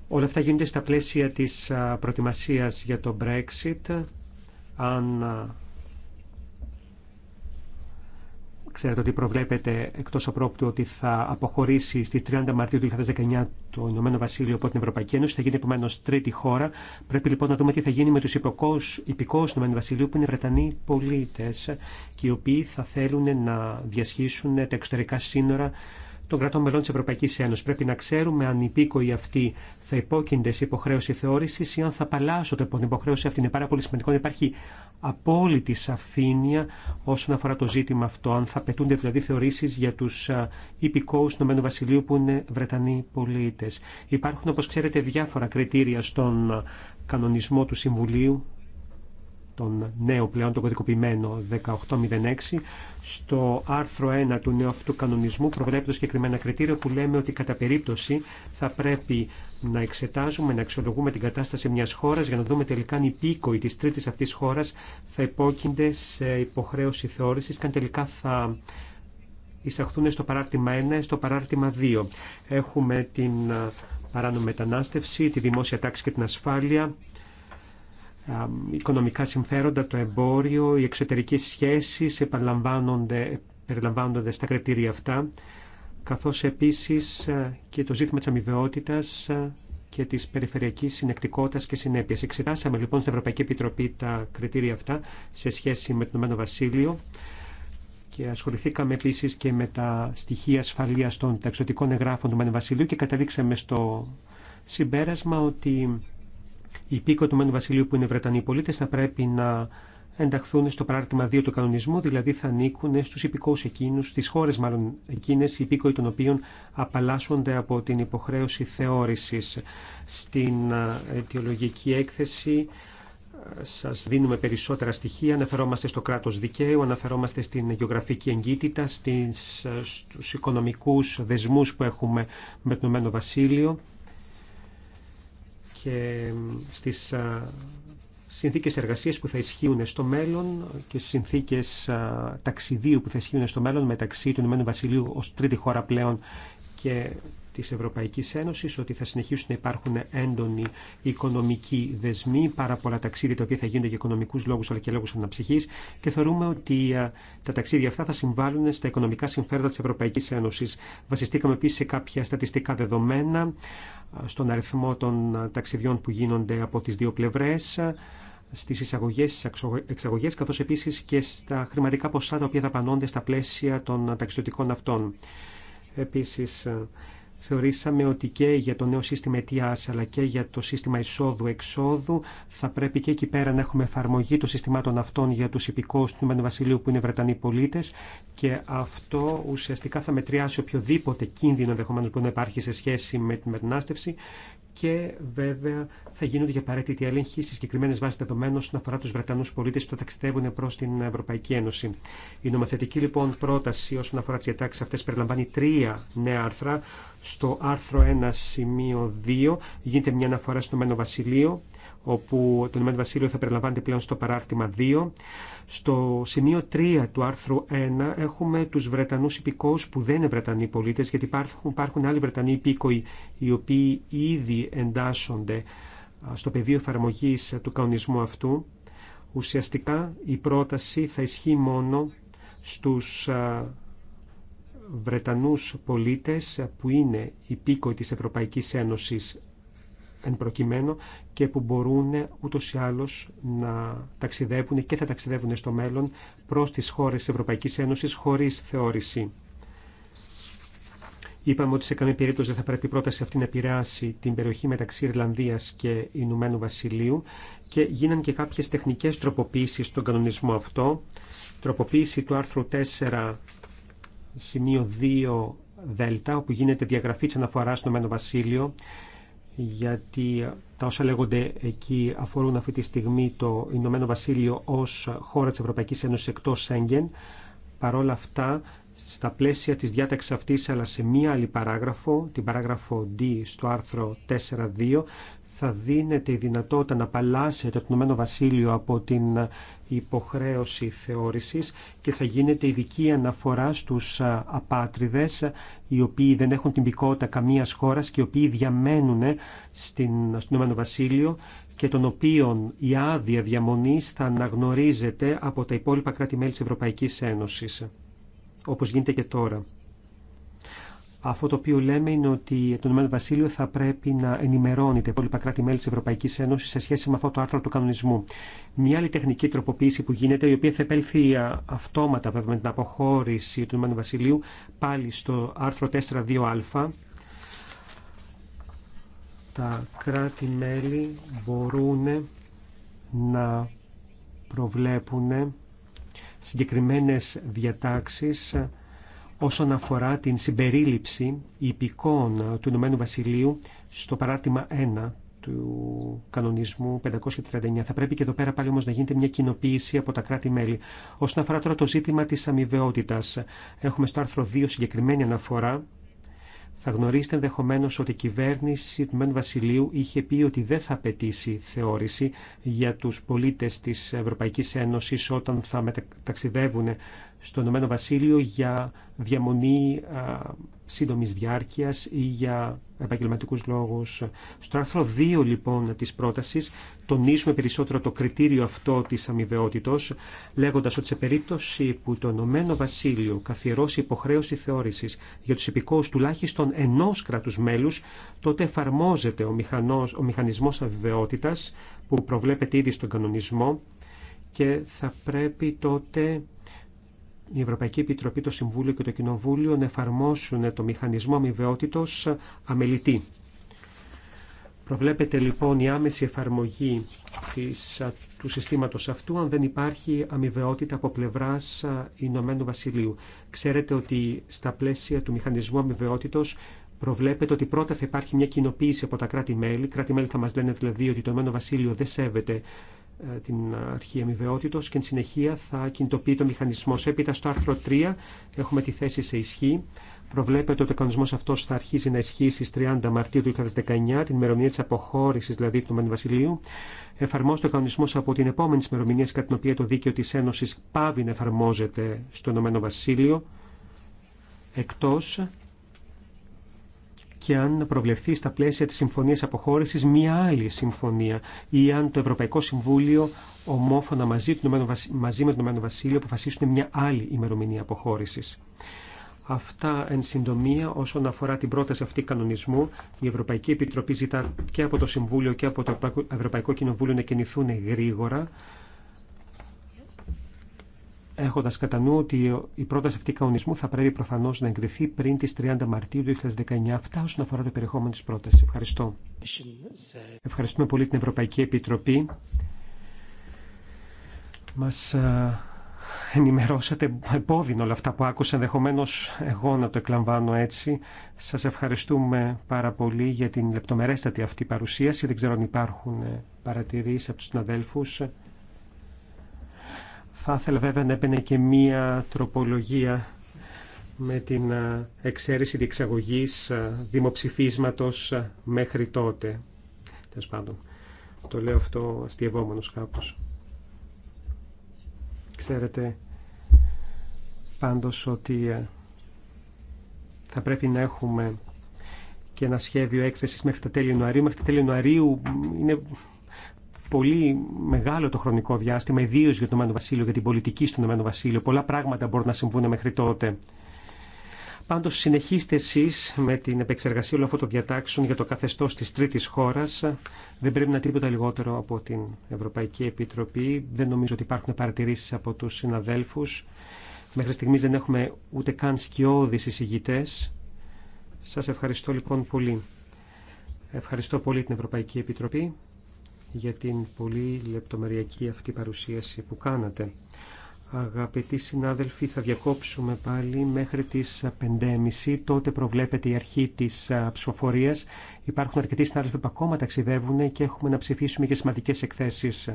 Όλα αυτά γίνονται στα πλαίσια της προετοιμασία για το Brexit. Αν Ξέρετε ότι προβλέπεται εκτό απρόπτου ότι θα αποχωρήσει στι 30 Μαρτίου του 2019 το Ηνωμένο Βασίλειο από την Ευρωπαϊκή Ένωση. Θα γίνει επομένω τρίτη χώρα. Πρέπει λοιπόν να δούμε τι θα γίνει με του υπηκόου του Ηνωμένου Βασιλείου που είναι Βρετανοί πολίτε και οι οποίοι θα θέλουν να διασχίσουν τα εξωτερικά σύνορα των κρατών μελών τη Ευρωπαϊκή Ένωση. Πρέπει να ξέρουμε αν οι υπήκοοι αυτοί θα υπόκεινται σε υποχρέωση θεώρηση ή αν θα παλάσσονται από την υποχρέωση αυτή. Είναι πάρα πολύ σημαντικό να υπάρχει απόλυτη σαφήνεια όσον αφορά το ζήτημα αυτό. Αν θα πετούνται δηλαδή θεωρήσει για του υπηκόου του Ηνωμένου Βασιλείου που είναι Βρετανοί πολίτε. Υπάρχουν, όπω ξέρετε, διάφορα κριτήρια στον κανονισμό του Συμβουλίου τον νέο πλέον, τον κωδικοποιημένο 1806, στο άρθρο 1 του νέου αυτού κανονισμού προβλέπει το συγκεκριμένα κριτήριο που λέμε ότι κατά περίπτωση θα πρέπει να εξετάζουμε, να αξιολογούμε την κατάσταση μιας χώρας για να δούμε τελικά αν οι πίκοη της τρίτης αυτής χώρας θα υπόκεινται σε υποχρέωση θεώρησης και αν τελικά θα εισαχθούν στο παράρτημα 1, στο παράρτημα 2. Έχουμε την παράνομη μετανάστευση, τη δημόσια τάξη και την ασφάλεια, οικονομικά συμφέροντα, το εμπόριο, οι εξωτερικές σχέσεις περιλαμβάνονται στα κριτήρια αυτά, καθώς επίσης και το ζήτημα της αμοιβαιότητας και της περιφερειακής συνεκτικότητας και συνέπειας. Εξετάσαμε λοιπόν στην Ευρωπαϊκή Επιτροπή τα κριτήρια αυτά σε σχέση με το Ηνωμένο Βασίλειο και ασχοληθήκαμε επίσης και με τα στοιχεία ασφαλείας των ταξιδιωτικών εγγράφων του Ηνωμένου Βασιλείου και καταλήξαμε στο συμπέρασμα ότι οι υπήκοοι του Μένου Βασιλείου που είναι Βρετανοί πολίτε θα πρέπει να ενταχθούν στο παράρτημα 2 του κανονισμού, δηλαδή θα ανήκουν στου υπηκόου εκείνου, στι χώρε μάλλον εκείνε, οι υπήκοοι των οποίων απαλλάσσονται από την υποχρέωση θεώρηση. Στην ε, αιτιολογική έκθεση ε, Σα δίνουμε περισσότερα στοιχεία. Αναφερόμαστε στο κράτο δικαίου, αναφερόμαστε στην γεωγραφική εγκύτητα, ε, στου οικονομικού δεσμού που έχουμε με το Ηνωμένο Βασίλειο και στις συνθήκες εργασίας που θα ισχύουν στο μέλλον και στις συνθήκες ταξιδίου που θα ισχύουν στο μέλλον μεταξύ του Ηνωμένου Βασιλείου ως τρίτη χώρα πλέον και της Ευρωπαϊκής Ένωσης ότι θα συνεχίσουν να υπάρχουν έντονοι οικονομικοί δεσμοί, πάρα πολλά ταξίδια τα οποία θα γίνονται για οικονομικούς λόγους αλλά και λόγους αναψυχής και θεωρούμε ότι τα ταξίδια αυτά θα συμβάλλουν στα οικονομικά συμφέροντα της Ευρωπαϊκής Ένωσης. Βασιστήκαμε επίσης σε κάποια στατιστικά δεδομένα στον αριθμό των ε, ταξιδιών που γίνονται από τις δύο πλευρές, ε, στις εισαγωγές, στις εξαγωγές, καθώς επίσης και στα χρηματικά ποσά τα οποία δαπανώνται στα πλαίσια των ταξιδιωτικών αυτών. Επίσης, ε, θεωρήσαμε ότι και για το νέο σύστημα αιτίας ε αλλά και για το σύστημα εισόδου-εξόδου θα πρέπει και εκεί πέρα να έχουμε εφαρμογή των συστημάτων αυτών για τους υπηκόους του Ηνωμένου Βασιλείου που είναι Βρετανοί πολίτες και αυτό ουσιαστικά θα μετριάσει οποιοδήποτε κίνδυνο ενδεχομένω που να υπάρχει σε σχέση με την μετανάστευση και βέβαια θα γίνονται για απαραίτητη έλεγχη σε συγκεκριμένε βάσει δεδομένων όσον αφορά του Βρετανού πολίτε που θα ταξιδεύουν προ την Ευρωπαϊκή Ένωση. Η νομοθετική λοιπόν πρόταση όσον αφορά τι διατάξει αυτέ περιλαμβάνει τρία νέα άρθρα. Στο άρθρο 1 σημείο 2 γίνεται μια αναφορά στο Μένο Βασιλείο, όπου το Ηνωμένο Βασίλειο θα περιλαμβάνεται πλέον στο παράρτημα 2. Στο σημείο 3 του άρθρου 1 έχουμε του Βρετανούς υπηκόους που δεν είναι Βρετανοί πολίτες, γιατί υπάρχουν, υπάρχουν άλλοι Βρετανοί υπήκοοι οι οποίοι ήδη εντάσσονται στο πεδίο εφαρμογή του κανονισμού αυτού. Ουσιαστικά η πρόταση θα ισχύει μόνο στους Βρετανούς πολίτες που είναι υπήκοοι της Ευρωπαϊκής Ένωσης εν προκειμένου και που μπορούν ούτως ή άλλως να ταξιδεύουν και θα ταξιδεύουν στο μέλλον προ τι χώρε της Ευρωπαϊκής Ένωσης χωρίς θεώρηση. Είπαμε ότι σε καμία περίπτωση δεν θα πρέπει η πρόταση αυτή να επηρεάσει την περιοχή μεταξύ Ιρλανδία και Ηνωμένου Βασιλείου και γίναν και κάποιε τεχνικέ τροποποίησει στον κανονισμό αυτό. Τροποποίηση του άρθρου 4 σημείο 2 Δέλτα, όπου γίνεται διαγραφή τη αναφορά στο Ηνωμένο Βασίλειο γιατί τα όσα λέγονται εκεί αφορούν αυτή τη στιγμή το Ηνωμένο Βασίλειο ως χώρα της Ευρωπαϊκής Ένωσης εκτός Σέγγεν. Παρ' όλα αυτά, στα πλαίσια της διάταξης αυτής, αλλά σε μία άλλη παράγραφο, την παράγραφο D στο άρθρο 4.2, θα δίνεται η δυνατότητα να απαλλάσσεται το Ηνωμένο Βασίλειο από την υποχρέωση θεώρησης και θα γίνεται ειδική αναφορά στους απάτριδες οι οποίοι δεν έχουν την πικότητα καμίας χώρας και οι οποίοι διαμένουν στην, στο Ηνωμένο Βασίλειο και των οποίων η άδεια διαμονής θα αναγνωρίζεται από τα υπόλοιπα κράτη-μέλη της Ευρωπαϊκής Ένωσης, όπως γίνεται και τώρα. Αυτό το οποίο λέμε είναι ότι το Ηνωμένο Βασίλειο θα πρέπει να ενημερώνει τα υπόλοιπα κράτη-μέλη τη Ευρωπαϊκή Ένωση σε σχέση με αυτό το άρθρο του κανονισμού. Μια άλλη τεχνική τροποποίηση που γίνεται, η οποία θα επέλθει αυτόματα βέβαια με την αποχώρηση του Ηνωμένου Βασιλείου, πάλι στο άρθρο 4.2α. Τα κράτη-μέλη μπορούν να προβλέπουν συγκεκριμένες διατάξεις όσον αφορά την συμπερίληψη υπηκών του Ηνωμένου Βασιλείου στο παράρτημα 1 του κανονισμού 539. Θα πρέπει και εδώ πέρα πάλι όμως να γίνεται μια κοινοποίηση από τα κράτη-μέλη. Όσον αφορά τώρα το ζήτημα της αμοιβαιότητα. έχουμε στο άρθρο 2 συγκεκριμένη αναφορά. Θα γνωρίζετε ενδεχομένω ότι η κυβέρνηση του μέν Βασιλείου είχε πει ότι δεν θα απαιτήσει θεώρηση για τους πολίτες της Ευρωπαϊκής Ένωσης όταν θα ταξιδεύουν στο Ηνωμένο Βασίλειο για διαμονή σύντομης διάρκειας ή για επαγγελματικούς λόγους. Στο άρθρο 2 λοιπόν της πρότασης τονίζουμε περισσότερο το κριτήριο αυτό της αμοιβαιότητος λέγοντας ότι σε περίπτωση που το Ηνωμένο Βασίλειο καθιερώσει υποχρέωση θεώρησης για τους υπηκόους τουλάχιστον ενός κράτους μέλους τότε εφαρμόζεται ο, μηχανός, ο μηχανισμός αμοιβαιότητας που προβλέπεται ήδη στον κανονισμό και θα πρέπει τότε η Ευρωπαϊκή Επιτροπή, το Συμβούλιο και το Κοινοβούλιο να εφαρμόσουν το μηχανισμό αμοιβαιότητος αμελητή. Προβλέπεται λοιπόν η άμεση εφαρμογή της, του συστήματος αυτού αν δεν υπάρχει αμοιβαιότητα από πλευράς Ηνωμένου Βασιλείου. Ξέρετε ότι στα πλαίσια του μηχανισμού αμοιβαιότητος προβλέπεται ότι πρώτα θα υπάρχει μια κοινοποίηση από τα κράτη-μέλη. Κράτη-μέλη θα μας λένε δηλαδή ότι το Ηνωμένο Βασίλειο δεν σέβεται ε, την αρχή αμοιβαιότητος και εν συνεχεία θα κινητοποιεί το μηχανισμό. Έπειτα στο άρθρο 3 έχουμε τη θέση σε ισχύ. Προβλέπεται ότι ο κανονισμός αυτός θα αρχίσει να ισχύει στις 30 Μαρτίου του 2019, την ημερομηνία τη αποχώρησης δηλαδή του Μανι Βασιλείου. Εφαρμόζεται ο κανονισμός από την επόμενη ημερομηνία κατά την οποία το δίκαιο τη Ένωση πάβει να εφαρμόζεται στο Ηνωμένο Βασίλειο, εκτό και αν προβλεφθεί στα πλαίσια της Συμφωνίας Αποχώρησης μια άλλη συμφωνία ή αν το Ευρωπαϊκό Συμβούλιο ομόφωνα μαζί, μαζί με τον Ηνωμένο Βασίλειο αποφασίσουν μια άλλη ημερομηνία αποχώρησης. Αυτά εν συντομία όσον αφορά την πρόταση αυτή κανονισμού. Η Ευρωπαϊκή Επιτροπή ζητά και από το Συμβούλιο και από το Ευρωπαϊκό Κοινοβούλιο να κινηθούν γρήγορα έχοντα κατά νου ότι η πρόταση αυτή κανονισμού θα πρέπει προφανώ να εγκριθεί πριν τι 30 Μαρτίου 2019. Αυτά όσον αφορά το περιεχόμενο τη πρόταση. Ευχαριστώ. Ευχαριστούμε πολύ την Ευρωπαϊκή Επιτροπή. Μα ενημερώσατε επώδυνο όλα αυτά που άκουσα. Ενδεχομένω εγώ να το εκλαμβάνω έτσι. Σα ευχαριστούμε πάρα πολύ για την λεπτομερέστατη αυτή παρουσίαση. Δεν ξέρω αν υπάρχουν ε, παρατηρήσει από του συναδέλφου. Θα ήθελα βέβαια να έπαινε και μία τροπολογία με την εξαίρεση διεξαγωγής δημοψηφίσματος μέχρι τότε. Τέλος πάντων, το λέω αυτό αστειευόμενος κάπως. Ξέρετε πάντως ότι θα πρέπει να έχουμε και ένα σχέδιο έκθεσης μέχρι τα τέλη Ιανουαρίου. Μέχρι τα τέλη Ιανουαρίου είναι πολύ μεγάλο το χρονικό διάστημα, ιδίω για το Μένο Βασίλειο, για την πολιτική στον Μένο Βασίλειο. Πολλά πράγματα μπορούν να συμβούν μέχρι τότε. Πάντω, συνεχίστε εσεί με την επεξεργασία όλων αυτών των διατάξεων για το καθεστώ τη τρίτη χώρα. Δεν πρέπει να τίποτα λιγότερο από την Ευρωπαϊκή Επιτροπή. Δεν νομίζω ότι υπάρχουν παρατηρήσει από του συναδέλφου. Μέχρι στιγμή δεν έχουμε ούτε καν σκιώδει εισηγητέ. Σα ευχαριστώ λοιπόν πολύ. Ευχαριστώ πολύ την Ευρωπαϊκή Επιτροπή για την πολύ λεπτομεριακή αυτή παρουσίαση που κάνατε. Αγαπητοί συνάδελφοι, θα διακόψουμε πάλι μέχρι τις 5.30. Τότε προβλέπεται η αρχή της ψηφοφορία. Υπάρχουν αρκετοί συνάδελφοι που ακόμα ταξιδεύουν και έχουμε να ψηφίσουμε και σημαντικές εκθέσεις.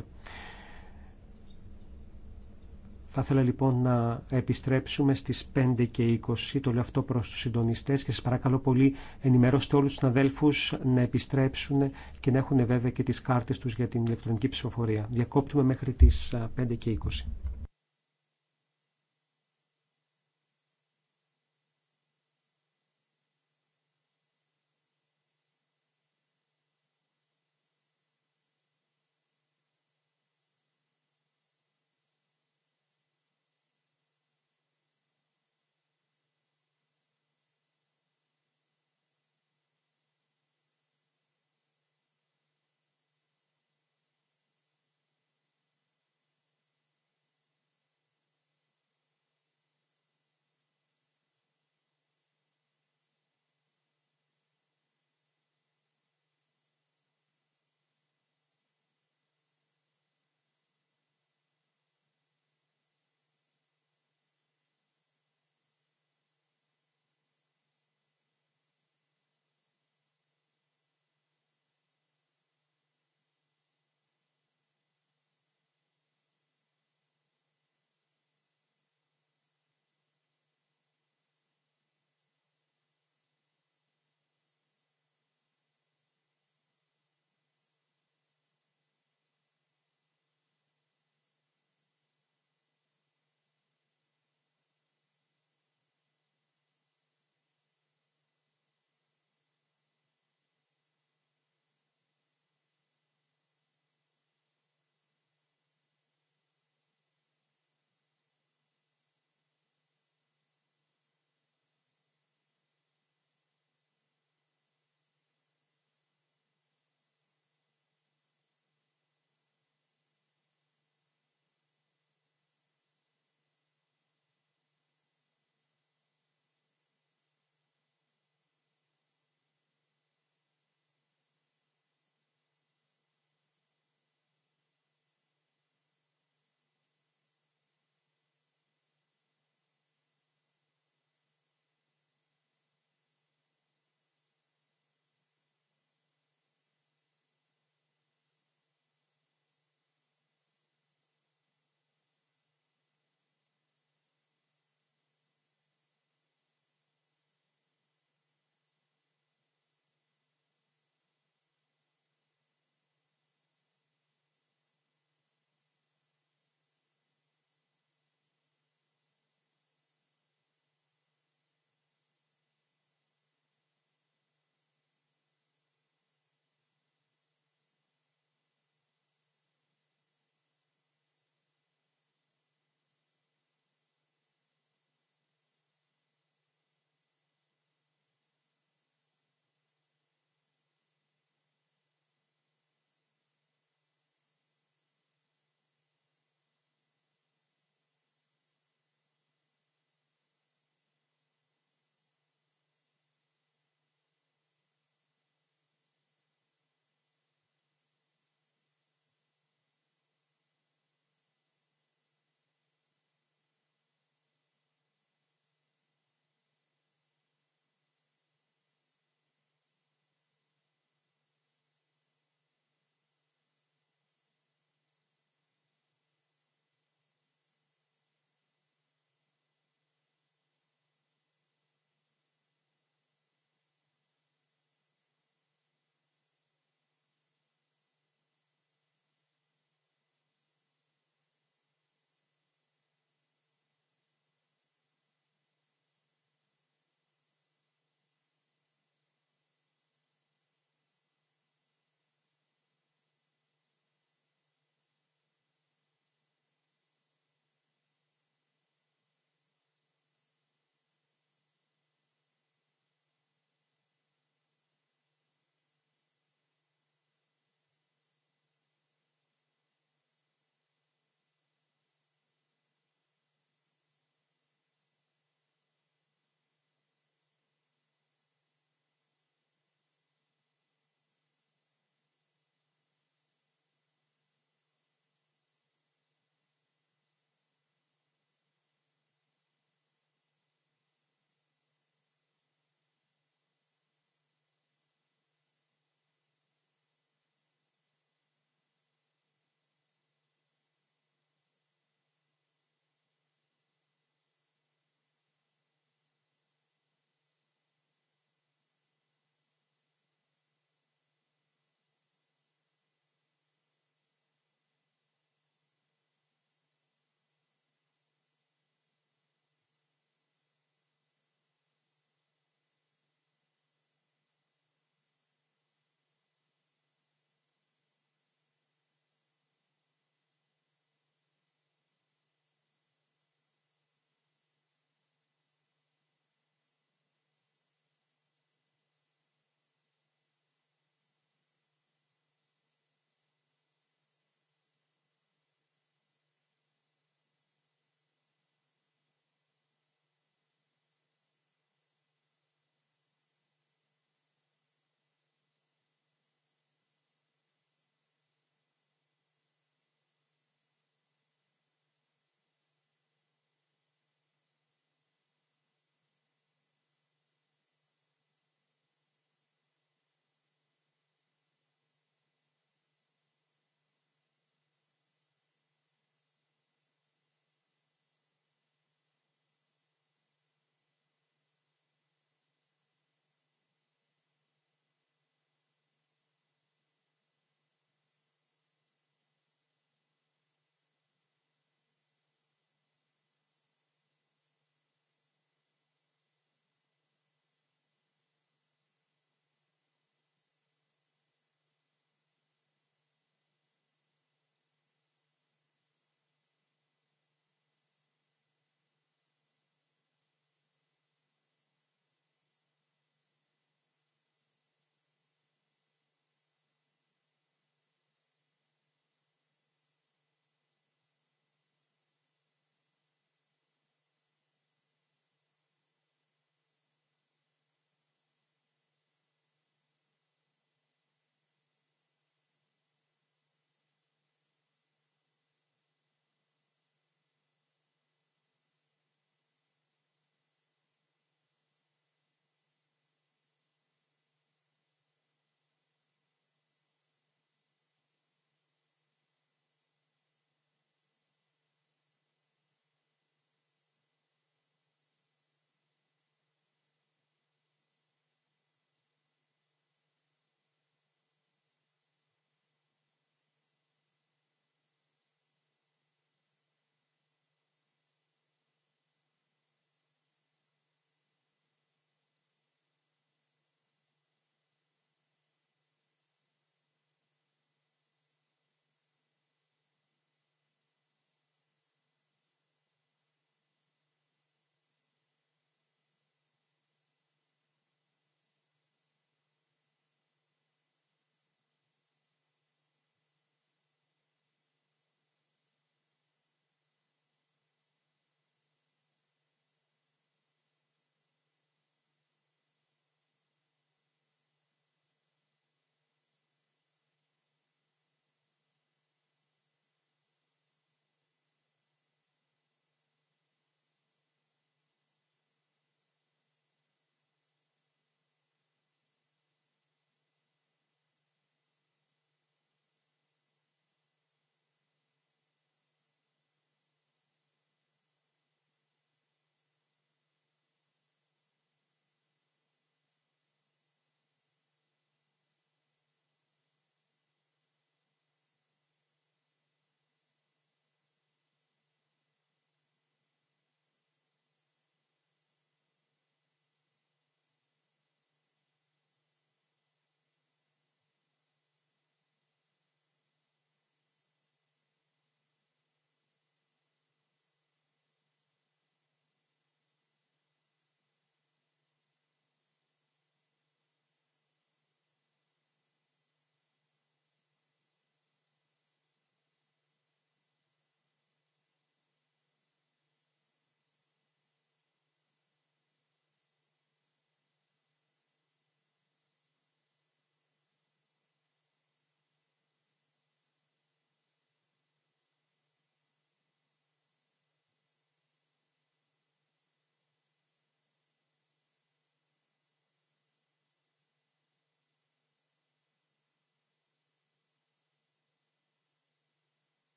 Θα ήθελα λοιπόν να επιστρέψουμε στις 5 και 20, το λέω αυτό προς τους συντονιστές και σας παρακαλώ πολύ ενημερώστε όλους τους αδέλφους να επιστρέψουν και να έχουν βέβαια και τις κάρτες τους για την ηλεκτρονική ψηφοφορία. Διακόπτουμε μέχρι τις 5 ε, και 20.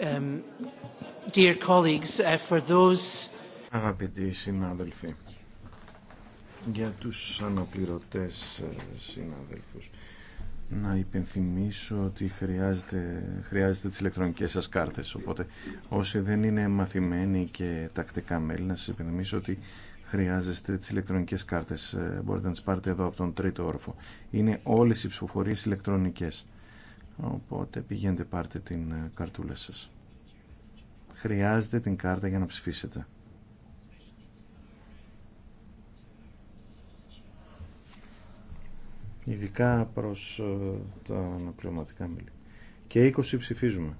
Um, uh, Αγαπητοί συνάδελφοι, για τους αναπληρωτές ε, συναδέλφους, να υπενθυμίσω ότι χρειάζεται, χρειάζεται τις ηλεκτρονικές σας κάρτες, οπότε όσοι δεν είναι μαθημένοι και τακτικά μέλη, να σας υπενθυμίσω ότι χρειάζεστε τις ηλεκτρονικές κάρτες. Ε, μπορείτε να τις πάρετε εδώ από τον τρίτο όροφο. Είναι όλες οι ψηφοφορίες ηλεκτρονικές. Οπότε πηγαίνετε πάρτε την ε, καρτούλα σας. Χρειάζεται την κάρτα για να ψηφίσετε. Ειδικά προς ε, τα αναπληρωματικά μέλη. Και 20 ψηφίζουμε.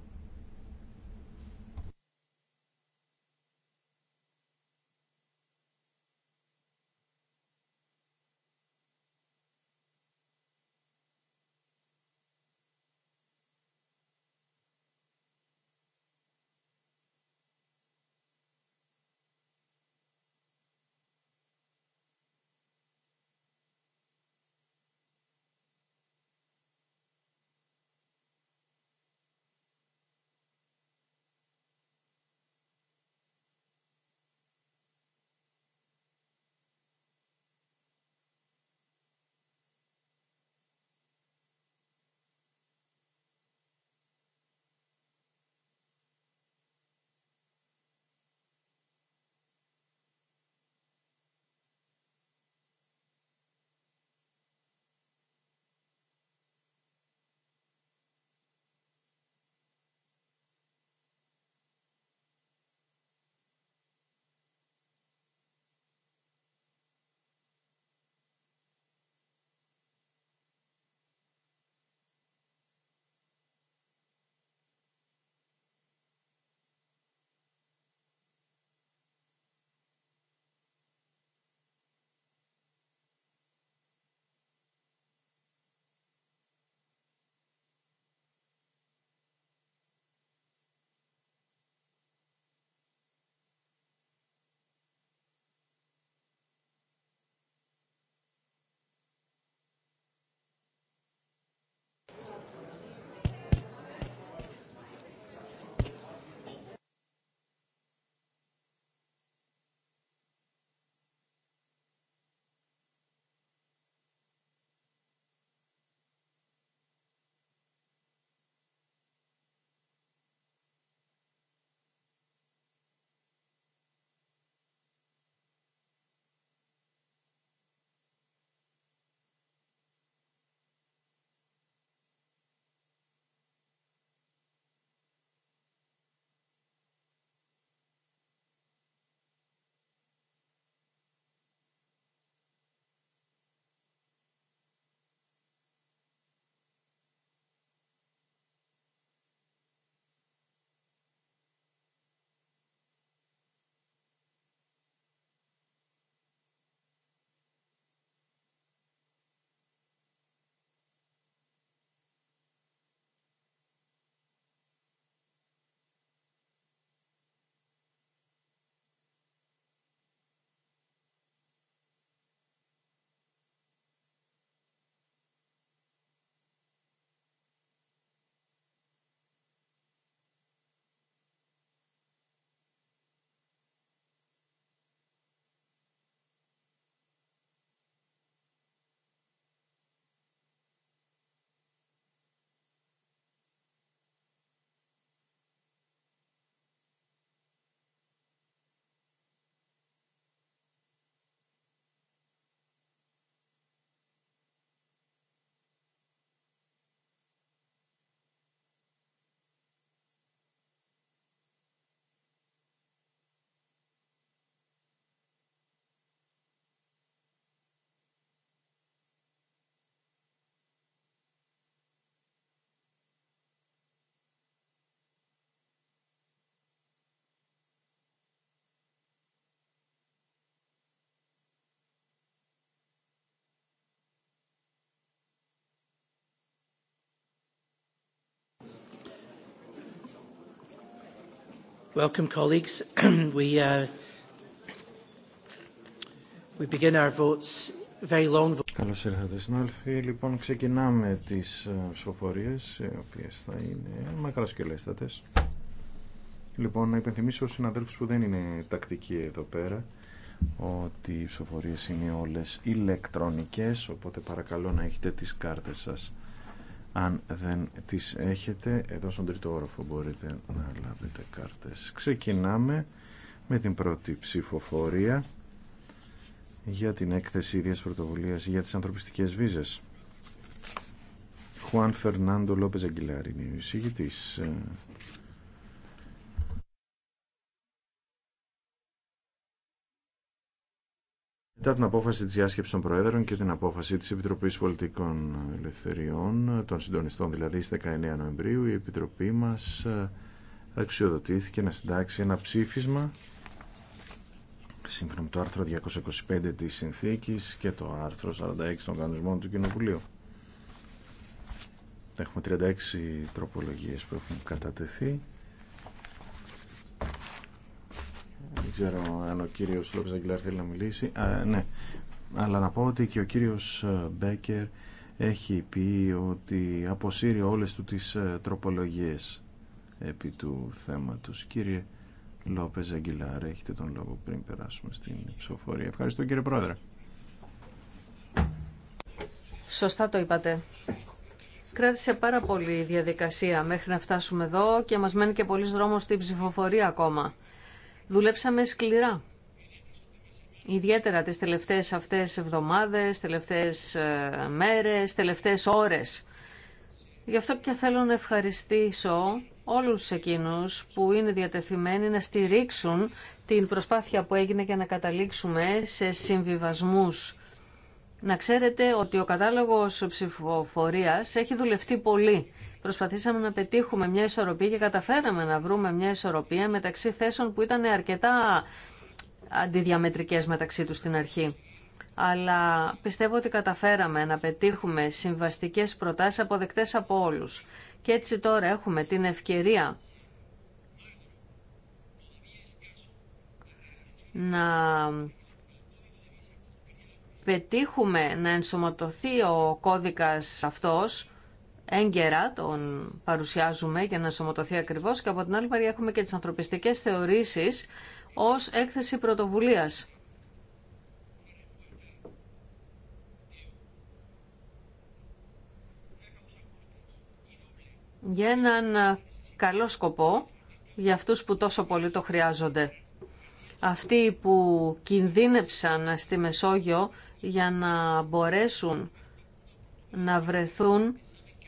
Welcome, colleagues. Uh, we, begin our votes very long. Καλώς ήρθατε συνάδελφοι. Λοιπόν, ξεκινάμε τις ε, ψηφοφορίες, οι οποίες θα είναι μακροσκελέστατες. Λοιπόν, να υπενθυμίσω στους συναδέλφους που δεν είναι τακτικοί εδώ πέρα, ότι οι ψηφοφορίες είναι όλες ηλεκτρονικές, οπότε παρακαλώ να έχετε τις κάρτες σας αν δεν τις έχετε εδώ στον τρίτο όροφο μπορείτε να λάβετε κάρτες ξεκινάμε με την πρώτη ψηφοφορία για την έκθεση ίδιας πρωτοβουλίας για τις ανθρωπιστικές βίζες Χουάν Φερνάντο Λόπεζ Αγγιλάρη είναι Μετά την απόφαση της διάσκεψη των Προέδρων και την απόφαση της Επιτροπής Πολιτικών Ελευθεριών, των συντονιστών δηλαδή στι 19 Νοεμβρίου, η Επιτροπή μας ε, αξιοδοτήθηκε να συντάξει ένα ψήφισμα σύμφωνα με το άρθρο 225 της Συνθήκης και το άρθρο 46 των κανονισμών του Κοινοβουλίου. Έχουμε 36 τροπολογίες που έχουν κατατεθεί Δεν ξέρω αν ο κύριος Λόπες Αγγιλάρ θέλει να μιλήσει. ναι, αλλά να πω ότι και ο κύριος ε, Μπέκερ έχει πει ότι αποσύρει όλες του τις ε, τροπολογίες επί του θέματος. Κύριε Λόπες Αγγιλάρ, έχετε τον λόγο πριν περάσουμε στην ψηφοφορία. Ευχαριστώ κύριε Πρόεδρε. Σωστά το είπατε. Κράτησε πάρα πολύ η διαδικασία μέχρι να φτάσουμε εδώ και μας μένει και πολλής δρόμος στην ψηφοφορία ακόμα. Δουλέψαμε σκληρά. Ιδιαίτερα τις τελευταίες αυτές εβδομάδες, τελευταίες ε, μέρες, τελευταίες ώρες. Γι' αυτό και θέλω να ευχαριστήσω όλους εκείνους που είναι διατεθειμένοι να στηρίξουν την προσπάθεια που έγινε για να καταλήξουμε σε συμβιβασμούς. Να ξέρετε ότι ο κατάλογος ψηφοφορίας έχει δουλευτεί πολύ Προσπαθήσαμε να πετύχουμε μια ισορροπία και καταφέραμε να βρούμε μια ισορροπία μεταξύ θέσεων που ήταν αρκετά αντιδιαμετρικές μεταξύ τους στην αρχή. Αλλά πιστεύω ότι καταφέραμε να πετύχουμε συμβαστικές προτάσεις αποδεκτές από όλους. Και έτσι τώρα έχουμε την ευκαιρία να πετύχουμε να ενσωματωθεί ο κώδικας αυτός έγκαιρα, τον παρουσιάζουμε για να σωματωθεί ακριβώς και από την άλλη μεριά έχουμε και τις ανθρωπιστικές θεωρήσεις ως έκθεση πρωτοβουλίας. Για έναν καλό σκοπό για αυτούς που τόσο πολύ το χρειάζονται. Αυτοί που κινδύνεψαν στη Μεσόγειο για να μπορέσουν να βρεθούν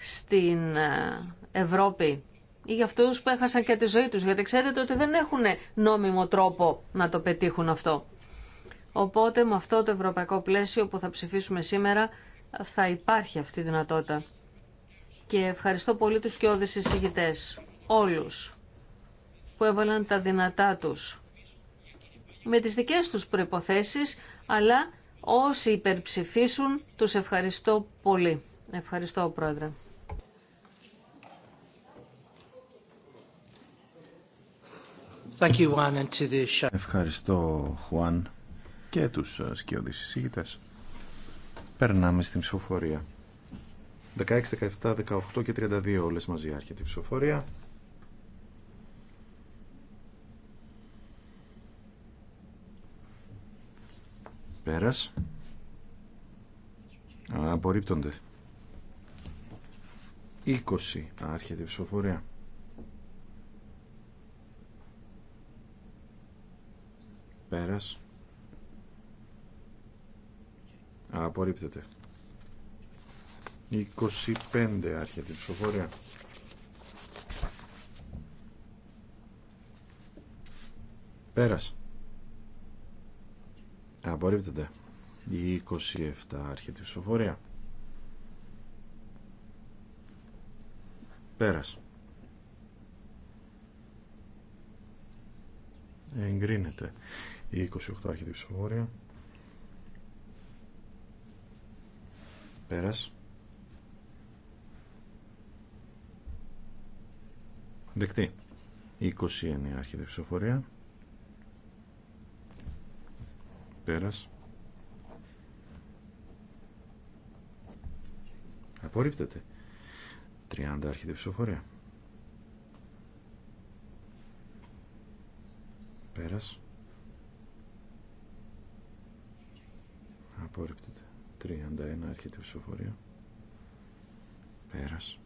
στην ε, Ευρώπη ή για αυτούς που έχασαν και τη ζωή τους, γιατί ξέρετε ότι δεν έχουν νόμιμο τρόπο να το πετύχουν αυτό. Οπότε με αυτό το ευρωπαϊκό πλαίσιο που θα ψηφίσουμε σήμερα θα υπάρχει αυτή η δυνατότητα. Και ευχαριστώ πολύ τους και όδες εισηγητές, όλους που έβαλαν τα δυνατά τους με τις δικές τους προϋποθέσεις, αλλά όσοι υπερψηφίσουν τους ευχαριστώ πολύ. Ευχαριστώ, Πρόεδρε. Ευχαριστώ, Χουάν, και τους ε, σκιώδεις συζητητές. Περνάμε στην ψηφοφορία. 16, 17, 18 και 32 όλες μαζί άρχεται η ψηφοφορία. Πέρας. Απορρίπτονται. 20 άρχεται η ψηφοφορία. Πέρας. Απορρίπτεται. 25 άρχεται η ψηφοφορία. Πέρας. Απορρίπτεται. 27 άρχεται η ψηφοφορία. Πέρας. Εγκρίνεται. Η 28 ψηφοφορία. Πέρας. Δεκτή. Η 29 ψηφοφορία. Πέρας. Απορρίπτεται. 30 άρχεται ψηφοφορία. Πέρας. Απορρίπτεται. 31 έρχεται η ψηφοφορία. Πέρας.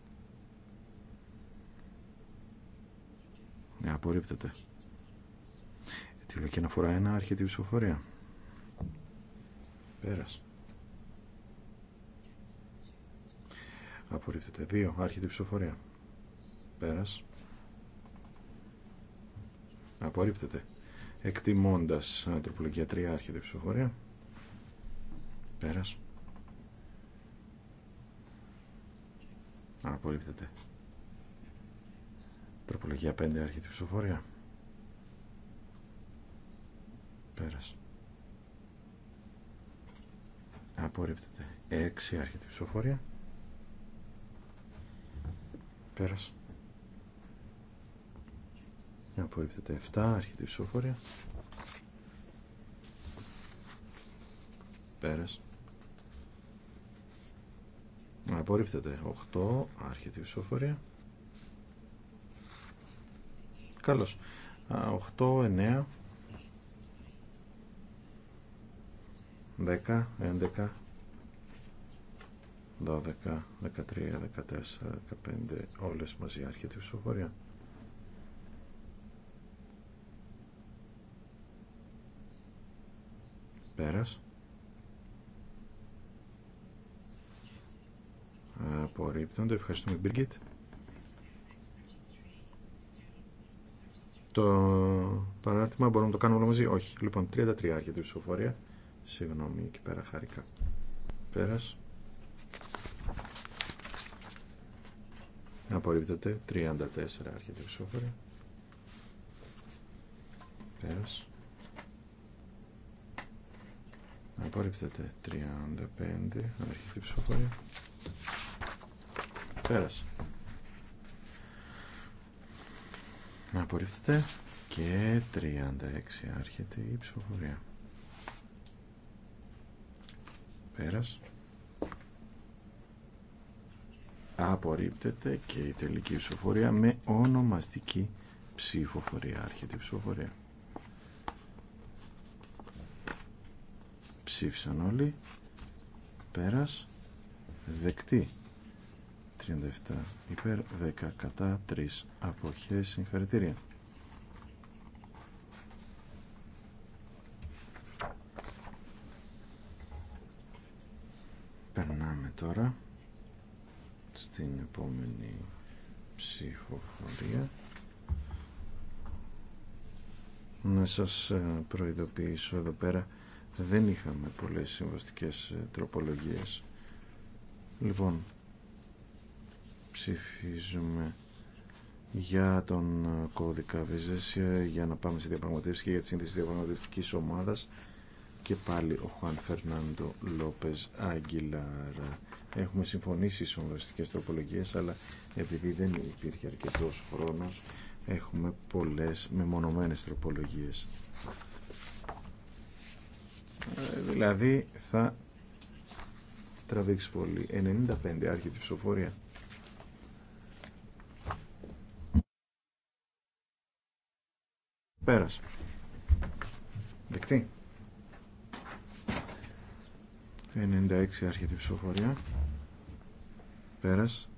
Ναι, απορρίπτεται. Ε, Τη αναφορά 1 άρχεται η ψηφοφορία. Πέρας. Απορρίπτεται. 2 άρχεται η ψηφοφορία. Πέρας. Απορρίπτεται. Εκτιμώντας ε, τροπολογία 3 άρχεται η ψηφοφορία. Πέρας. Απορρίπτεται. Τροπολογία 5 άρχεται ψηφοφορία. Πέρας. Απορρίπτεται. 6 άρχεται ψηφοφορία. Πέρας. Απορρίπτεται 7 άρχεται ψηφοφορία. Πέρας. Απορρίπτεται. 8. Άρχεται η ψηφοφορία. Καλώς. 8, 9, 10, 11, 12, 13, 14, 15, όλες μαζί άρχεται η ψηφοφορία. Πέρας. απορρίπτονται. Ευχαριστούμε, Μπίργκιτ. Το παράρτημα μπορούμε να το κάνουμε όλο μαζί. Όχι. Λοιπόν, 33 άρχεται η ψηφοφορία. Συγγνώμη, εκεί πέρα χάρηκα. Πέρας. Απορρίπτεται. 34 άρχεται η ψηφοφορία. Πέρας. Απορρίπτεται. 35 άρχεται η ψηφοφορία. Πέρασε. Να Και 36 άρχεται η ψηφοφορία. Πέρας. Απορρίπτεται και η τελική ψηφοφορία με ονομαστική ψηφοφορία. Άρχεται η ψηφοφορία. Ψήφισαν όλοι. Πέρας. Δεκτή. 37 υπέρ 10 κατά 3 αποχές συγχαρητήρια περνάμε τώρα στην επόμενη ψυχοφορία να σας ε, προειδοποιήσω εδώ πέρα δεν είχαμε πολλές συμβαστικές ε, τροπολογίες λοιπόν ψηφίζουμε για τον κώδικα Βίζεσια για να πάμε σε διαπραγματεύσεις και για τη σύνθεση διαπραγματευτικής ομάδας και πάλι ο Χουάν Φερνάντο Λόπες Αγγιλάρα. Έχουμε συμφωνήσει στις ομβαστικές τροπολογίε, αλλά επειδή δεν υπήρχε αρκετό χρόνος έχουμε πολλές μεμονωμένες τροπολογίες. Ε, δηλαδή θα τραβήξει πολύ. 95 άρχεται ψηφοφορία. Πέρας. Δεκτή. 96 άρχεται η ψηφοφορία. Πέρας.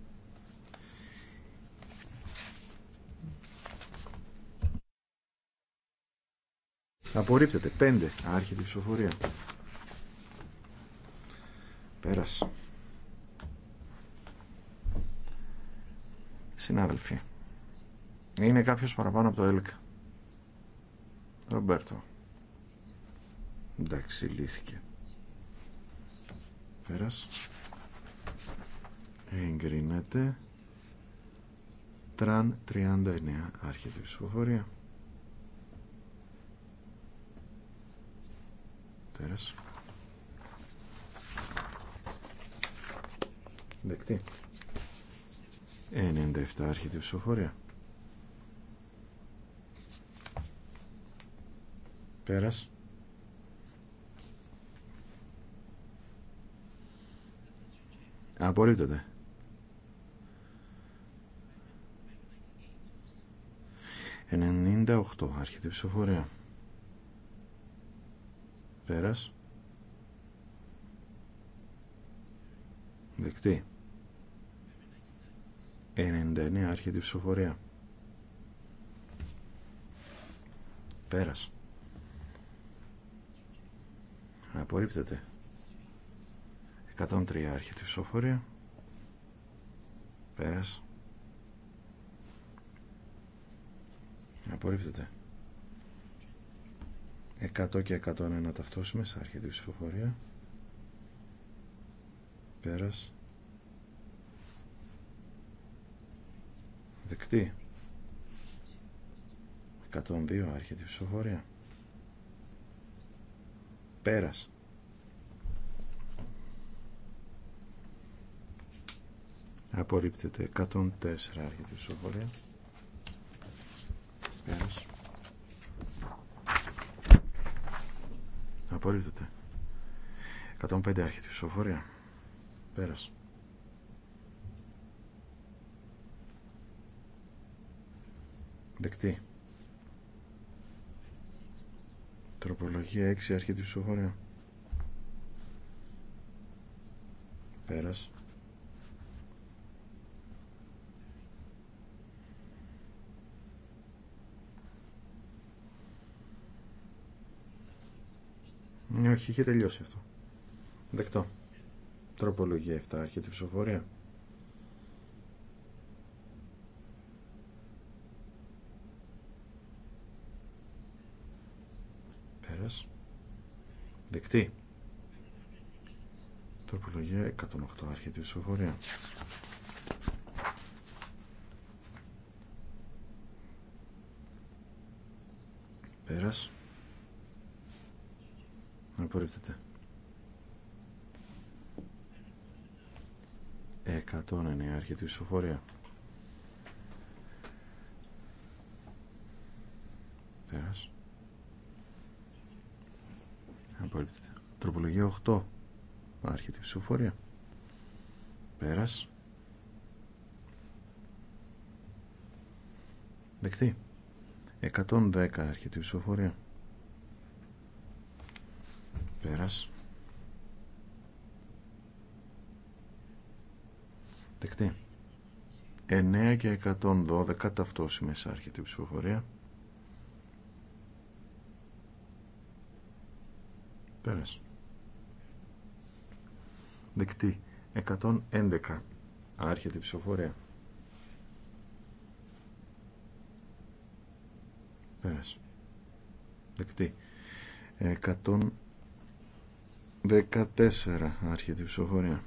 Απορρίπτεται. 5 άρχεται η ψηφοφορία. Πέρας. Συνάδελφοι. Είναι κάποιος παραπάνω από το ΕΛΚΑ. Ρομπέρτο. Εντάξει, λύθηκε. Πέρας. Εγκρίνεται. Τραν 39. Άρχεται η ψηφοφορία. Πέρας. Δεκτή. 97. Άρχεται η ψηφοφορία. Πέρας. Απορρίπτεται. 98. Άρχεται η ψηφοφορία. Πέρας. Δεκτή. 99. Άρχεται η ψηφοφορία. Πέρας απορρίπτεται 103 άρχεται η ψηφοφορία πέρας απορρίπτεται 100 και 101 ταυτόσιμες άρχεται η ψηφοφορία πέρας δεκτή 102 άρχεται ψηφοφορία Πέρας. Απορρίπτεται 104 για τη Πέρας. Απορρίπτεται. 105 άρχεται η Πέρας. Δεκτή. Τροπολογία 6 αρχή ψηφοφορία. Πέρας. Ε, όχι, είχε τελειώσει αυτό. Δεκτό. Τροπολογία 7 αρχή της ψηφοφορία. Δεκτή. Τροπολογία 108 αρχιτή ψηφοφορία. Πέρας. Απορρίπτεται. 109 αρχιτή ψηφοφορία. Πέρας. Τροπολογία 8. Άρχεται ψηφοφορία. Πέρας. Δεκτή. 110 άρχεται ψηφοφορία. Πέρας. Δεκτή. 9 και 112 ταυτόσημες άρχεται η ψηφοφορία. Πέρας. Δεκτή. 111. Άρχεται η ψηφοφορία. Πέρας. Δεκτή. 114. Άρχεται η ψηφοφορία.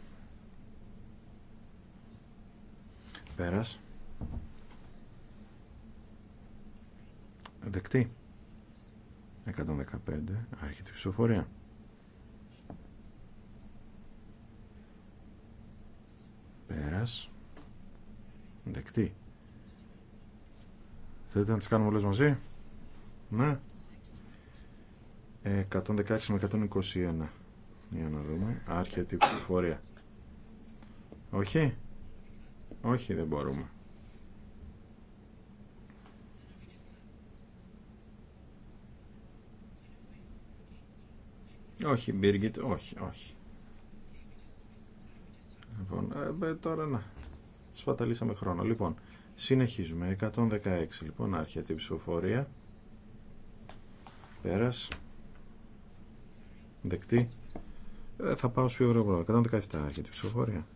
Πέρας. Δεκτή. 115. Άρχεται η ψηφοφορία. ημέρας. Δεκτή. Θέλετε να τις κάνουμε όλες μαζί. Ναι. 116 ε, με 121. Για να δούμε. Άρχεται Όχι. Όχι δεν μπορούμε. Όχι, Μπίργκιτ, όχι, όχι. Λοιπόν, ε, τώρα να. Σπαταλήσαμε χρόνο. Λοιπόν, συνεχίζουμε. 116 λοιπόν, άρχεται η ψηφοφορία. Πέρας. Δεκτή. Ε, θα πάω σου ευρώ 117 άρχεται η ψηφοφορία.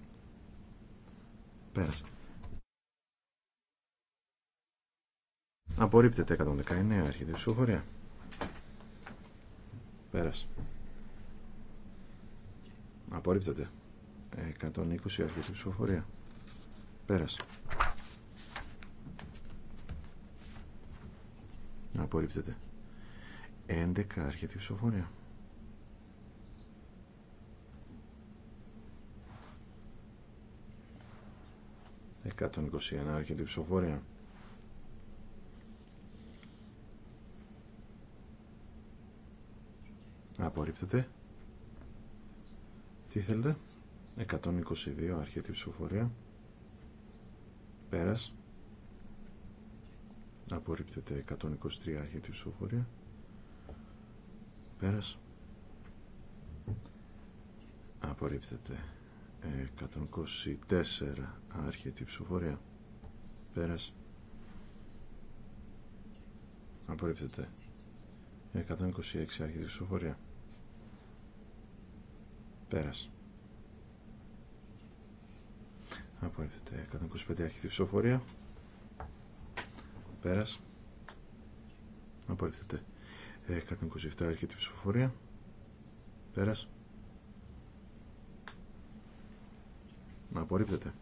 Πέρας. Απορρίπτεται 119 άρχεται η ψηφοφορία. Πέρας. Απορρίπτεται. 120 αρχές ψηφοφορία. Πέρασε. Απορρίπτεται. 11 αρχιετή ψηφοφορία. Εκατόν αρχιετή ψηφοφορία. Απορρίπτεται. Τι θέλετε. 122 αρχή ψηφοφορία πέρας απορρίπτεται 123 αρχή ψηφοφορία πέρας απορρίπτεται 124 άρχη ψηφοφορία πέρας απορρίπτεται 126 άρχη ψηφοφορία πέρας Απορρίφθηκε. 125 άρχη ψηφοφορία. Πέρας. Απορρίφθηκε. 127 άρχιτη ψηφοφορία. Πέρας. Απορρίπτεται.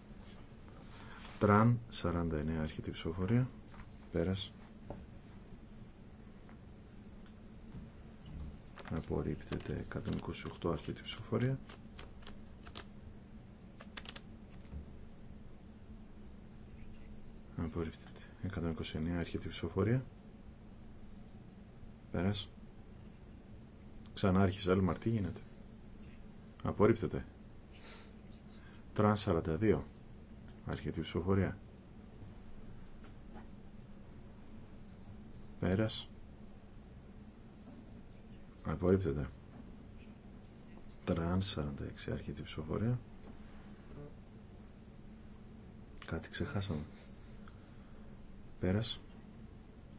Τραν 49 άρχιτη ψηφοφορία. Πέρας. Απορρίπτεται 128 άρχιτη ψηφοφορία. απορρίπτεται. 129 έρχεται ψηφοφορία. Πέρας. Ξανά άρχισε άλλο Μαρτί γίνεται. Απορρίπτεται. Τραν 42. Άρχεται ψηφοφορία. Πέρας. Απορρίπτεται. Τραν 46. Άρχεται ψηφοφορία. Κάτι ξεχάσαμε. Πέρας.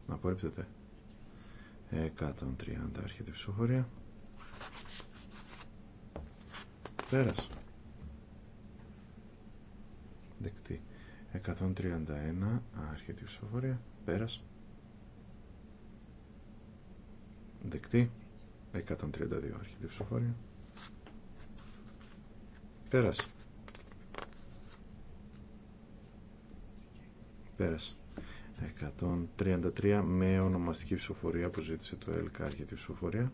Απορρίπτεται. 130 έρχεται η ψηφοφορία. Πέρας. Δεκτή. 131 έρχεται η ψηφοφορία. Πέρας. Δεκτή. 132 έρχεται η ψηφοφορία. Πέρας. Πέρας. 133 με ονομαστική ψηφοφορία που ζήτησε το ΕΛΚΑ για τη ψηφοφορία.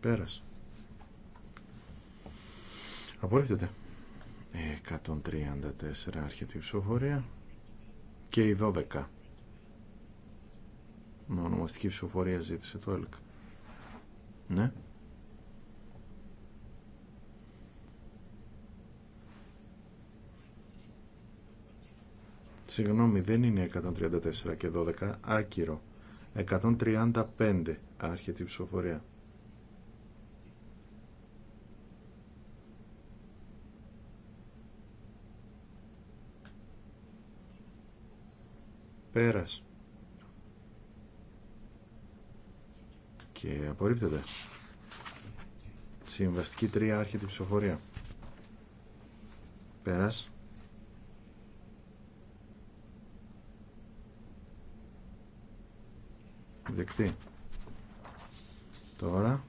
Πέρασε. Απορρίφτεται. 134 αρχιετή ψηφοφορία και η 12. Με ονομαστική ψηφοφορία ζήτησε το ΕΛΚ. Ναι. Συγγνώμη, δεν είναι 134 και 12, άκυρο. 135 άρχεται η ψηφοφορία. Πέρας. Και απορρίπτεται. Συμβαστική 3 άρχεται η ψηφοφορία. Πέρας. Δεκτή. Τώρα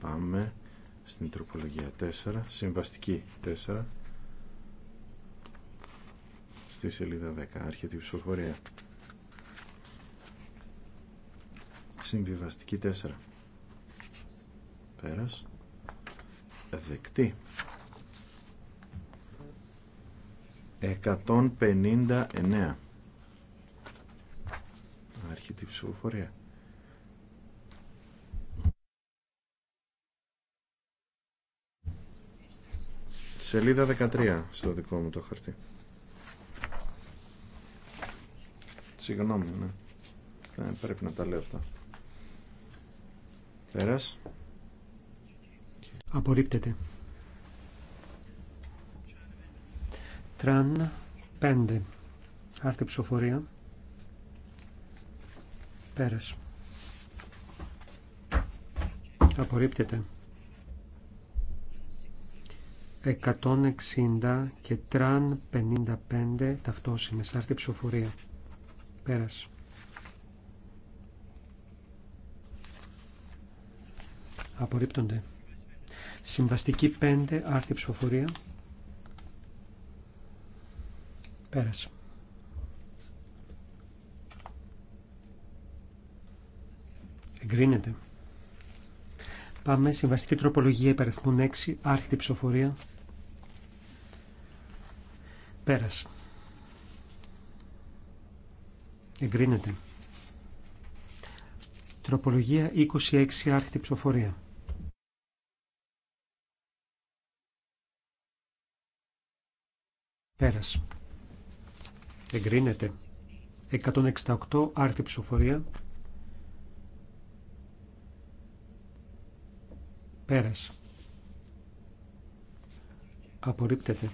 πάμε στην τροπολογία 4, συμβαστική 4, στη σελίδα 10, άρχεται η ψηφοφορία. Συμβιβαστική 4. Πέρας. Δεκτή. 159 ψηφοφορία. Σελίδα 13 στο δικό μου το χαρτί. Συγγνώμη, ναι. Ε, πρέπει να τα λέω αυτά. Πέρας. Απορρίπτεται. Τραν 5. Άρτη ψηφοφορία. Πέρας. Απορρίπτεται. 160 και τραν 55 ταυτόσημες. Άρτη ψηφοφορία. Πέρας. Απορρίπτονται. Συμβαστική 5 άρτη ψηφοφορία. Πέρασε. Εγκρίνεται. Πάμε συμβαστική τροπολογία υπαριθμών 6, άρχιτη ψηφοφορία. Πέρας. Εγκρίνεται. Τροπολογία 26, άρχιτη ψηφοφορία. Πέρας. Εγκρίνεται. 168, άρχιτη ψηφοφορία. Πέρας. Απορρίπτεται.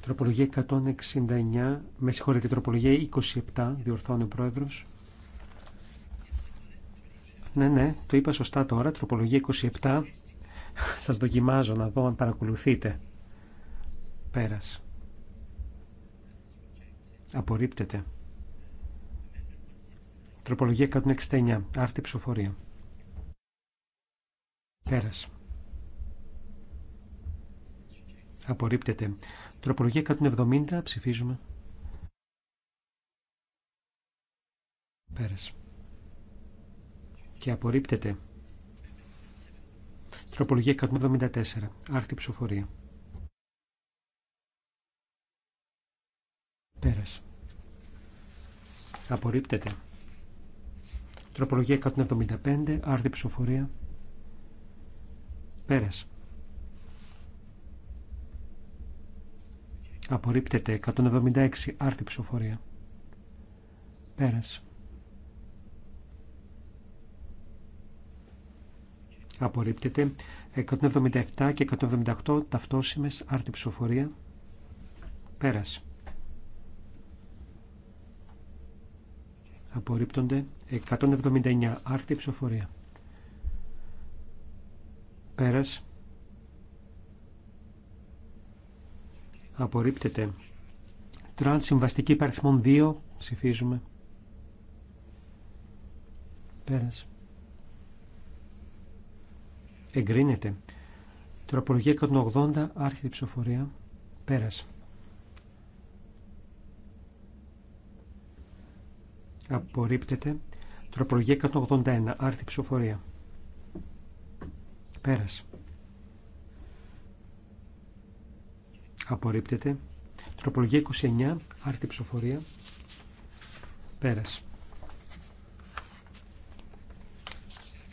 Τροπολογία 169, με συγχωρείτε, τροπολογία 27, διορθώνει ο πρόεδρος. Ναι, ναι, το είπα σωστά τώρα, τροπολογία 27. Σας δοκιμάζω να δω αν παρακολουθείτε. Πέρας. Απορρίπτεται. Τροπολογία 169. Άρτη ψηφοφορία. Πέρας. Απορρίπτεται. Τροπολογία 170. Ψηφίζουμε. Πέρας. Και απορρίπτεται. Τροπολογία 174. Άρτη ψηφοφορία. Πέρας. Απορρίπτεται. Τροπολογία 175, άρτη ψηφοφορία. Πέρας. Απορρίπτεται 176, άρτη ψηφοφορία. Πέρας. Απορρίπτεται 177 και 178 ταυτόσιμες άρτη ψηφοφορία. Πέρας. Απορρίπτονται 179. Άρτη ψηφοφορία. Πέρας. Απορρίπτεται. Τραν συμβαστική υπαριθμών 2. Ψηφίζουμε. Πέρας. Εγκρίνεται. Τροπολογία 180. Άρχεται ψηφοφορία. Πέρας. Απορρίπτεται. Τροπολογία 181. Άρθρη ψηφοφορία. Πέρας. Απορρίπτεται. Τροπολογία 29. Άρθρη ψηφοφορία. Πέρας.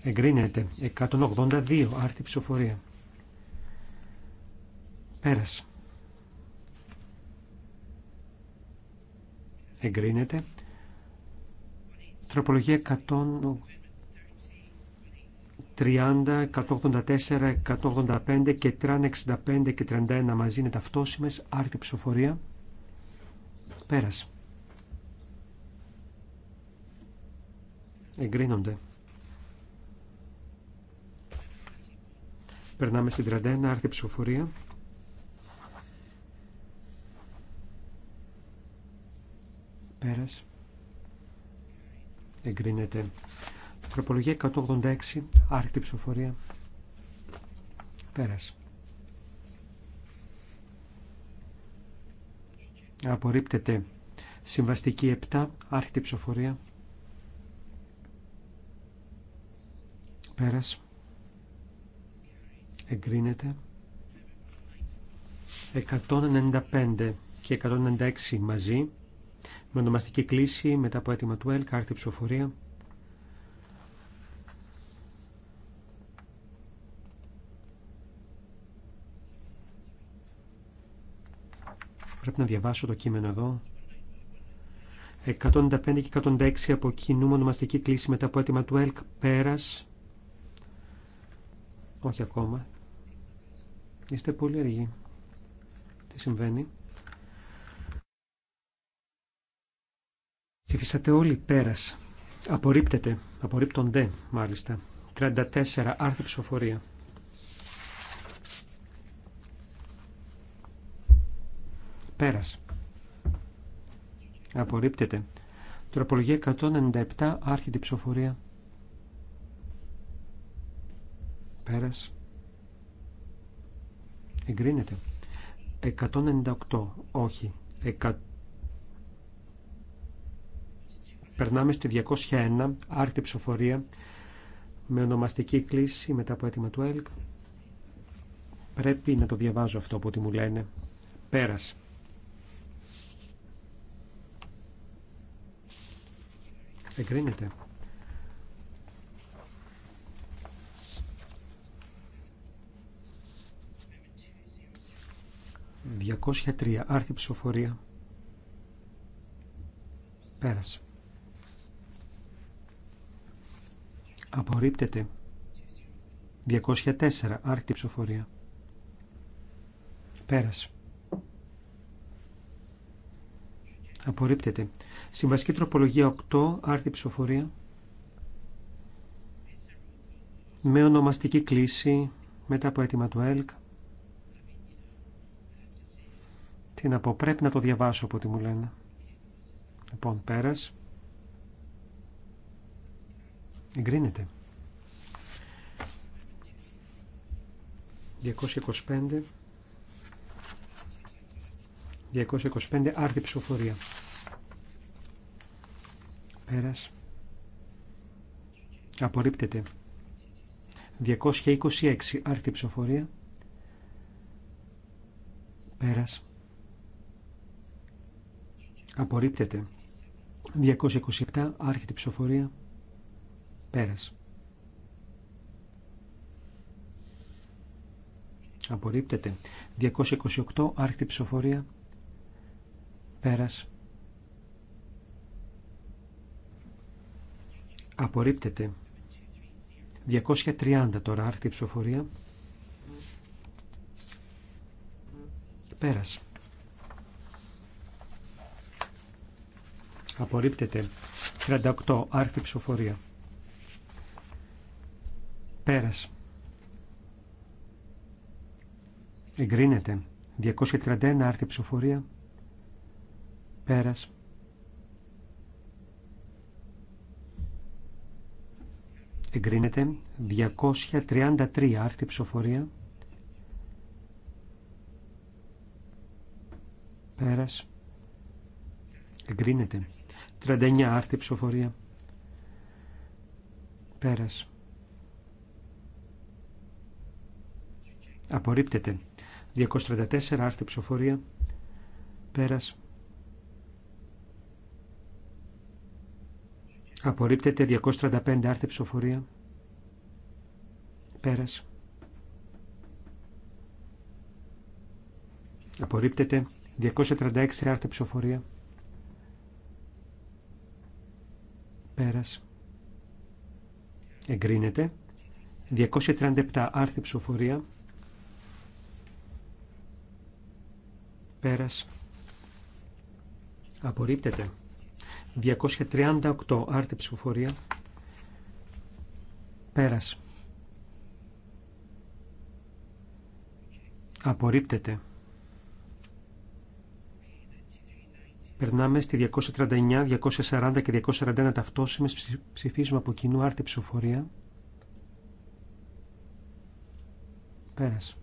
Εγκρίνεται. 182. Άρθρη ψηφοφορία. Πέρας. Εγκρίνεται. Τροπολογία 130, 184, 185 και 365 και 31 μαζί είναι ταυτόσιμες. Άρτη ψηφοφορία. Πέρασε. Εγκρίνονται. Περνάμε στην 31, άρτη ψηφοφορία. Πέρας εγκρίνεται. Τροπολογία 186, άρχιτη ψηφοφορία. Πέρασε. Απορρίπτεται. Συμβαστική 7, άρχιτη ψηφοφορία. Πέρασε. Εγκρίνεται. 195 και 196 μαζί με ονομαστική κλίση μετά από αίτημα του ΕΛΚ, άρθρη ψηφοφορία. Πρέπει να διαβάσω το κείμενο εδώ. 195 και 106 από κοινού ονομαστική κλίση μετά από αίτημα του ΕΛΚ πέρας. Όχι ακόμα. Είστε πολύ αργοί. Τι συμβαίνει. Ψηφίσατε όλοι πέρα. Απορρίπτεται. Απορρίπτονται, μάλιστα. 34. Άρθρο ψηφοφορία. Πέρα. Απορρίπτεται. Τροπολογία 197. Άρχιτη ψηφοφορία. Πέρα. Εγκρίνεται. 198. Όχι. 100. Περνάμε στη 201, άρτη ψηφοφορία, με ονομαστική κλίση μετά από αίτημα του ΕΛΚ. Πρέπει να το διαβάζω αυτό που ό,τι μου λένε. Πέρας. Εγκρίνεται. 203, τρία. ψηφοφορία. Πέρασε. Απορρίπτεται. 204. Άρχιτη ψηφοφορία. Πέρας. Απορρίπτεται. Συμβασική τροπολογία 8. Άρχιτη ψηφοφορία. Με ονομαστική κλίση μετά από αίτημα του ΕΛΚ. Τι να πω, πρέπει να το διαβάσω από ό,τι μου λένε. Λοιπόν, πέρας. Εγκρίνεται. 225. 225 άρτη ψηφοφορία. Πέρας. Απορρίπτεται. 226 άρτη ψηφοφορία. Πέρας. Απορρίπτεται. 227 άρχιτη ψηφοφορία. Πέρας. Απορρίπτεται. 228 άρχιτη ψηφοφορία. Πέρας. Απορρίπτεται. 230 τώρα άρχιτη ψηφοφορία. Πέρας. Απορρίπτεται. 38 άρχιτη ψηφοφορία. Πέρας. Εγκρίνεται. 231 άρθρη ψηφοφορία. Πέρας. Εγκρίνεται. 233 άρθρη ψηφοφορία. Πέρας. Εγκρίνεται. 39 άρθρη ψηφοφορία. Πέρας. Απορρίπτεται. 234 άρθρη ψηφοφορία. Πέρας. Απορρίπτεται 235 άρθρη ψηφοφορία. Πέρας. Απορρίπτεται 236 άρθρη ψηφοφορία. Πέρας. Εγκρίνεται. 237 άρθρη ψηφοφορία. Πέρας. Απορρίπτεται. 238 άρτη ψηφοφορία. Πέρας. Απορρίπτεται. Περνάμε στη 239, 240 και 241 ταυτόσιμες. Ψηφίζουμε από κοινού άρτη ψηφοφορία. Πέρας.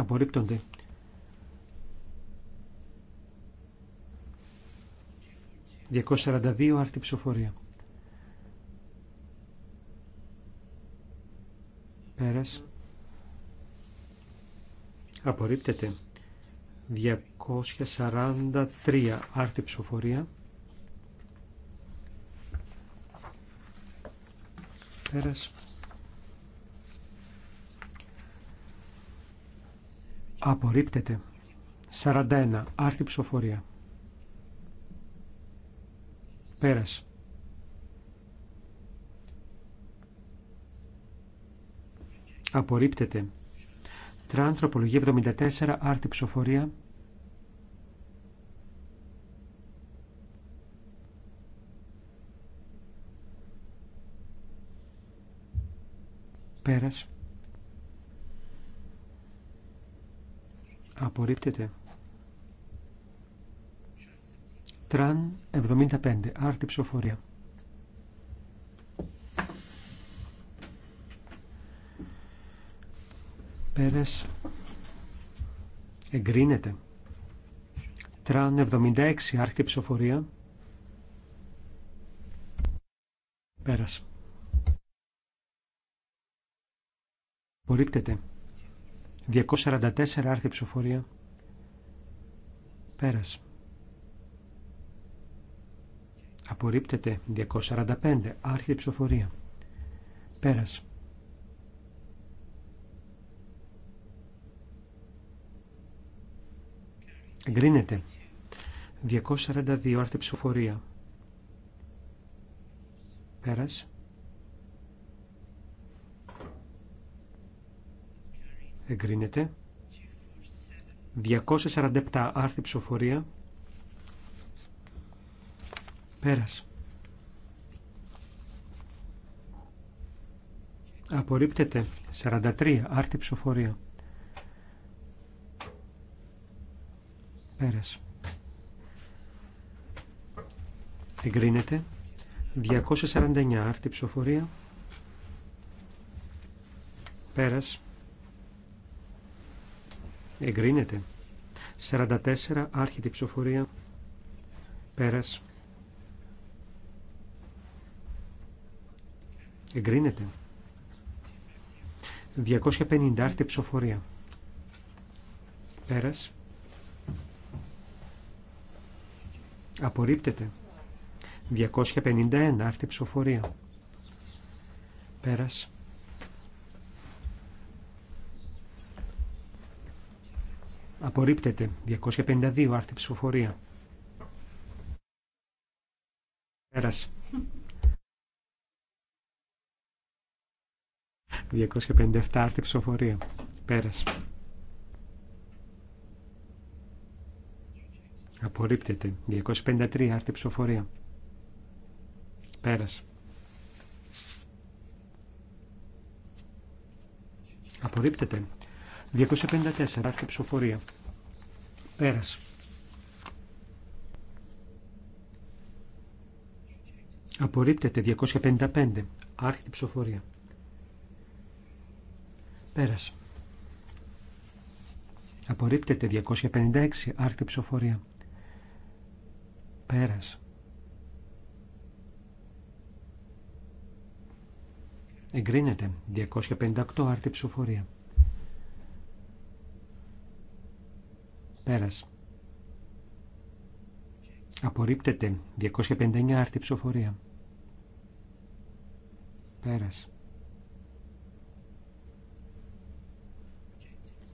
απορρίπτονται. «242 άρτη ψηφοφορία». Πέρας. Απορρίπτεται. 243 άρτη ψηφοφορία. Πέρας. Απορρίπτεται. 41. Άρτη ψοφορία. Πέρας. Απορρίπτεται. Τρανθρωπολογία 74. Άρτη ψηφοφορία. Πέρας. Απορρίπτεται. Τραν 75. Άρτη ψηφοφορία. Πέρες. Εγκρίνεται. Τραν 76. Άρτη ψηφοφορία. Πέρας. Απορρίπτεται. 244 άρθρη ψηφοφορία. Πέρας. Απορρίπτεται 245 άρχη ψηφοφορία. Πέρας. Εγκρίνεται 242 άρθρη ψηφοφορία. Πέρας. εγκρίνεται. 247 άρθρη ψηφοφορία. Πέρας. Απορρίπτεται. 43 άρθρη ψηφοφορία. Πέρας. Εγκρίνεται. 249 άρθρη ψηφοφορία. Πέρας. Εγκρίνεται. 44. Άρχιτη ψηφοφορία. Πέρας. Εγκρίνεται. 250. Άρχιτη ψηφοφορία. Πέρας. Απορρίπτεται. 251. Άρχιτη ψηφοφορία. Πέρας. Απορρίπτεται. 252 άρτη ψηφοφορία. Πέρας. 257 άρτη ψηφοφορία. Πέρας. Απορρίπτεται. 253 άρτη ψηφοφορία. Πέρας. Απορρίπτεται. 254. Άρχεται ψηφοφορία. Πέρας. Απορρίπτεται 255. Άρχεται ψηφοφορία. Πέρας. Απορρίπτεται 256. Άρχεται ψηφοφορία. Πέρας. Εγκρίνεται 258. άρτη ψηφοφορία. Πέρας. Απορρίπτεται. 259 άρτη ψηφοφορία. Πέρας.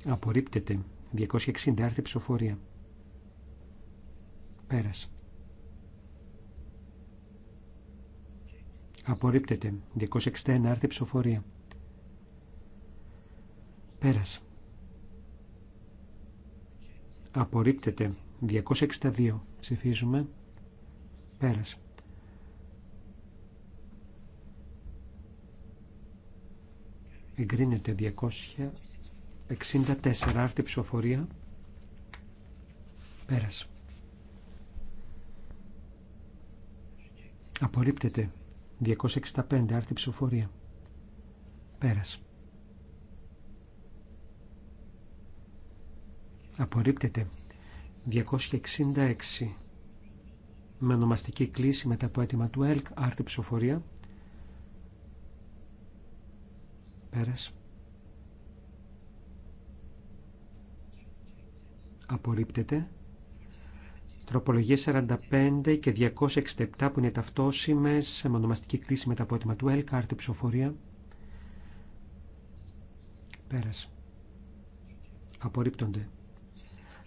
Απορρίπτεται. 260 άρτη ψηφοφορία. Πέρας. Απορρίπτεται. 261 άρτη ψηφοφορία. Πέρας. Απορρίπτεται. 262. Ψηφίζουμε. Πέρασε. Εγκρίνεται 264. Άρτη ψηφοφορία. Πέρασε. Απορρίπτεται. 265. Άρτη ψηφοφορία. Πέρασε. Απορρίπτεται. 266 με ονομαστική κλίση μετά από αίτημα του ΕΛΚ, άρτη ψηφοφορία. Πέρας. Απορρίπτεται. Τροπολογίες 45 και 267 που είναι ταυτόσιμες με ονομαστική κλίση μετά από αίτημα του ΕΛΚ, άρτη ψηφοφορία. Πέρας. Απορρίπτονται.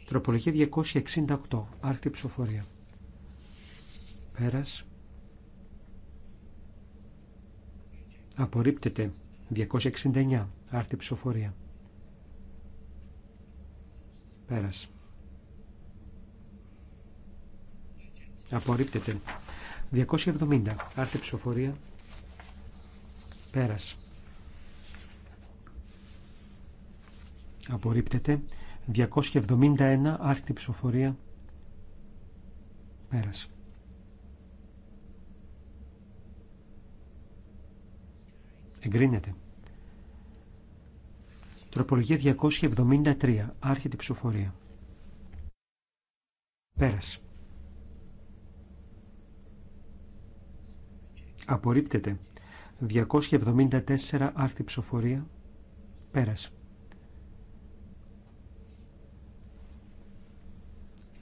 Τροπολογία 268. Άρχιτη ψηφοφορία. Πέρας. Απορρίπτεται. 269. Άρτη ψηφοφορία. Πέρας. Απορρίπτεται. 270. Άρτη ψηφοφορία. Πέρας. Απορρίπτεται. 271 άρχιτη ψηφοφορία πέρασε. Εγκρίνεται. Τροπολογία 273 άρχιτη ψηφοφορία πέρασε. Απορρίπτεται. 274 άρχιτη ψηφοφορία πέρασε.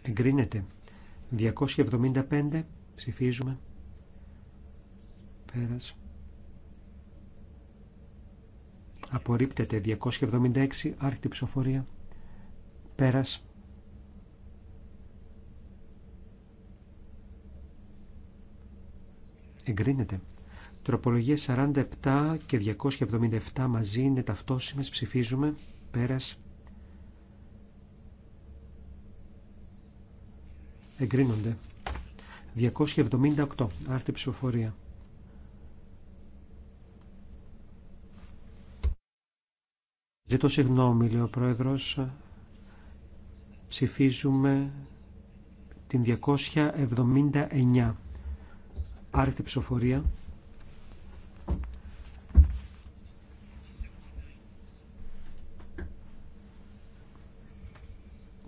Εγκρίνεται. 275. Ψηφίζουμε. Πέρας. Απορρίπτεται. 276. Άρχιτη ψηφοφορία. Πέρας. Εγκρίνεται. Τροπολογία 47 και 277 μαζί είναι ταυτόσιμες. Ψηφίζουμε. Πέρας. εγκρίνονται. 278 άρτη ψηφοφορία. Ζητώ συγγνώμη, λέει ο Πρόεδρος. Ψηφίζουμε την 279. Άρτη ψηφοφορία.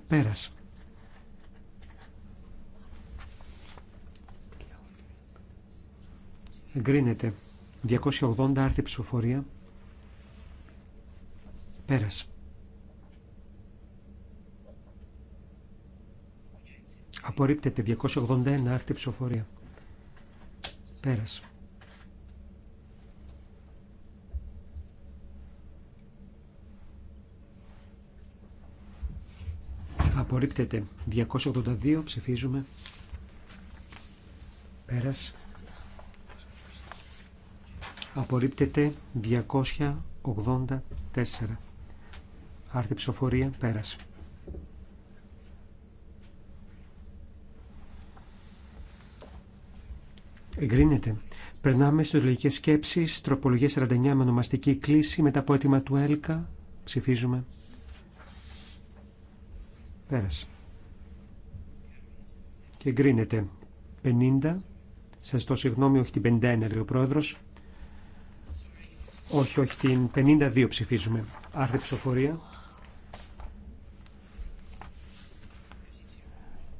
Πέρασε. Εγκρίνεται. 280 άρτη ψηφοφορία. Πέρας. Απορρίπτεται. 281 άρτη ψηφοφορία. Πέρας. Απορρίπτεται. 282 ψηφίζουμε. Πέρας. Απορρίπτεται 284. Άρτη ψηφοφορία πέρασε. Εγκρίνεται. Περνάμε στις λογικές σκέψεις, τροπολογία 49 με ονομαστική κλίση, μετά από αίτημα του ΕΛΚΑ, ψηφίζουμε. Πέρασε. Και εγκρίνεται. 50, σας το συγγνώμη, όχι την 51, λέει ο πρόεδρος, όχι, όχι, την 52 ψηφίζουμε. Άρχεται ψηφοφορία.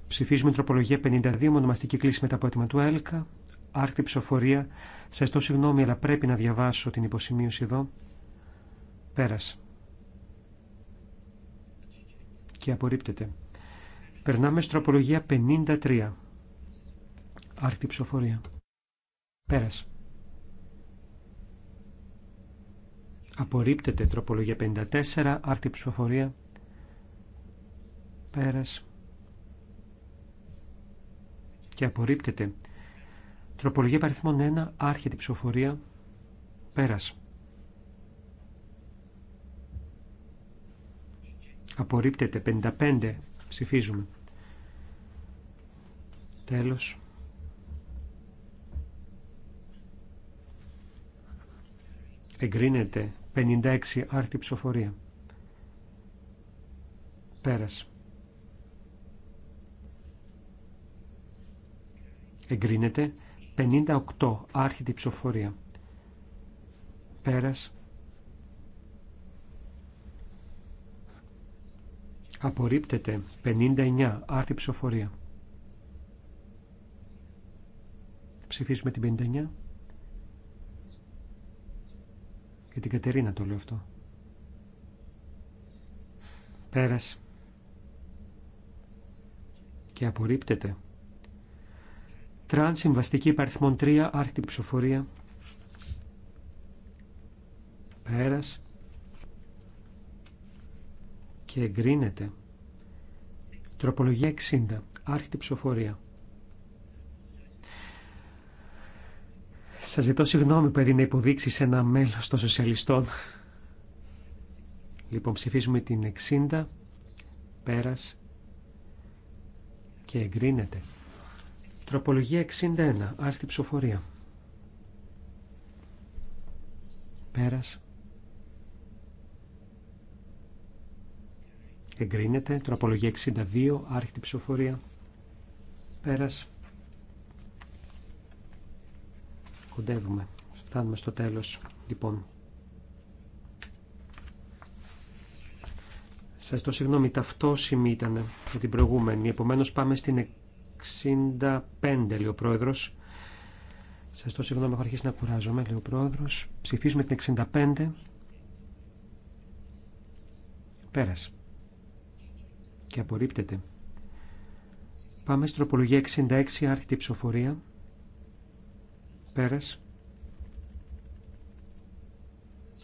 Ψηφίζουμε τροπολογία 52, μονομαστική κλίση μετά από έτοιμα του ΕΛΚΑ. Άρχεται ψηφοφορία. Σα ζητώ συγγνώμη, αλλά πρέπει να διαβάσω την υποσημείωση εδώ. Πέρασε. Και απορρίπτεται. Περνάμε τροπολογία 53. Άρχτη ψηφοφορία. Πέρασε. Απορρίπτεται τροπολογία 54, άρτη ψηφοφορία. Πέρας. Και απορρίπτεται. Τροπολογία παριθμών 1, άρχεται ψηφοφορία. Πέρας. Απορρίπτεται 55, ψηφίζουμε. Τέλος. Εγκρίνεται 56 άρτη ψηφοφορία. Πέρας. Εγκρίνεται 58 άρχιτη ψηφοφορία. Πέρας. Απορρίπτεται 59 άρτη ψηφοφορία. Ψηφίσουμε την 59. Για την Κατερίνα το λέω αυτό. Πέρας. Και απορρίπτεται. Τραν συμβαστική υπαριθμών 3, άρχιτη ψηφοφορία. Πέρας. Και εγκρίνεται. Τροπολογία 60, άρχιτη ψηφοφορία. Σας ζητώ συγγνώμη που έδινε υποδείξει ένα μέλο των σοσιαλιστών. Λοιπόν, ψηφίζουμε την 60, πέρας και εγκρίνεται. Τροπολογία 61, άρθρη ψηφοφορία. Πέρας. Εγκρίνεται. Τροπολογία 62, άρχιτη ψηφοφορία. Πέρας. Κοντεύουμε. Φτάνουμε στο τέλος. Λοιπόν, σας το συγγνώμη, ταυτόσημη ήταν για την προηγούμενη. Επομένως πάμε στην 65, λέει ο Πρόεδρος. Σας το συγγνώμη, έχω αρχίσει να κουράζομαι, λέει ο Πρόεδρος. Ψηφίζουμε την 65. Πέρας. Και απορρίπτεται. Πάμε στην τροπολογία 66, άρχιτη ψηφοφορία. Πέρας.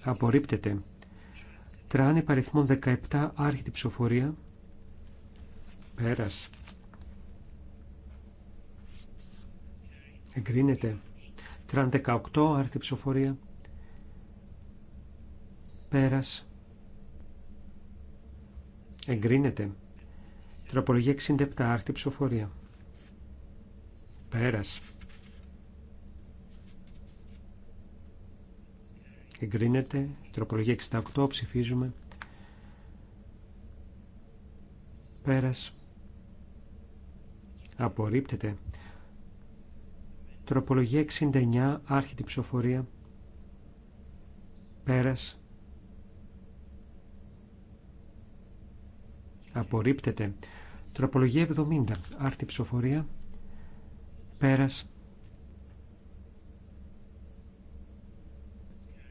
Απορρίπτεται. Τράνε υπαριθμών 17 άρχιτη ψηφοφορία. Πέρας. Εγκρίνεται. Τραν 18 άρχιτη ψηφοφορία. Πέρας. Εγκρίνεται. Τροπολογία 67 άρχιτη ψηφοφορία. Πέρας. Τροπολογία 68, ψηφίζουμε. Πέρας. Απορρίπτεται. Τροπολογία 69, άρχιτη ψηφοφορία. Πέρας. Απορρίπτεται. Τροπολογία 70, Άρχιτη ψηφοφορία. Πέρας.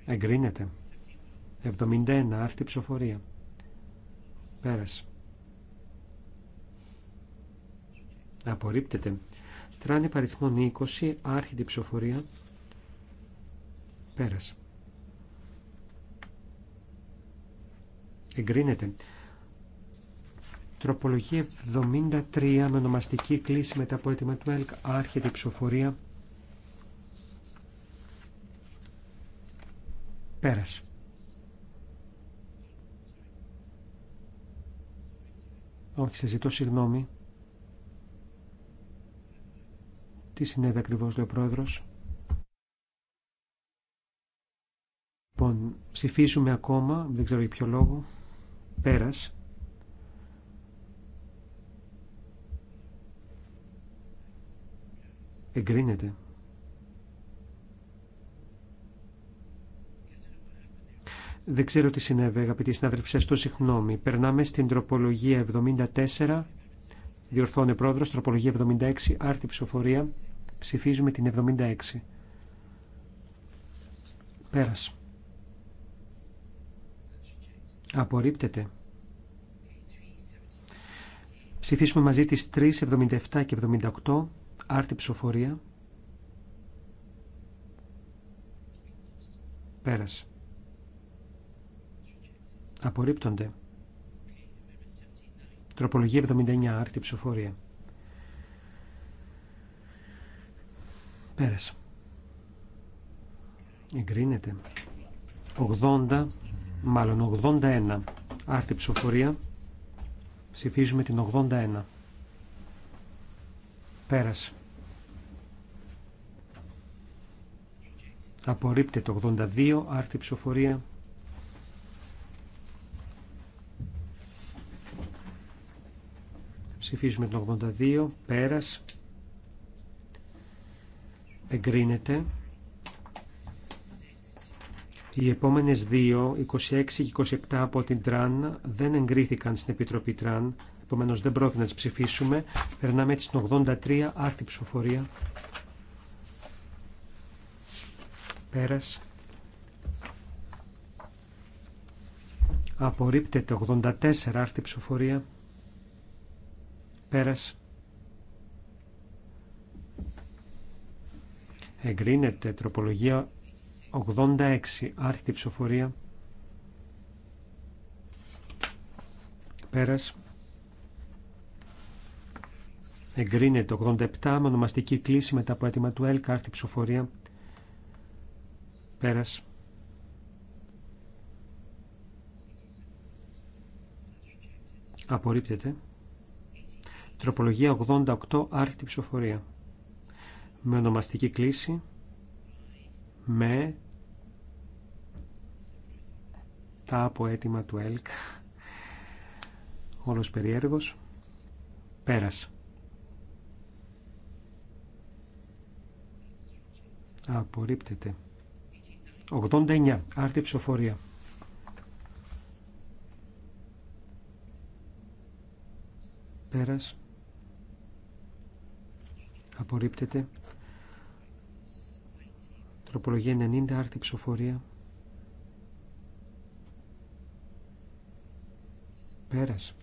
Εγκρίνεται. 71. Άρχιτη ψηφοφορία. Πέρασε. Απορρίπτεται. Τράνη παριθμόν 20. Άρχιτη ψηφοφορία. Πέρασε. Εγκρίνεται. Τροπολογία 73 με ονομαστική κλίση μετά από έτοιμα του ΕΛΚ. Άρχεται ψηφοφορία. Πέρασε. Όχι, σε ζητώ συγγνώμη. Τι συνέβη ακριβώς, λέει ο πρόεδρος. Λοιπόν, ψηφίσουμε ακόμα, δεν ξέρω για ποιο λόγο. Πέρας. Εγκρίνεται. Δεν ξέρω τι συνέβη, αγαπητοί συνάδελφοι, το συγχνώμη. Περνάμε στην τροπολογία 74. Διορθώνει πρόεδρος, τροπολογία 76, άρτη ψηφοφορία. Ψηφίζουμε την 76. Πέρασε. Απορρίπτεται. Ψηφίσουμε μαζί τις 3, 77 και 78, άρτη ψηφοφορία. Πέρασε. Απορρίπτονται. Τροπολογία 79. Άρτη ψηφοφορία. Πέρασε. Εγκρίνεται. 80, μάλλον 81. Άρτη ψηφοφορία. Ψηφίζουμε την 81. Πέρασε. Απορρίπτεται 82. Άρτη ψηφοφορία. Ψηφίζουμε το 82. Πέρας. Εγκρίνεται. Οι επόμενες δύο, 26 και 27 από την Τραν, δεν εγκρίθηκαν στην Επιτροπή Τραν, επομένως δεν πρόκειται να τις ψηφίσουμε. Περνάμε έτσι στην 83, άρτη ψηφοφορία. Πέρας. Απορρίπτεται 84, άρτη ψηφοφορία. Πέρας. Εγκρίνεται τροπολογία 86. Άρχιτη ψηφοφορία. Πέρας. Εγκρίνεται 87. Μονομαστική κλίση μετά από αίτημα του ΕΛΚ. Άρχιτη ψηφοφορία. Πέρας. Απορρίπτεται. Τροπολογία 88, άρχιτη ψηφοφορία. Με ονομαστική κλίση. Με τα αποέτοιμα του ΕΛΚ. Όλος περιέργος. Πέρας. Απορρίπτεται. 89. Άρτη ψηφοφορία. Πέρας απορρίπτεται. Τροπολογία 90, άρτη ψηφοφορία. Πέρας.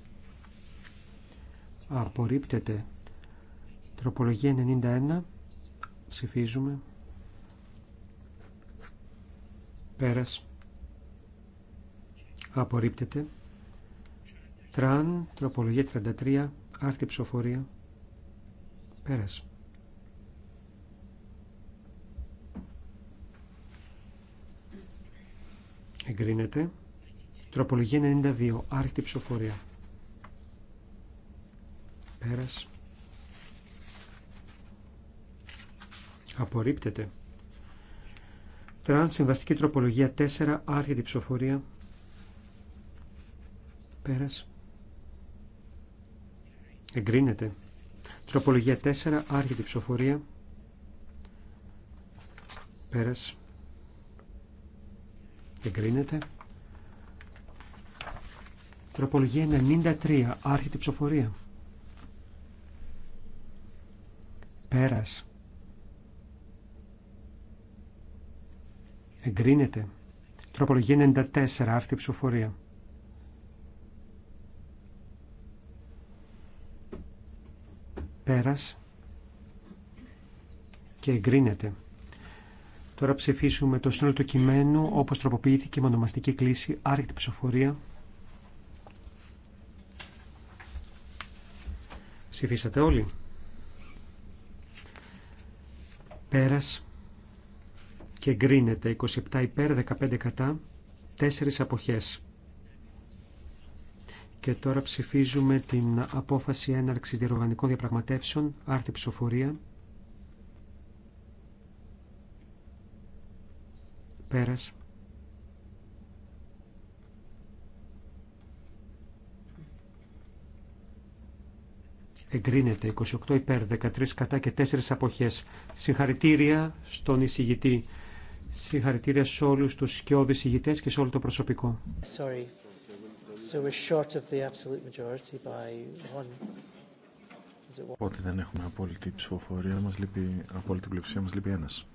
Απορρίπτεται. Τροπολογία 91, ψηφίζουμε. Πέρας. Απορρίπτεται. Τραν, τροπολογία 33, άρτη ψηφοφορία. Πέρας. εγκρίνεται. Τροπολογία 92, άρχιτη ψηφοφορία. Πέρας. Απορρίπτεται. Τραν συμβαστική τροπολογία 4, άρχιτη ψηφοφορία. Πέρας. Εγκρίνεται. Τροπολογία 4, άρχιτη ψηφοφορία. Πέρας. Εγκρίνεται. Τροπολογία 93. Άρχιτη ψηφοφορία. Πέρας. Εγκρίνεται. Τροπολογία 94. Άρχιτη ψηφοφορία. Πέρας. Και εγκρίνεται. Τώρα ψηφίσουμε το σύνολο του κειμένου όπως τροποποιήθηκε με ονομαστική κλίση άρρηκτη ψηφοφορία. Ψηφίσατε όλοι. Πέρας και γκρίνεται 27 υπέρ 15 κατά 4 αποχές. Και τώρα ψηφίζουμε την απόφαση έναρξης διεργανικών διαπραγματεύσεων, άρτη ψηφοφορία. Πέρας. Εγκρίνεται 28 υπέρ, 13 κατά και 4 αποχές. Συγχαρητήρια στον εισηγητή. Συγχαρητήρια σε όλους τους σκιώδεις εισηγητές και σε όλο το προσωπικό. Sorry. So we're short of the absolute majority by one. Οπότε δεν έχουμε απόλυτη ψηφοφορία, μας λείπει, απόλυτη πλειοψηφία μας λείπει ένας.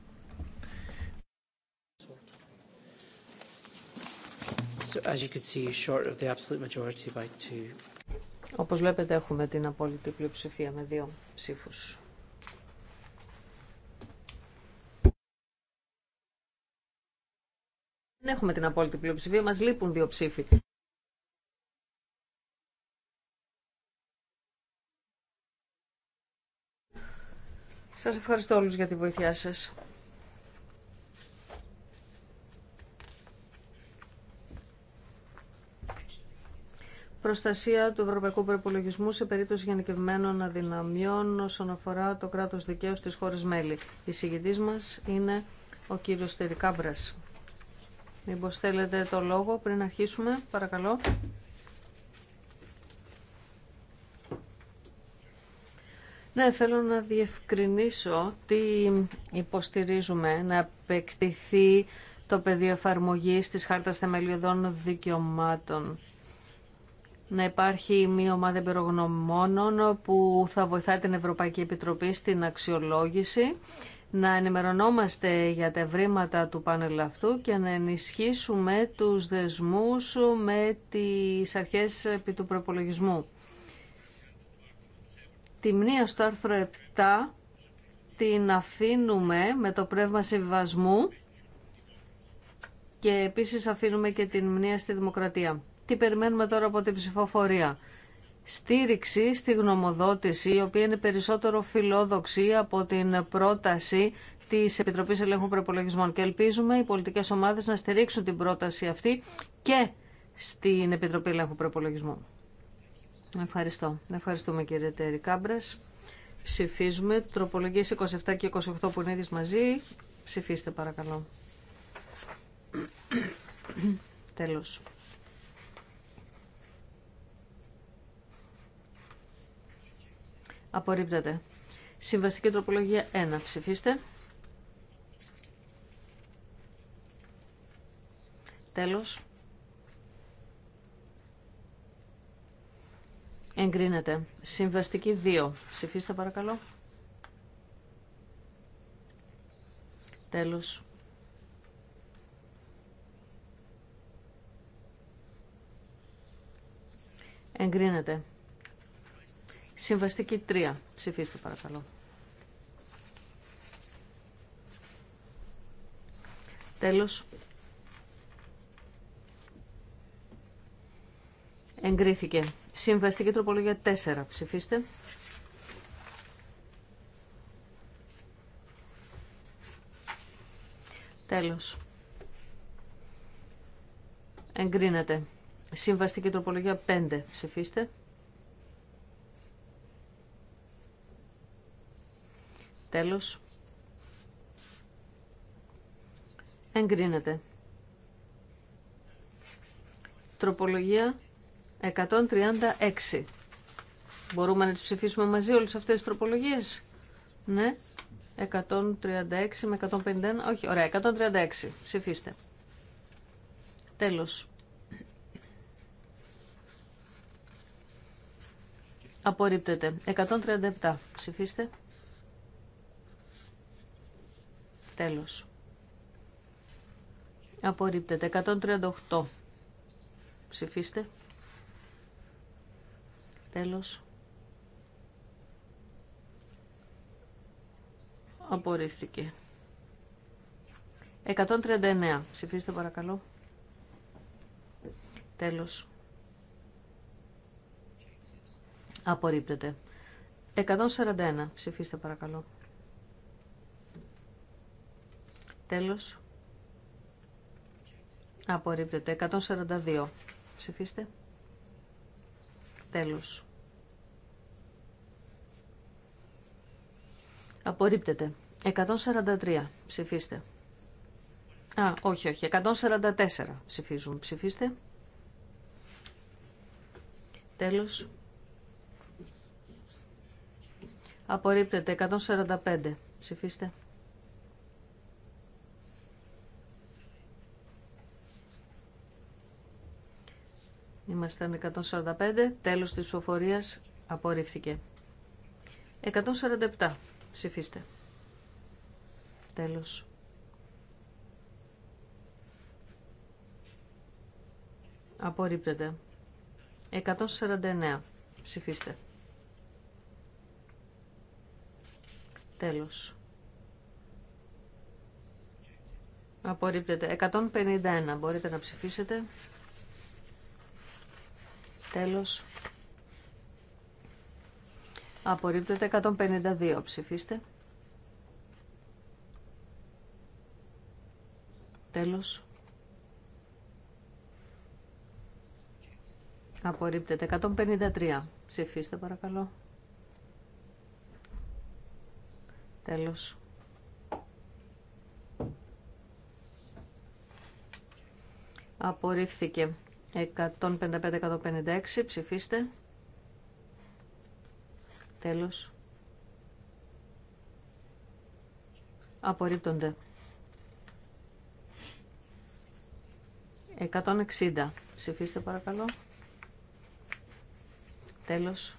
Όπως βλέπετε έχουμε την απόλυτη πλειοψηφία με δύο ψήφους. Δεν έχουμε την απόλυτη πλειοψηφία, μας λείπουν δύο ψήφοι. Σας ευχαριστώ όλους για τη βοήθειά σας. προστασία του ευρωπαϊκού προπολογισμού σε περίπτωση γενικευμένων αδυναμιών όσον αφορά το κράτος δικαίου στις χώρε μέλη. Η συγγητής μας είναι ο κύριος Τερικάμπρα. Μήπω θέλετε το λόγο πριν αρχίσουμε, παρακαλώ. Ναι, θέλω να διευκρινίσω τι υποστηρίζουμε, να επεκτηθεί το πεδίο εφαρμογή της Χάρτας Θεμελιωδών Δικαιωμάτων να υπάρχει μία ομάδα εμπειρογνωμόνων που θα βοηθάει την Ευρωπαϊκή Επιτροπή στην αξιολόγηση, να ενημερωνόμαστε για τα ευρήματα του πάνελ αυτού και να ενισχύσουμε τους δεσμούς με τις αρχές του προπολογισμού. Τη μνήμα στο άρθρο 7 την αφήνουμε με το πνεύμα συμβιβασμού και επίσης αφήνουμε και την μνήμα στη δημοκρατία τι περιμένουμε τώρα από την ψηφοφορία. Στήριξη στη γνωμοδότηση, η οποία είναι περισσότερο φιλόδοξη από την πρόταση τη Επιτροπή Ελέγχου Προπολογισμών. Και ελπίζουμε οι πολιτικέ ομάδε να στηρίξουν την πρόταση αυτή και στην Επιτροπή Ελέγχου Προπολογισμών. Ευχαριστώ. Ευχαριστούμε κύριε Τέρη Κάμπρα. Ψηφίζουμε τροπολογίες 27 και 28 που είναι ήδη μαζί. Ψηφίστε παρακαλώ. Τέλος. Απορρίπτεται. Συμβαστική τροπολογία 1. Ψηφίστε. Τέλος. Εγκρίνεται. Συμβαστική 2. Ψηφίστε παρακαλώ. Τέλος. Εγκρίνεται. Συμβαστική 3. Ψηφίστε παρακαλώ. Τέλος. Εγκρίθηκε. Συμβαστική τροπολογία 4. Ψηφίστε. Τέλος. Εγκρίνεται. Συμβαστική τροπολογία 5. Ψηφίστε. Τέλος. Εγκρίνεται. Τροπολογία 136. Μπορούμε να τις ψηφίσουμε μαζί όλες αυτές τις τροπολογίες. Ναι. 136 με 151. Όχι, ωραία. 136. Ψηφίστε. Τέλος. Απορρίπτεται. 137. Ψηφίστε. Τέλος. Απορρίπτεται. 138. Ψηφίστε. Τέλος. Απορρίφθηκε. 139. Ψηφίστε παρακαλώ. Τέλος. Απορρίπτεται. 141. Ψηφίστε παρακαλώ. Τέλος. Απορρίπτεται. 142. Ψηφίστε. Τέλος. Απορρίπτεται. 143. Ψηφίστε. Α, όχι, όχι. 144 ψηφίζουν. Ψηφίστε. Τέλος. Απορρίπτεται. 145. Ψηφίστε. ήταν 145. Τέλος της ψηφοφορίας απορρίφθηκε. 147. Ψηφίστε. Τέλος. Απορρίπτεται. 149. Ψηφίστε. Τέλος. Απορρίπτεται. 151. Μπορείτε να ψηφίσετε. Τέλος. Απορρίπτεται 152. Ψηφίστε. Τέλος. Απορρίπτεται 153. Ψηφίστε παρακαλώ. Τέλος. Απορρίφθηκε 155-156 ψηφίστε. Τέλος. Απορρίπτονται. 160 ψηφίστε παρακαλώ. Τέλος.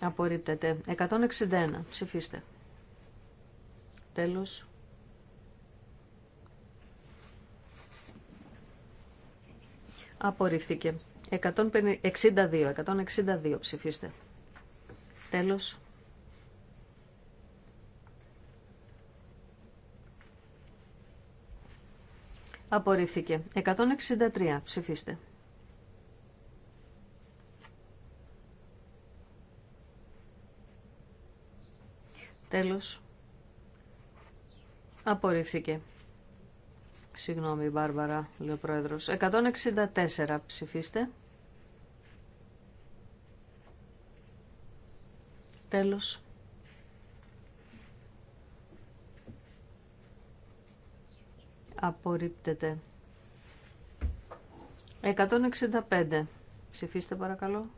Απορρίπτεται. 161 ψηφίστε. Τέλος. Απορρίφθηκε. 162. 162 ψηφίστε. Τέλος. Απορρίφθηκε. 163. Ψηφίστε. Τέλος. Απορρίφθηκε. Συγγνώμη, Μπάρμπαρα, λέει ο πρόεδρος. 164 ψηφίστε. Τέλος. Απορρίπτεται. 165. Ψηφίστε παρακαλώ.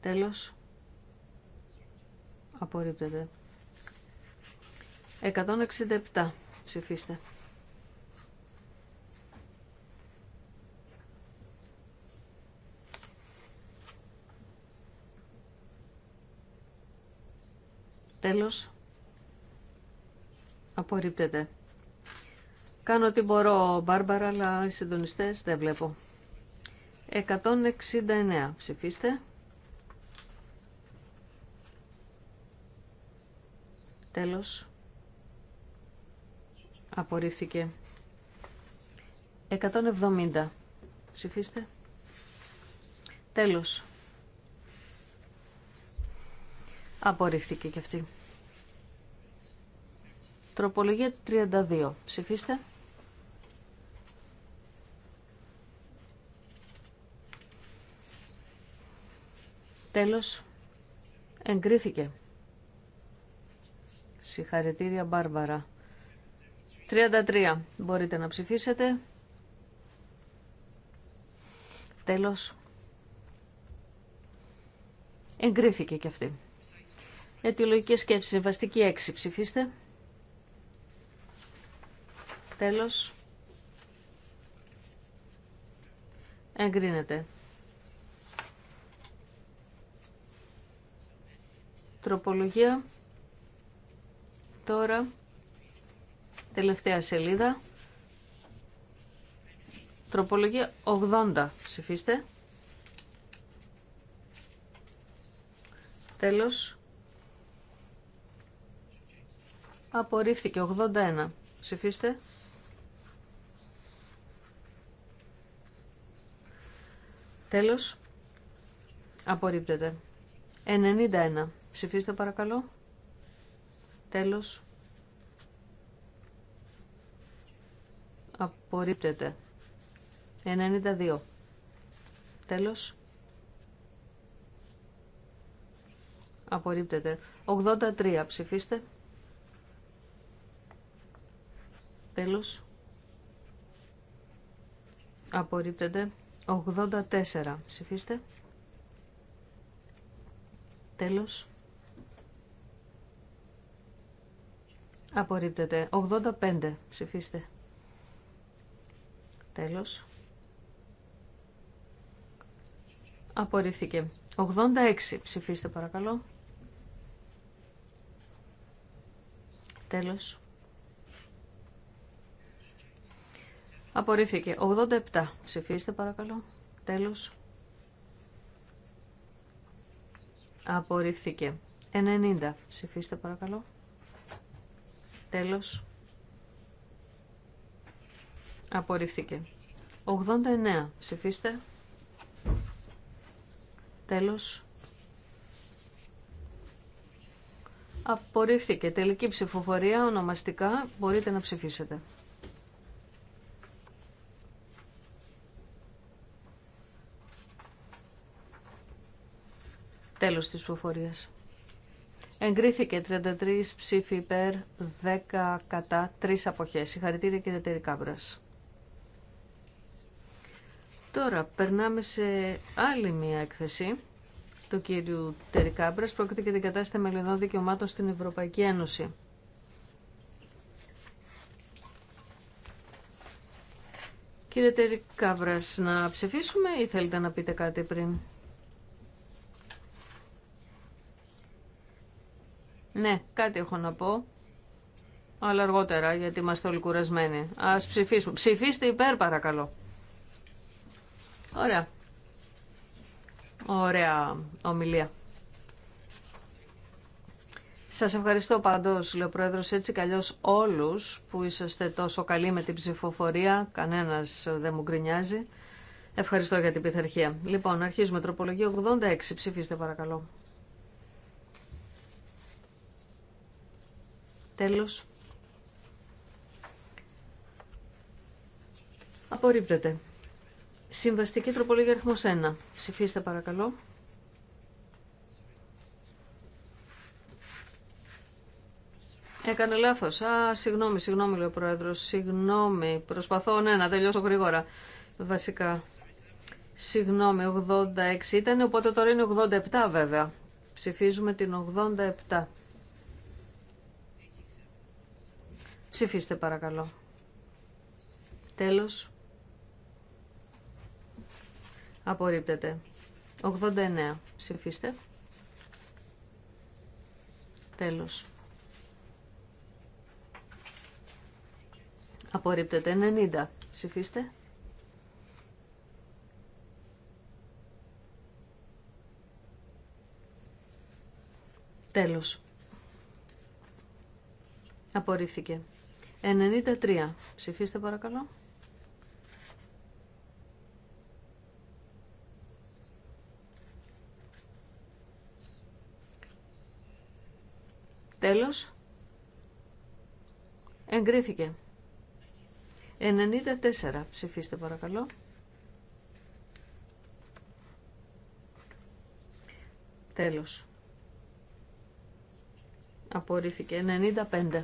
Τέλος. Απορρίπτεται. 167. Ψηφίστε. Τέλος. Απορρίπτεται. Κάνω ό,τι μπορώ, Μπάρμπαρα, αλλά οι συντονιστές δεν βλέπω. 169. Ψηφίστε. Τέλος. Απορρίφθηκε. 170. Ψηφίστε. Τέλος. Απορρίφθηκε και αυτή. Τροπολογία 32. Ψηφίστε. Τέλος. Εγκρίθηκε. Συγχαρητήρια Μπάρβαρα. 33. Μπορείτε να ψηφίσετε. Τέλος. Εγκρίθηκε και αυτή. Αιτιολογικές σκέψη. Συμβαστική 6. Ψηφίστε. Τέλος. Εγκρίνεται. Τροπολογία Τώρα, τελευταία σελίδα. Τροπολογία 80. Ψηφίστε. Τέλος. Απορρίφθηκε 81. Ψηφίστε. Τέλος. Απορρίπτεται. 91. Ψηφίστε παρακαλώ. Τέλος. Απορρίπτεται. 92. Τέλος. Απορρίπτεται. 83. Ψηφίστε. Τέλος. Απορρίπτεται. 84. Ψηφίστε. Τέλος. Απορρίπτεται. 85. Ψηφίστε. Τέλος. Απορρίφθηκε. 86. Ψηφίστε παρακαλώ. Τέλος. Απορρίφθηκε. 87. Ψηφίστε παρακαλώ. Τέλος. Απορρίφθηκε. 90. Ψηφίστε παρακαλώ. Τέλος. Απορρίφθηκε. 89. Ψηφίστε. Τέλος. Απορρίφθηκε. Τελική ψηφοφορία ονομαστικά. Μπορείτε να ψηφίσετε. Τέλος της ψηφοφορίας. Εγκρίθηκε 33 ψήφοι υπέρ, 10 κατά, 3 αποχές. Συγχαρητήρια κύριε Τερικάμπρας. Τώρα περνάμε σε άλλη μία έκθεση του κύριου Τερικάμπρας. Πρόκειται για την κατάσταση θεμελιωδών δικαιωμάτων στην Ευρωπαϊκή Ένωση. Κύριε Τερικάμπρας, να ψηφίσουμε ή θέλετε να πείτε κάτι πριν. Ναι, κάτι έχω να πω, αλλά αργότερα γιατί είμαστε όλοι κουρασμένοι. Ας ψηφίσουμε. Ψηφίστε υπέρ παρακαλώ. Ωραία. Ωραία ομιλία. Σας ευχαριστώ πάντως, λέει ο Πρόεδρος, έτσι καλλιώς όλους που είσαστε τόσο καλοί με την ψηφοφορία. Κανένας δεν μου γκρινιάζει. Ευχαριστώ για την πειθαρχία. Λοιπόν, αρχίζουμε τροπολογία 86. Ψηφίστε παρακαλώ. Τέλος. Απορρίπτεται. Συμβαστική τροπολογία αριθμός 1. Ψηφίστε παρακαλώ. Έκανε λάθο. Α, συγγνώμη, συγγνώμη λέει ο Πρόεδρος. Συγγνώμη. Προσπαθώ ναι, να τελειώσω γρήγορα. Βασικά. Συγγνώμη, 86 ήταν, οπότε τώρα είναι 87 βέβαια. Ψηφίζουμε την 87. Ψηφίστε παρακαλώ. Τέλος. Απορρίπτεται. 89. Ψηφίστε. Τέλος. Απορρίπτεται. 90. Ψηφίστε. Τέλος. Απορρίφθηκε. 93. Ψηφίστε παρακαλώ. Τέλος. Εγκρίθηκε. 94. Ψηφίστε παρακαλώ. Τέλος. Απορρίφθηκε. 95.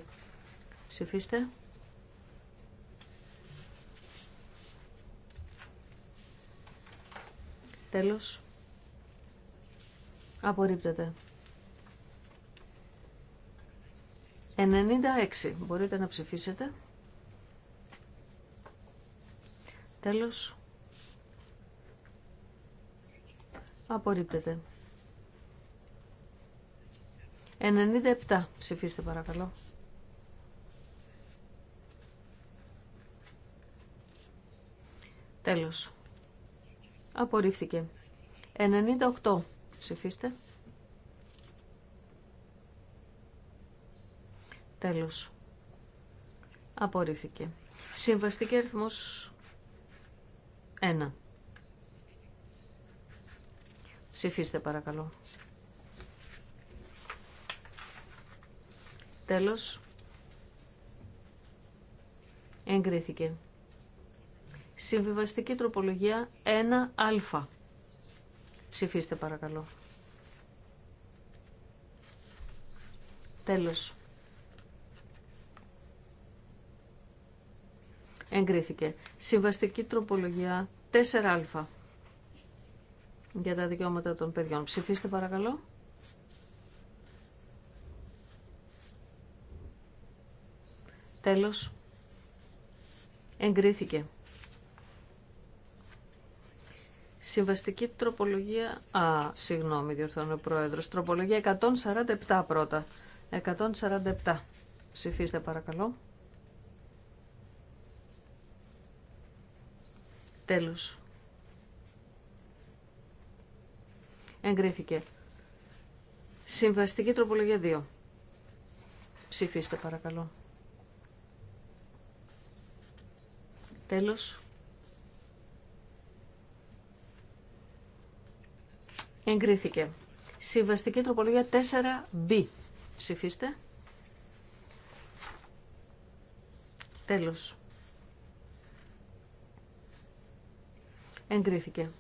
Ψηφίστε. Τέλος. Απορρίπτεται. 96. Μπορείτε να ψηφίσετε. Τέλος. Απορρίπτεται. 97. Ψηφίστε παρακαλώ. Τέλος. Απορρίφθηκε. 98. Ψηφίστε. Τέλος. Απορρίφθηκε. Συμβαστική αριθμός 1. Ψηφίστε παρακαλώ. Τέλος. Εγκρίθηκε. Συμβιβαστική τροπολογία 1α. Ψηφίστε παρακαλώ. Τέλος. Εγκρίθηκε. Συμβαστική τροπολογία 4α για τα δικαιώματα των παιδιών. Ψηφίστε παρακαλώ. Τέλος. Εγκρίθηκε. Συμβαστική τροπολογία... Α, συγγνώμη, διορθώνω ο Τροπολογία 147 πρώτα. 147. Ψηφίστε παρακαλώ. Τέλος. Εγκρίθηκε. Συμβαστική τροπολογία 2. Ψηφίστε παρακαλώ. Τέλος. Εγκρίθηκε. Συμβαστική τροπολογία 4B. Ψηφίστε. Τέλος. Εγκρίθηκε.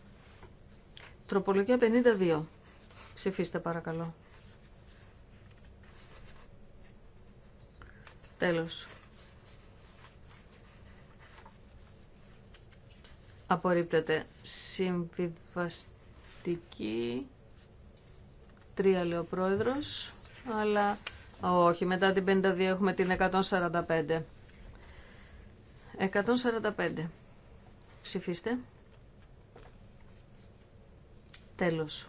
Τροπολογία 52. Ψηφίστε παρακαλώ. Τέλος. Απορρίπτεται. Συμβιβαστική πολιτική. Τρία λέει ο πρόεδρο. αλλά όχι, μετά την 52 έχουμε την 145. 145. Ψηφίστε. Τέλος.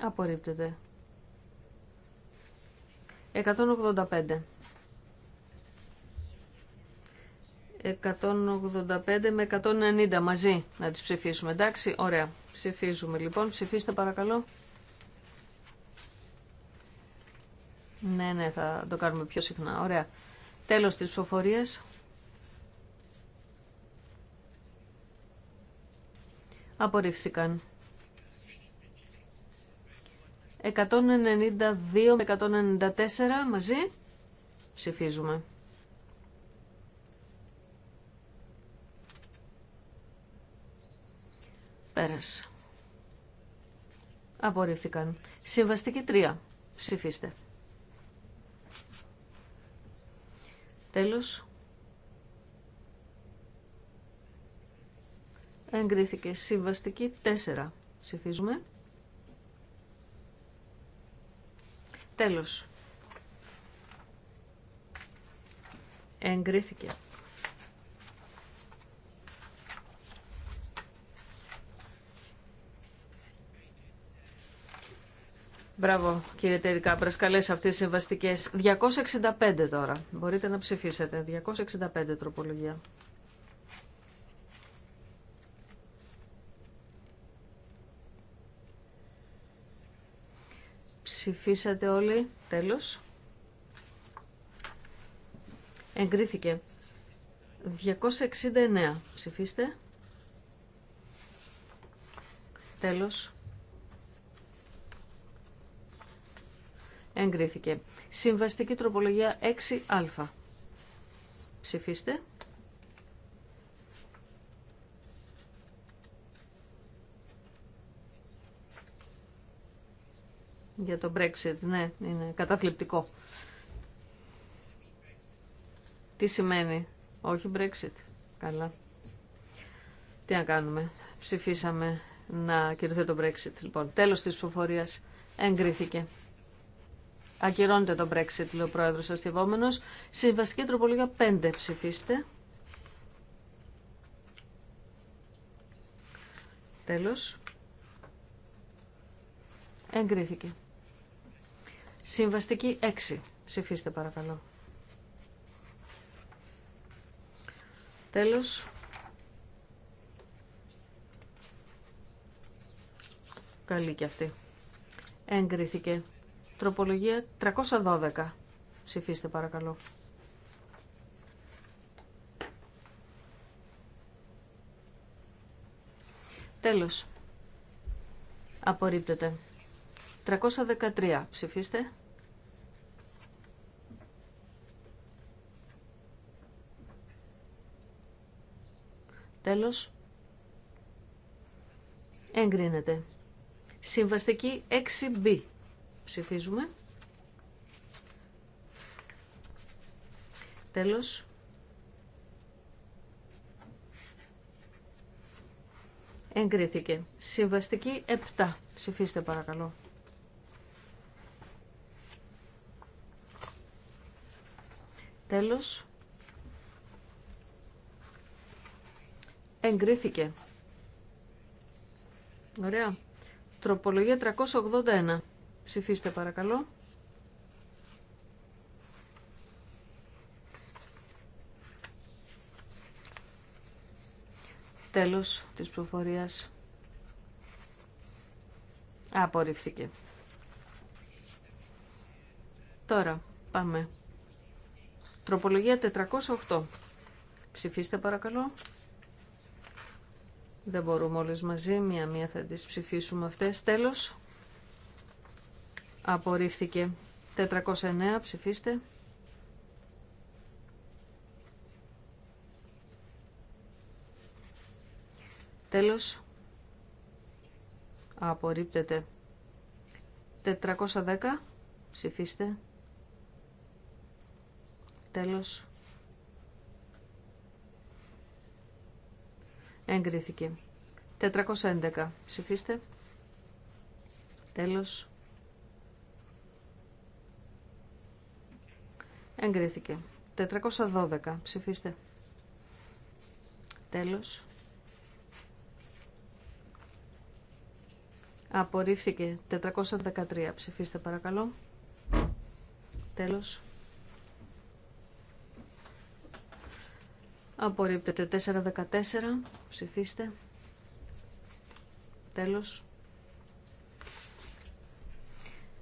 Απορρίπτεται. 185. 185 με 190 μαζί να τις ψηφίσουμε. Εντάξει, ωραία. Ψηφίζουμε λοιπόν. Ψηφίστε παρακαλώ. Ναι, ναι, θα το κάνουμε πιο συχνά. Ωραία. Τέλος της ψηφοφορίας. Απορρίφθηκαν. 192 με 194 μαζί ψηφίζουμε. Πέρασε. Απορρίφθηκαν. Συμβαστική 3. Ψηφίστε. Τέλος. Εγκρίθηκε. Συμβαστική 4. Ψηφίζουμε. Τέλος. Εγκρίθηκε. Μπράβο κύριε Τερικά, προσκαλέ αυτές τι συμβαστικές. 265 τώρα. Μπορείτε να ψηφίσετε. 265 τροπολογία. Ψηφίσατε όλοι. Τέλος. Εγκρίθηκε. 269. Ψηφίστε. Τέλος. εγκρίθηκε. Συμβαστική τροπολογία 6α. Ψηφίστε. Για το Brexit, ναι, είναι καταθλιπτικό. Τι σημαίνει, όχι Brexit, καλά. Τι να κάνουμε, ψηφίσαμε να κυρωθεί το Brexit, λοιπόν. Τέλος της ψηφοφορίας εγκρίθηκε. Ακυρώνεται το Brexit, λέει ο πρόεδρος αστευόμενο. Συμβαστική τροπολογία 5 ψηφίστε. Τέλο Εγκρίθηκε. Συμβαστική 6. Ψηφίστε παρακαλώ. Τέλος. Καλή και αυτή. Εγκρίθηκε. Τροπολογία 312. Ψηφίστε παρακαλώ. Τέλος. Απορρίπτεται. 313. Ψηφίστε. Τέλος. Εγκρίνεται. Συμβαστική 6B. Ψηφίζουμε. Τέλος. Εγκρίθηκε. Συμβαστική 7. Ψηφίστε παρακαλώ. Τέλος. Εγκρίθηκε. Ωραία. Τροπολογία 381. Ψηφίστε παρακαλώ. Τέλος της προφορίας. Απορρίφθηκε. Τώρα πάμε. Τροπολογία 408. Ψηφίστε παρακαλώ. Δεν μπορούμε όλες μαζί, μία-μία θα τις ψηφίσουμε αυτές. Τέλος απορρίφθηκε. 409 ψηφίστε. Τέλος. Απορρίπτεται. 410 ψηφίστε. Τέλος. Εγκρίθηκε. 411 ψηφίστε. Τέλος. Εγκρίθηκε. 412. Ψηφίστε. Τέλος. Απορρίφθηκε. 413. Ψηφίστε παρακαλώ. Τέλος. Απορρίπτεται. 414. Ψηφίστε. Τέλος.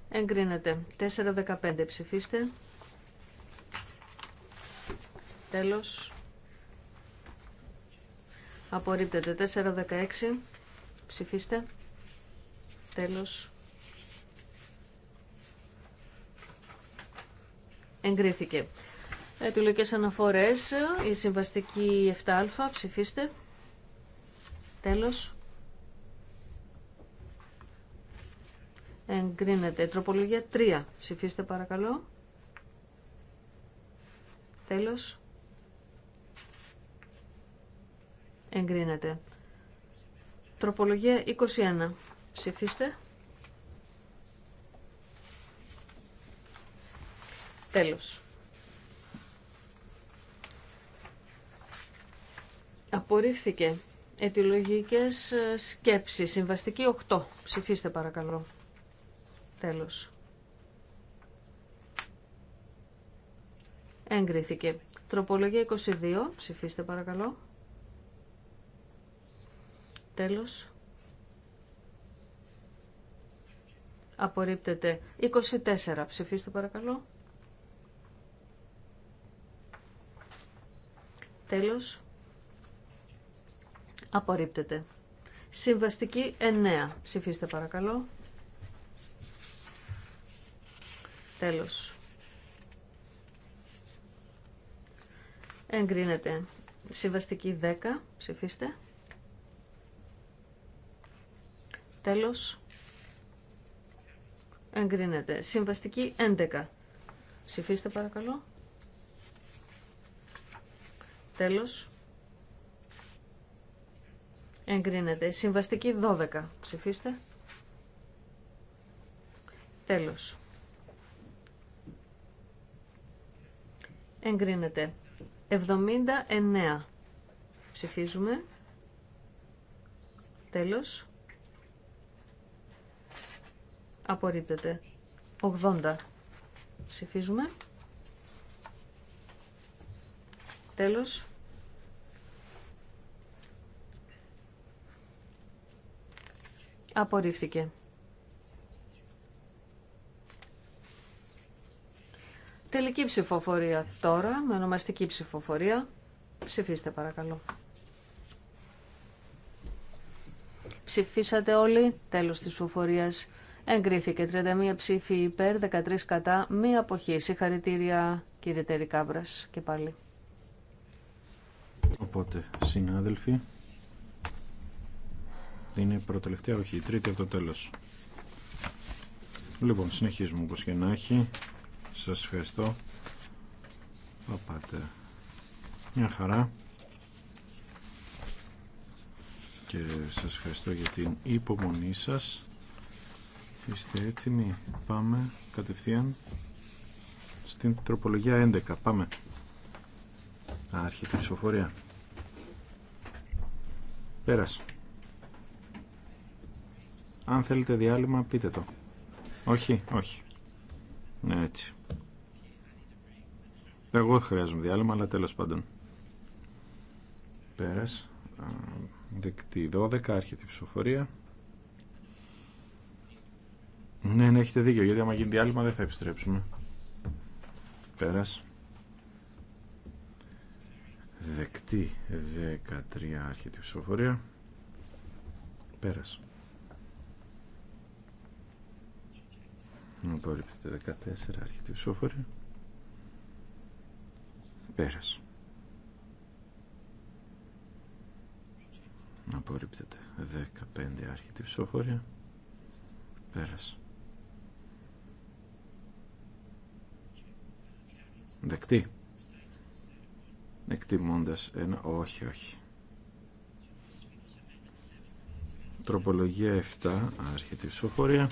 Εγκρίνεται. 415. Ψηφίστε. Τέλος. Απορρίπτεται. 4-16 Ψηφίστε. Τέλος. Εγκρίθηκε. Ετουλικές αναφορές. Η συμβαστική 7α. Ψηφίστε. Τέλος. Εγκρίνεται. Τροπολογία 3. Ψηφίστε παρακαλώ. Τέλος. Εγκρίνεται. Τροπολογία 21. Ψηφίστε. Τέλος. Απορρίφθηκε. Αιτιολογικές ε, σκέψεις. Συμβαστική 8. Ψηφίστε παρακαλώ. Τέλος. Εγκρίθηκε. Τροπολογία 22. Ψηφίστε παρακαλώ. Τέλος. Απορρίπτεται. 24. Ψηφίστε παρακαλώ. Τέλος. Απορρίπτεται. Συμβαστική 9. Ψηφίστε παρακαλώ. Τέλος. Εγκρίνεται. Συμβαστική 10. Ψηφίστε. Τέλος. Εγκρίνεται. Συμβαστική 11. Ψηφίστε παρακαλώ. Τέλος. Εγκρίνεται. Συμβαστική 12. Ψηφίστε. Τέλος. Εγκρίνεται. 79. Ψηφίζουμε. Τέλος. Απορρίπτεται. 80. Ψηφίζουμε. Τέλος. Απορρίφθηκε. Τελική ψηφοφορία τώρα, με ονομαστική ψηφοφορία. Ψηφίστε παρακαλώ. Ψηφίσατε όλοι, τέλος της ψηφοφορίας. Εγκρίθηκε 31 ψήφοι υπέρ, 13 κατά, μία αποχή. Συγχαρητήρια κύριε Τερικάβρας και πάλι. Οπότε, συνάδελφοι, είναι προτελευταία, όχι, η τρίτη από το τέλος. Λοιπόν, συνεχίζουμε όπως και να έχει. Σας ευχαριστώ. Θα μια χαρά. Και σας ευχαριστώ για την υπομονή σας. Είστε έτοιμοι. Πάμε κατευθείαν στην τροπολογία 11. Πάμε. Άρχεται η ψηφοφορία. Πέρασε. Αν θέλετε διάλειμμα, πείτε το. Όχι, όχι. Ναι, έτσι. Εγώ χρειάζομαι διάλειμμα, αλλά τέλος πάντων. Πέρασε. Δεκτή 12, άρχεται η ψηφοφορία. Ναι, ναι, έχετε δίκιο, γιατί άμα γίνει διάλειμμα δεν θα επιστρέψουμε. Πέρας. Δεκτή 13 άρχεται η ψηφοφορία. Πέρας. Απορρίπτεται 14 άρχεται η ψηφοφορία. Πέρας. Απορρίπτεται 15 άρχεται η ψηφοφορία. Πέρας. Δεκτή. Εκτιμώντας ένα. Όχι, όχι. Τροπολογία 7. Άρχεται η ψηφοφορία.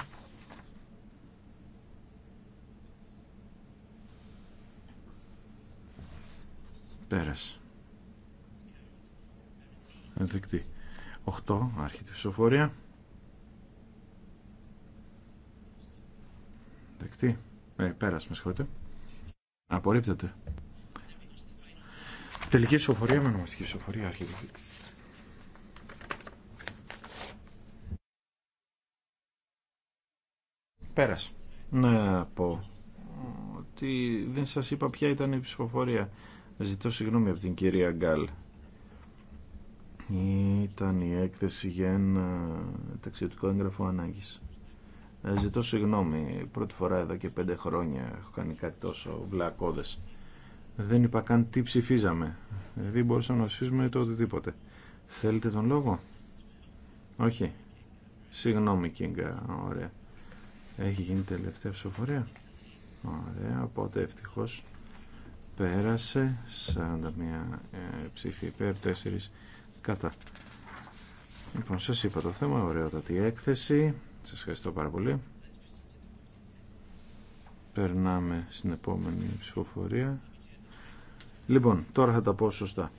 Πέρασε. Δεκτή. 8. Άρχεται η ψηφοφορία. Δεκτή. Ε, πέρασε, με συγχωρείτε. Απορρίπτεται. Τελική ψηφοφορία με ονομαστική ψηφοφορία. αρχιτεκτή. Πέρασε. Να πω ότι δεν σας είπα ποια ήταν η ψηφοφορία. Ζητώ συγγνώμη από την κυρία Γκάλ. Ήταν η έκθεση για ένα ταξιδιωτικό έγγραφο ανάγκης. Ε, ζητώ συγγνώμη, πρώτη φορά εδώ και πέντε χρόνια έχω κάνει κάτι τόσο βλακώδες. Δεν είπα καν τι ψηφίζαμε. Δηλαδή μπορούσαμε να ψηφίσουμε το οτιδήποτε. Θέλετε τον λόγο? Όχι. Συγγνώμη, Κίνγκα. Ωραία. Έχει γίνει τελευταία ψηφοφορία. Ωραία, οπότε ευτυχώ, πέρασε 41 ε, ψήφοι υπέρ 4 κατά. Λοιπόν, σα είπα το θέμα, Ωραία η έκθεση. Σας ευχαριστώ πάρα πολύ. Περνάμε στην επόμενη ψηφοφορία. Λοιπόν, τώρα θα τα πω σωστά.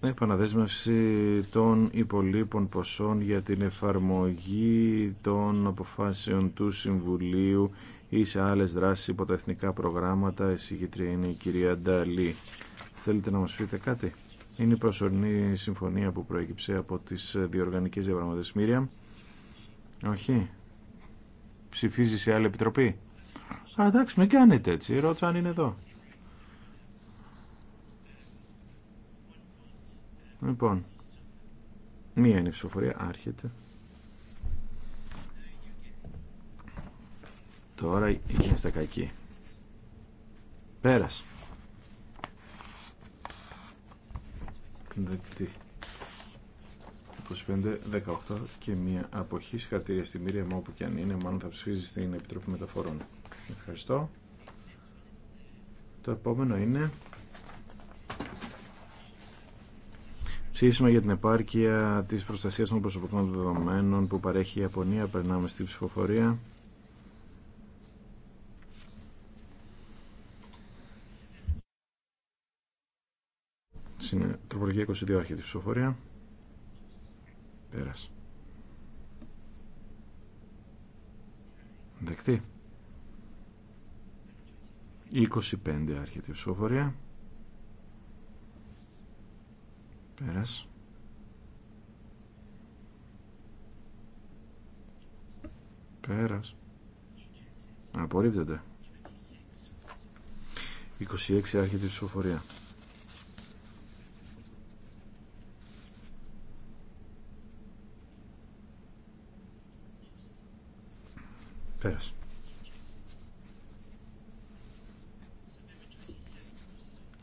Επαναδέσμευση των υπολείπων ποσών για την εφαρμογή των αποφάσεων του Συμβουλίου ή σε άλλες δράσεις υπό τα εθνικά προγράμματα. Η συγκεκριά είναι η ειναι Νταλή. Θέλετε να μας πείτε κάτι είναι η προσωρινή συμφωνία που προέκυψε από τις διοργανικές διαπραγματεύσεις Μύρια. Όχι. Ψηφίζει σε άλλη επιτροπή. Α, εντάξει, με κάνετε έτσι. Ρώτησα αν είναι εδώ. Λοιπόν, μία είναι η ψηφοφορία. Άρχεται. Τώρα στα κακοί. Πέρασε. δεκτή. 25, 18 και μία αποχή. Συγχαρητήρια στη Μύρια μου όπου και αν είναι. Μάλλον θα ψηφίζει στην Επιτροπή Μεταφορών. Ευχαριστώ. Το επόμενο είναι ψήφισμα για την επάρκεια της προστασίας των προσωπικών δεδομένων που παρέχει η Ιαπωνία. Περνάμε στη ψηφοφορία. Τροπολογία 22 άρχεται η ψηφοφορία. Πέρασε. Δεκτή. 25 άρχεται η ψηφοφορία. Πέρασε. Πέρας. Απορρίπτεται. 26 άρχεται ψηφοφορία. Πέρασε.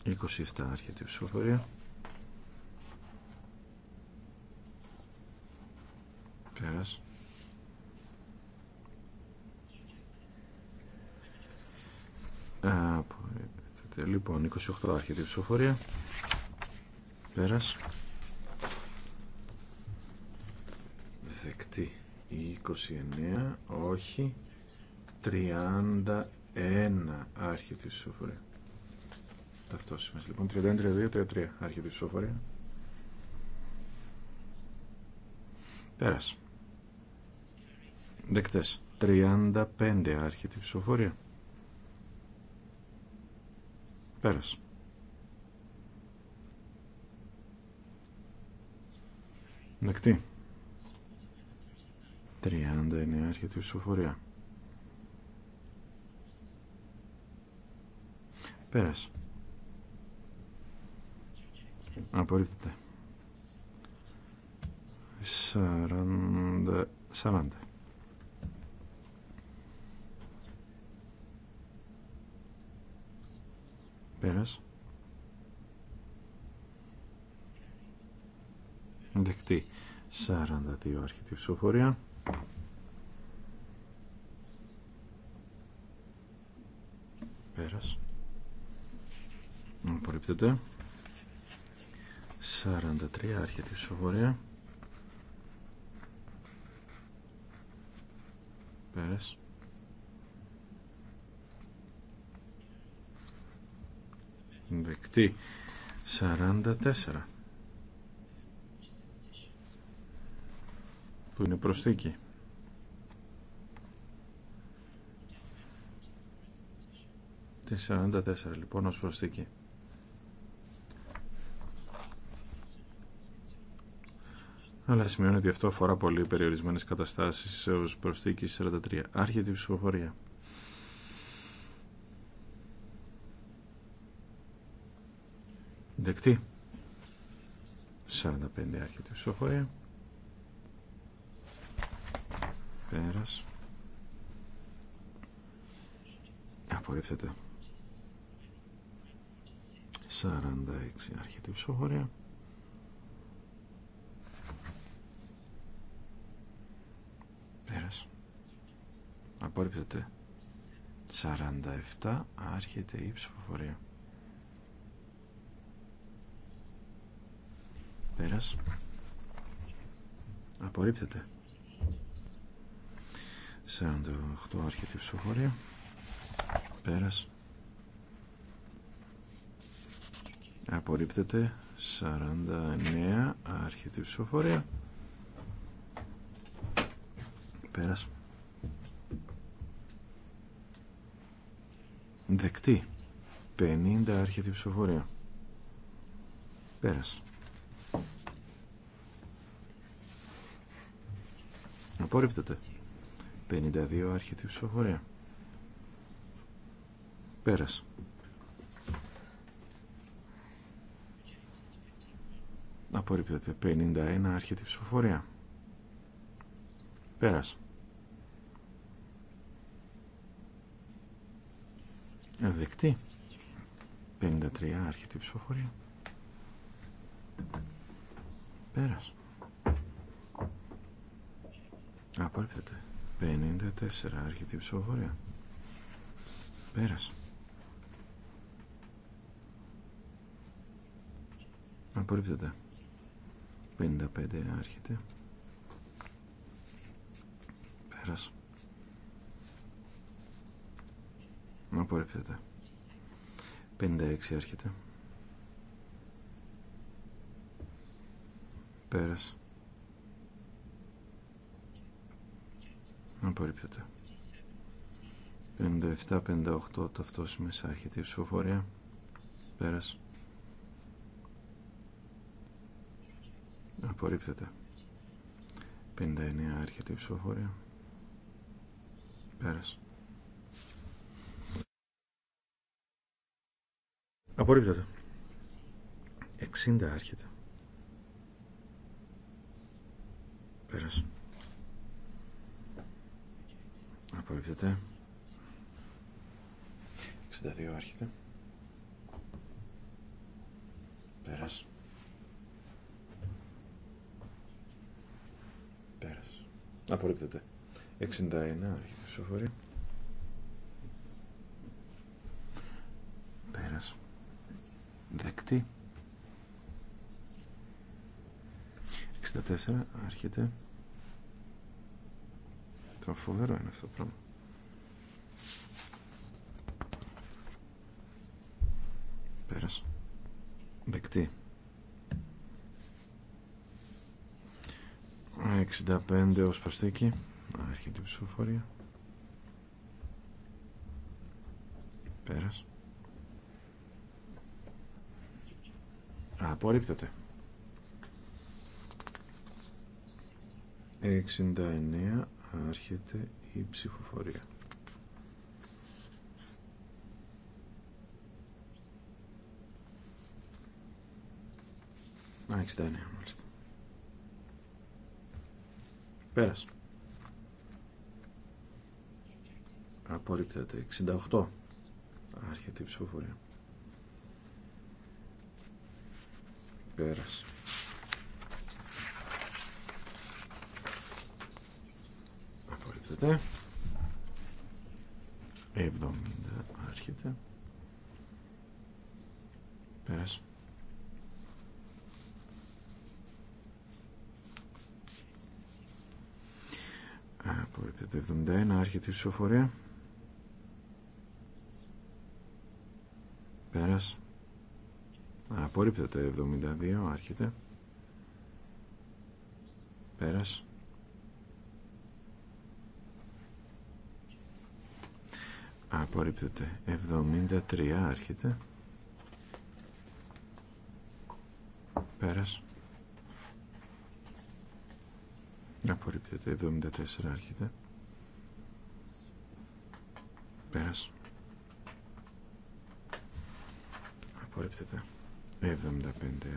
27 άρχεται η ψηφοφορία. Πέρασε. Λοιπόν, 28 άρχεται η ψηφοφορία. Πέρας. Δεκτή. 29. Όχι. 31 άρχεται ψηφοφορία. Αυτό λοιπόν. 31, 32, 33 άρχη ψηφοφορία. Πέρας. Δεκτές. 35 άρχη ψηφοφορία. Πέρας. Δεκτή. 39 άρχεται ψηφοφορία. Πέρας. Απορρίφτεται. Σαράντα. Σαράντα. Πέρας. Δεκτή. Σαράντα τη Άρχιτη Φυσοφορία. Πέρας απορρίπτεται 43 άρχεται η ψηφοφορία πέρας δεκτή 44 που είναι προσθήκη τη 44 λοιπόν ως προσθήκη αλλά σημειώνει ότι αυτό αφορά πολύ περιορισμένες καταστάσεις ω προσθήκη 43. Άρχεται η ψηφοφορία. Δεκτή. 45 άρχεται η ψηφοφορία. Πέρας. Απορρίπτεται. 46 άρχεται η ψηφοφορία. Πέρας. Απόρριπτεται 47. Άρχεται η ψηφοφορία. Πέρας. Απορρίπτεται. 48 άρχεται η ψηφοφορία. Πέρας. Απορρίπτεται. 49 άρχεται η ψηφοφορία. Πέρας. Δεκτή. 50 άρχεται η ψηφοφορία. Πέρας. Απόρριπτεται. 52 άρχεται η ψηφοφορία. Πέρας. Απορρίπτεται. 51 άρχεται η ψηφοφορία. Πέρας. Δεκτή. 53 άρχεται ψηφοφορία. Πέρας. Απορρίπτεται. 54 άρχεται ψηφοφορία. Πέρας. Απορρίπτεται. 55 άρχεται. Πέρας. Απορρίπτεται. 56 έρχεται. Πέρας. Απορρίπτεται. 57-58 ταυτόσημες έρχεται η ψηφοφορία. Πέρας. Απορρίπτεται. 59 έρχεται η ψηφοφορία. Πέρας. Απορρίπτεται. 60 άρχεται. Πέρασε. Απορρίπτεται. 62 άρχεται. Πέρασε. Πέρασε. Απορρίπτεται. 61 άρχεται η ψηφοφορία. δεκτή 64 άρχεται το φοβερό είναι αυτό το πράγμα πέρασε δεκτή 65 ως προστίκη άρχεται η ψηφοφορία πέρασε Απορρίπτεται. 69 άρχεται η ψηφοφορία. Α, 69 μάλιστα. Πέρασε. Απορρίπτεται. 68 άρχεται η ψηφοφορία. Πέρας. Απορρίπτεται. 70 άρχεται. Πέρας. Απορρίπτεται 71 άρχεται η ψηφοφορία. Απορρίπτεται 72, άρχεται. Πέρας. Απορρίπτεται 73, άρχεται. Πέρας. Απορρίπτεται 74, άρχεται. Πέρας. Απορρίπτεται 75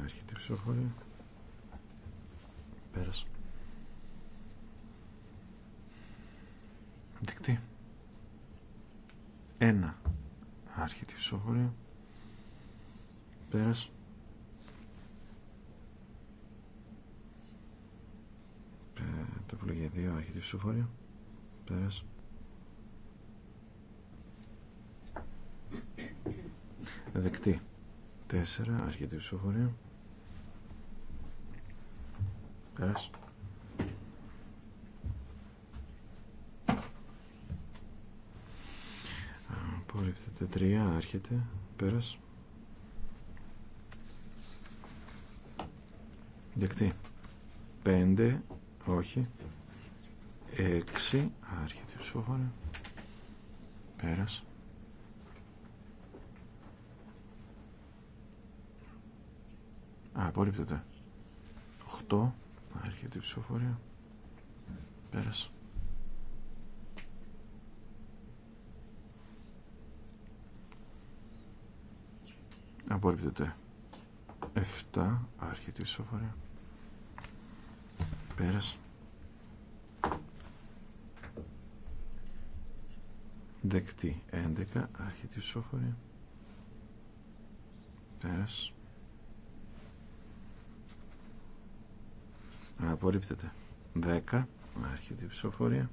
άρχεται η ψηφοφορία πέρας δεκτή 1 άρχεται η ψηφοφορία πέρας ε, τροπολογία 2 άρχεται η ψηφοφορία πέρας δεκτή Τέσσερα. Άρχεται η ψηφοφορία. Πέρας. Απορρίπτεται Τρία. έρχεται, Πέρας. Δεκτή. Πέντε. Όχι. Έξι. Άρχεται η ψηφοφορία. Πέρας. Α, απορρίπτεται. 8. Έρχεται η ψηφοφορία. Πέρασε. Απορρίπτεται. 7. Έρχεται η ψηφοφορία. Πέρασε. 11. Άρχεται η ψηφοφορία. Πέρασε. απορρίπτεται 10 άρχεται η ψηφοφορία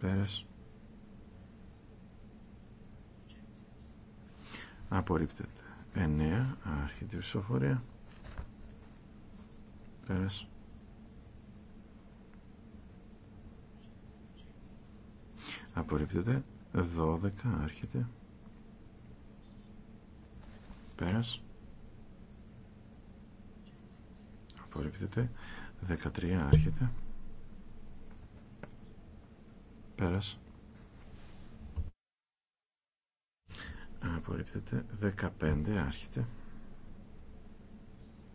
πέρας απορρίπτεται 9 άρχεται η ψηφοφορία πέρας απορρίπτεται 12 άρχεται πέρας απορρίπτεται 13 άρχεται πέρας απορρίπτεται 15 άρχεται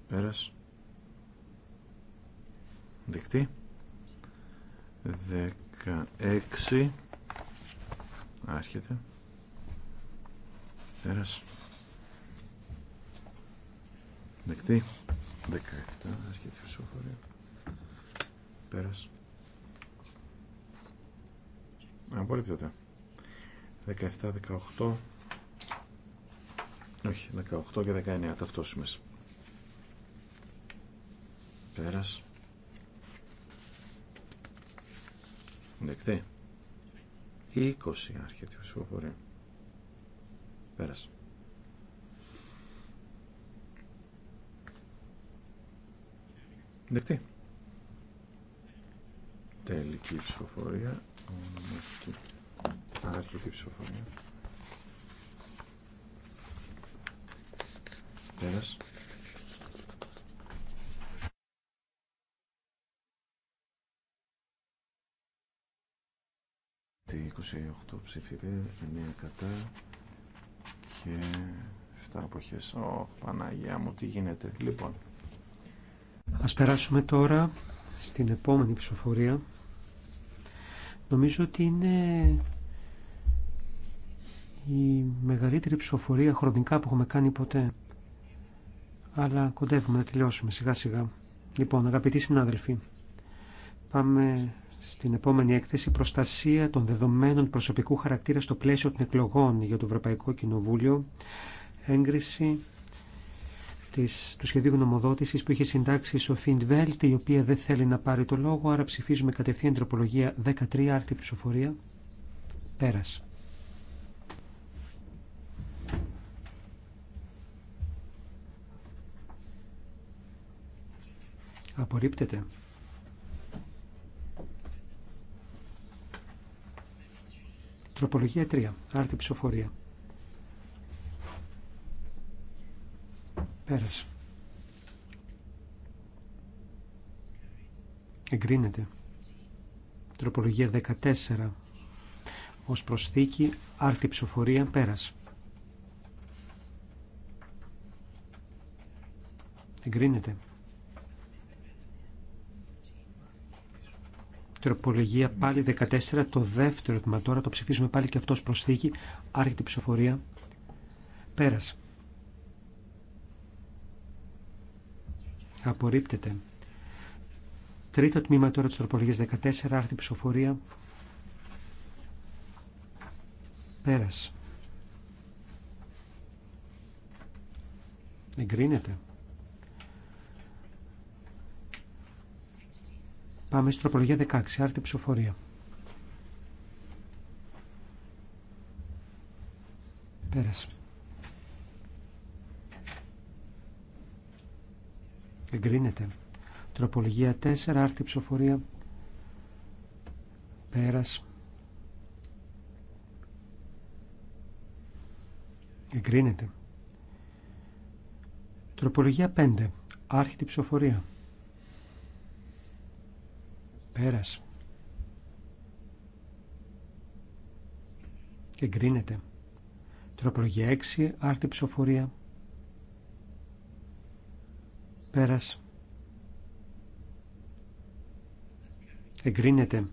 πέρας δεκτή 16 άρχεται πέρας δεκτή 17 αρχιετή ψηφοφορία πέρας Απολύπτεται. 17, 18 όχι 18 και 19 ταυτόσιμες πέρας δεκτή 20 αρχιετή ψηφοφορία πέρας Δεκτή. Τελική ψηφοφορία. Ονομαστική. Άρχιτη ψηφοφορία. Πέρας. Τι 28 ψήφιπε, 9 κατά και 7 αποχές. Ω, Παναγία μου, τι γίνεται. Λοιπόν, Ας περάσουμε τώρα στην επόμενη ψηφοφορία. Νομίζω ότι είναι η μεγαλύτερη ψηφοφορία χρονικά που έχουμε κάνει ποτέ. Αλλά κοντεύουμε να τελειώσουμε σιγά σιγά. Λοιπόν, αγαπητοί συνάδελφοι, πάμε στην επόμενη έκθεση «Προστασία των δεδομένων προσωπικού χαρακτήρα στο πλαίσιο των εκλογών για το Ευρωπαϊκό Κοινοβούλιο». Έγκριση της, του σχεδίου γνωμοδότησης που είχε συντάξει η Σοφίντ Βέλτη η οποία δεν θέλει να πάρει το λόγο, άρα ψηφίζουμε κατευθείαν τροπολογία 13, άρτη ψηφοφορία. Πέρας. Απορρίπτεται. Τροπολογία 3, άρτη ψηφοφορία. Πέρασε. Εγκρίνεται. Τροπολογία 14. Ως προσθήκη, άρτη ψηφοφορία, πέρασε. Εγκρίνεται. Τροπολογία πάλι 14, το δεύτερο τμήμα τώρα, το ψηφίζουμε πάλι και αυτός προσθήκη, άρχεται ψηφοφορία, πέρασε. Απορρίπτεται. Τρίτο τμήμα τώρα της τροπολογίας 14, άρθρη ψηφοφορία. Πέρας. Εγκρίνεται. Πάμε στην τροπολογία 16, άρτη ψηφοφορία. Πέρασε. Εγκρίνεται. Τροπολογία 4. Άρθρη ψηφοφορία. Πέρας. Εγκρίνεται. Τροπολογία 5. Άρχιτη ψηφοφορία. Πέρας. Εγκρίνεται. Τροπολογία 6. Άρχιτη ψηφοφορία. Πέρας. Εγκρίνεται.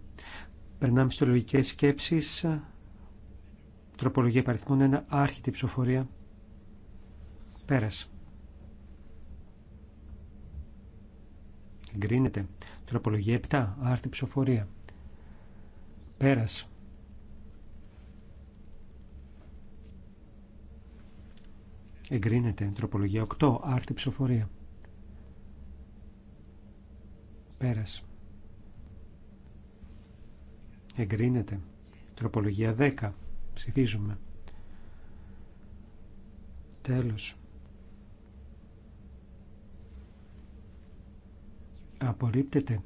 Περνάμε στο λογικέ σκέψεις. Τροπολογία παριθμών 1. Άρχιτη ψηφοφορία. Πέρα. Εγκρίνεται. Τροπολογία 7. Άρχιτη ψηφοφορία. Πέρα. Εγκρίνεται. Τροπολογία 8. Άρτη ψηφοφορία. Πέρας. Εγκρίνεται. Τροπολογία 10. Ψηφίζουμε. Τέλος. Απορρίπτεται.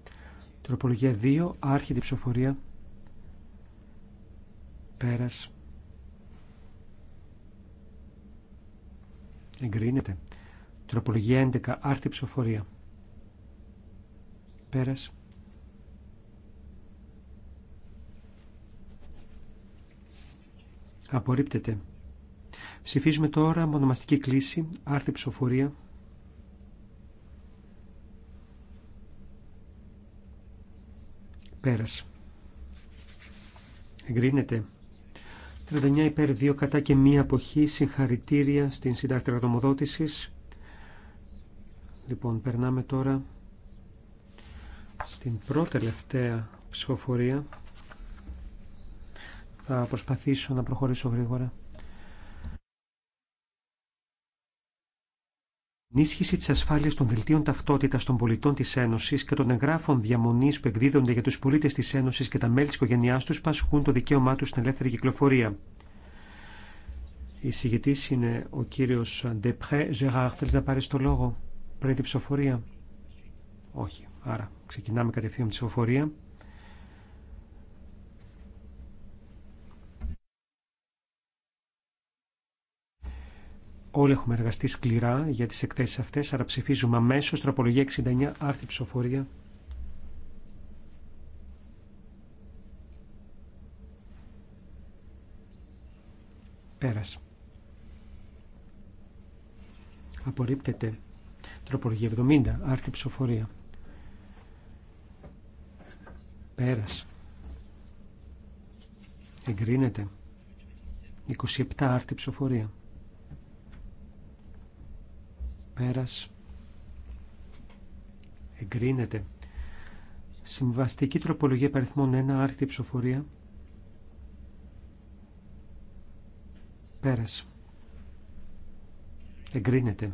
Τροπολογία 2. άρχιτη ψηφοφορία. Πέρας. Εγκρίνεται. Τροπολογία 11. Άρτη ψηφοφορία. Πέρας. Απορρίπτεται. Ψηφίζουμε τώρα μονομαστική κλίση, άρθρη ψηφοφορία. Πέρας. Εγκρίνεται. 39 υπέρ 2 κατά και μία αποχή συγχαρητήρια στην συντάκτρα νομοδότησης. Λοιπόν, περνάμε τώρα στην πρώτη τελευταία ψηφοφορία θα προσπαθήσω να προχωρήσω γρήγορα. Ενίσχυση τη ασφάλεια των δελτίων ταυτότητα των πολιτών τη Ένωση και των εγγράφων διαμονή που εκδίδονται για του πολίτε τη Ένωση και τα μέλη τη οικογένειά του που το δικαίωμά του στην ελεύθερη κυκλοφορία. Η συγκεκριτή είναι ο κύριο Ντεπρέ Ζεράρ. Θέλει να πάρει το λόγο πριν την ψηφοφορία. Όχι. Άρα ξεκινάμε κατευθείαν ψηφοφορία. Όλοι έχουμε εργαστεί σκληρά για τις εκθέσεις αυτές, άρα ψηφίζουμε αμέσως τροπολογία 69, άρθρη ψηφοφορία. Πέρας. Απορρίπτεται. Τροπολογία 70, άρθρη ψηφοφορία. Πέρας. Εγκρίνεται. 27 άρτη ψηφοφορία. Πέρας. Εγκρίνεται. Συμβαστική τροπολογία παριθμών 1 άρτη ψηφοφορία. Πέρας. Εγκρίνεται.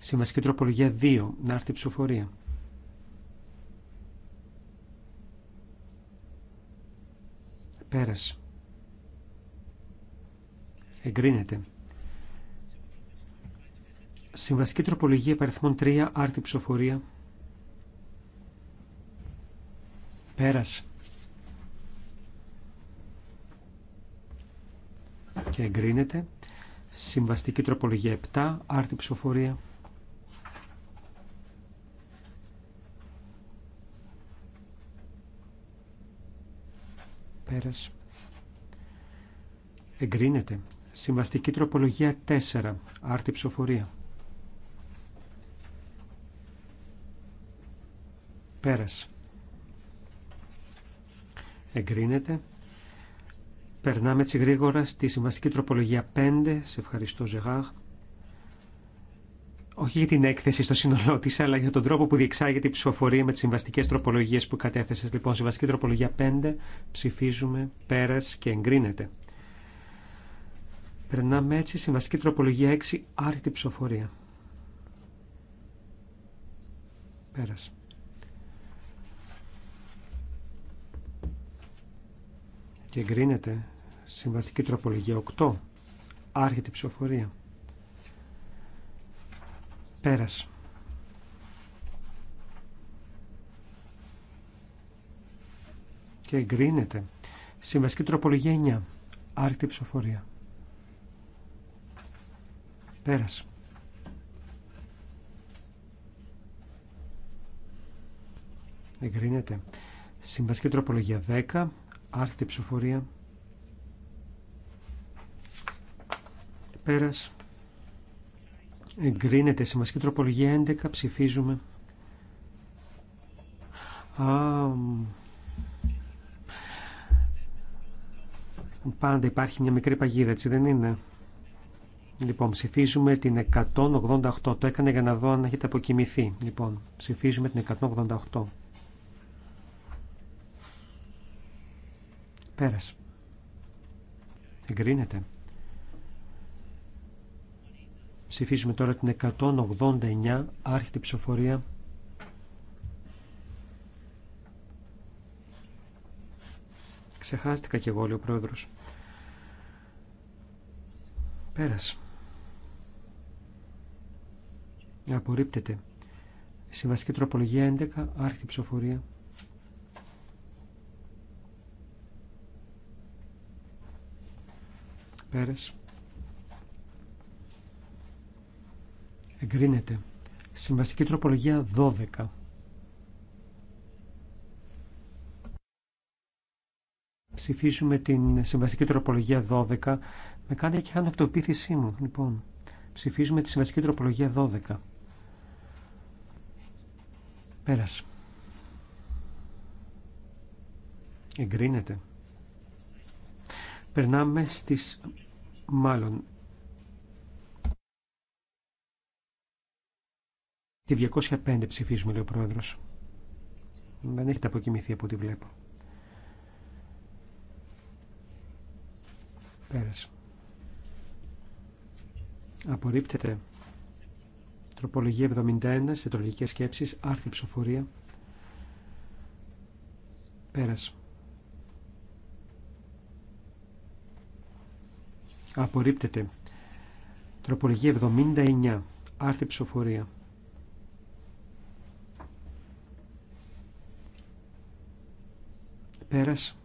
Συμβαστική τροπολογία 2 άρτη ψηφοφορία. Πέρας. Εγκρίνεται. Συμβαστική τροπολογία παριθμών 3, άρτη ψηφοφορία. Πέρας. Και εγκρίνεται. Συμβαστική τροπολογία 7, άρτη ψηφοφορία. Πέρας. Εγκρίνεται. Συμβαστική τροπολογία 4. Άρτη ψοφορία. Πέρας. Εγκρίνεται. Περνάμε έτσι γρήγορα στη συμβαστική τροπολογία 5. Σε ευχαριστώ Ζεγάχ όχι για την έκθεση στο σύνολό τη, αλλά για τον τρόπο που διεξάγεται η ψηφοφορία με τι συμβαστικέ τροπολογίε που κατέθεσε. Λοιπόν, συμβαστική τροπολογία 5, ψηφίζουμε, πέρα και εγκρίνεται. Περνάμε έτσι, συμβαστική τροπολογία 6, άρχιτη ψηφοφορία. Πέρας. Και εγκρίνεται συμβαστική τροπολογία 8, άρχιτη ψηφοφορία. Πέρας. Και εγκρίνεται. Συμβασική τροπολογία 9. Άρκτη ψηφοφορία. Πέρας. Εγκρίνεται. Συμβασική τροπολογία 10. Άρκτη ψηφοφορία. Πέρας. Εγκρίνεται. Σημαντική τροπολογία 11. Ψηφίζουμε. Α, πάντα υπάρχει μια μικρή παγίδα, έτσι δεν είναι. Λοιπόν, ψηφίζουμε την 188. Το έκανα για να δω αν έχετε αποκοιμηθεί. Λοιπόν, ψηφίζουμε την 188. Πέρασε. Εγκρίνεται. Ψηφίζουμε τώρα την 189, άρχιτη ψηφοφορία. Ξεχάστηκα και εγώ, λέει ο πρόεδρος. Πέρασε. Απορρίπτεται. Συμβαστική τροπολογία 11, άρχιτη ψηφοφορία. Πέρασε. Εγκρίνεται. Συμβαστική τροπολογία 12. Ψηφίζουμε την συμβαστική τροπολογία 12. Με κάνει και χάνει αυτοποίθησή μου. Λοιπόν, ψηφίζουμε τη συμβαστική τροπολογία 12. Πέρασε. Εγκρίνεται. Περνάμε στις... Μάλλον, 205 ψηφίζουμε, λέει ο Πρόεδρος. Δεν έχετε αποκοιμηθεί από ό,τι βλέπω. Πέρασε. Απορρίπτεται. Τροπολογία 71 σε σκέψεις. Άρθρη ψηφοφορία. Πέρασε. Απορρίπτεται. Τροπολογία 79. Άρθρη ψηφοφορία. Πέρας.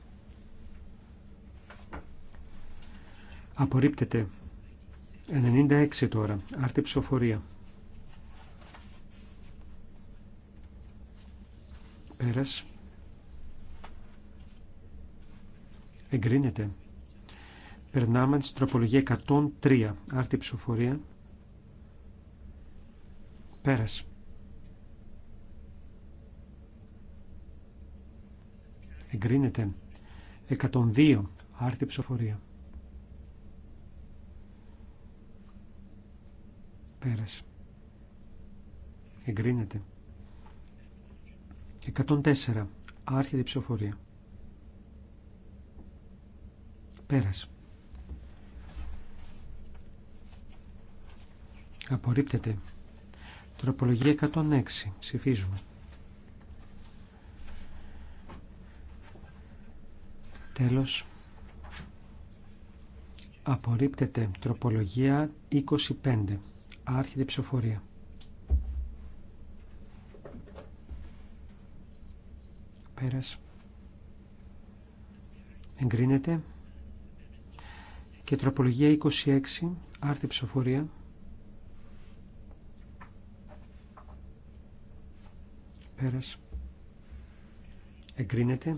Απορρίπτεται. 96 τώρα. Άρτη ψηφοφορία. Πέρας. Εγκρίνεται. Περνάμε στην τροπολογία 103. Άρτη ψηφοφορία. Πέρας. εγκρίνεται 102 άρτη ψηφοφορία πέρας εγκρίνεται 104 άρχεται ψηφοφορία πέρας απορρίπτεται τροπολογία 106 ψηφίζουμε Τέλος, απορρίπτεται τροπολογία 25, άρχιτη ψηφοφορία. Πέρας. Εγκρίνεται. Και τροπολογία 26, άρτη ψηφοφορία. Πέρας. Εγκρίνεται.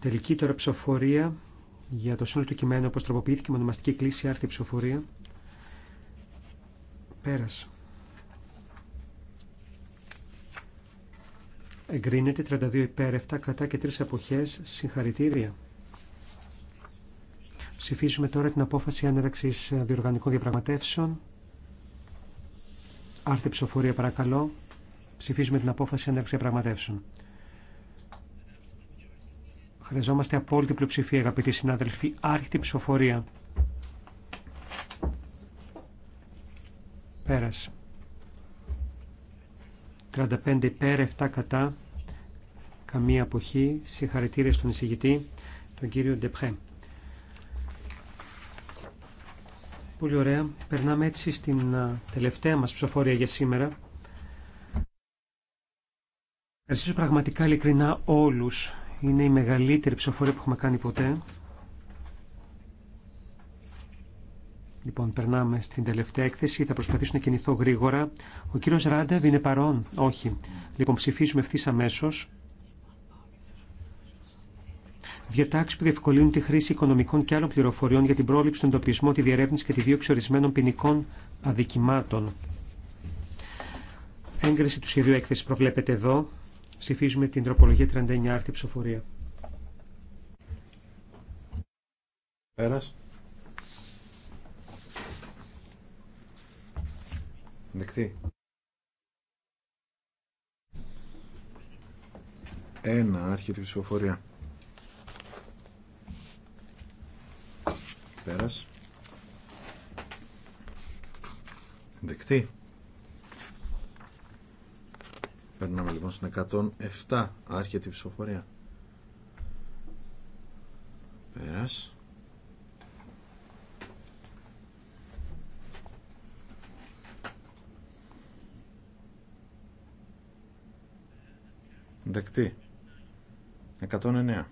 Τελική τώρα ψηφοφορία για το σύνολο του κειμένου όπως τροποποιήθηκε με ονομαστική κλίση άρθρη ψηφοφορία. Πέρασε. Εγκρίνεται 32 υπέρ 7 κατά και 3 αποχές. Συγχαρητήρια. Ψηφίζουμε τώρα την απόφαση άνεραξης διοργανικών διαπραγματεύσεων. Άρτη ψηφοφορία παρακαλώ. Ψηφίζουμε την απόφαση άνεραξης διαπραγματεύσεων. Χρειαζόμαστε απόλυτη πλειοψηφία, αγαπητοί συνάδελφοι. Άρχιτη ψηφοφορία. Πέρας. 35 υπέρ, 7 κατά. Καμία αποχή. Συγχαρητήρια στον εισηγητή, τον κύριο Ντεπχέ. Πολύ ωραία. Περνάμε έτσι στην τελευταία μας ψηφοφορία για σήμερα. Ευχαριστήσω πραγματικά ειλικρινά όλους είναι η μεγαλύτερη ψηφοφορία που έχουμε κάνει ποτέ. Λοιπόν, περνάμε στην τελευταία έκθεση. Θα προσπαθήσω να κινηθώ γρήγορα. Ο κύριος Ράντεβ είναι παρόν. Όχι. Λοιπόν, ψηφίζουμε ευθύ αμέσω. Διατάξει που διευκολύνουν τη χρήση οικονομικών και άλλων πληροφοριών για την πρόληψη, τον εντοπισμό, τη διερεύνηση και τη δίωξη ορισμένων ποινικών αδικημάτων. Έγκριση του σχεδίου έκθεση προβλέπεται εδώ. Ψηφίζουμε την τροπολογία 39 άρθρη ψηφοφορία. Πέρας. Δεκτή. Ένα άρχιτη ψηφοφορία. Πέρας. Δεκτή. Περνάμε λοιπόν στην 107. Άρχεται ψηφοφορία. Πέρας. Δεκτή. 109.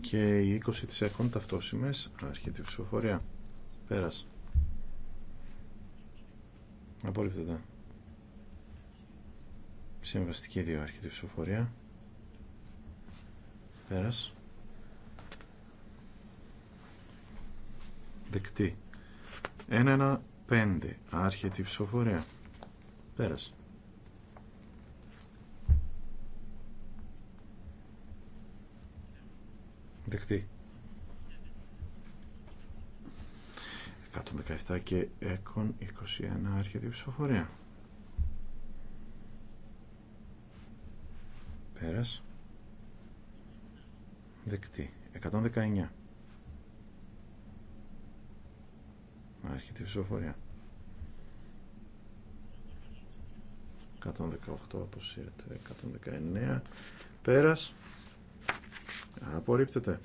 Και οι 20 της έχουν ταυτόσημες. Άρχεται ψηφοφορία. Πέρας τα συμβαστικη Συμβαστική άρχιτη ψηφοφορία. Πέρας. Δεκτή. 1-1-5 Άρχητη ψηφοφορία. Πέρας. Δεκτή. 17 και έκον 21 έρχεται η ψηφοφορία. Πέρας. Δεκτή. 119. Άρχεται η ψηφοφορία. 118 αποσύρεται. 119. Πέρας. Απορρίπτεται.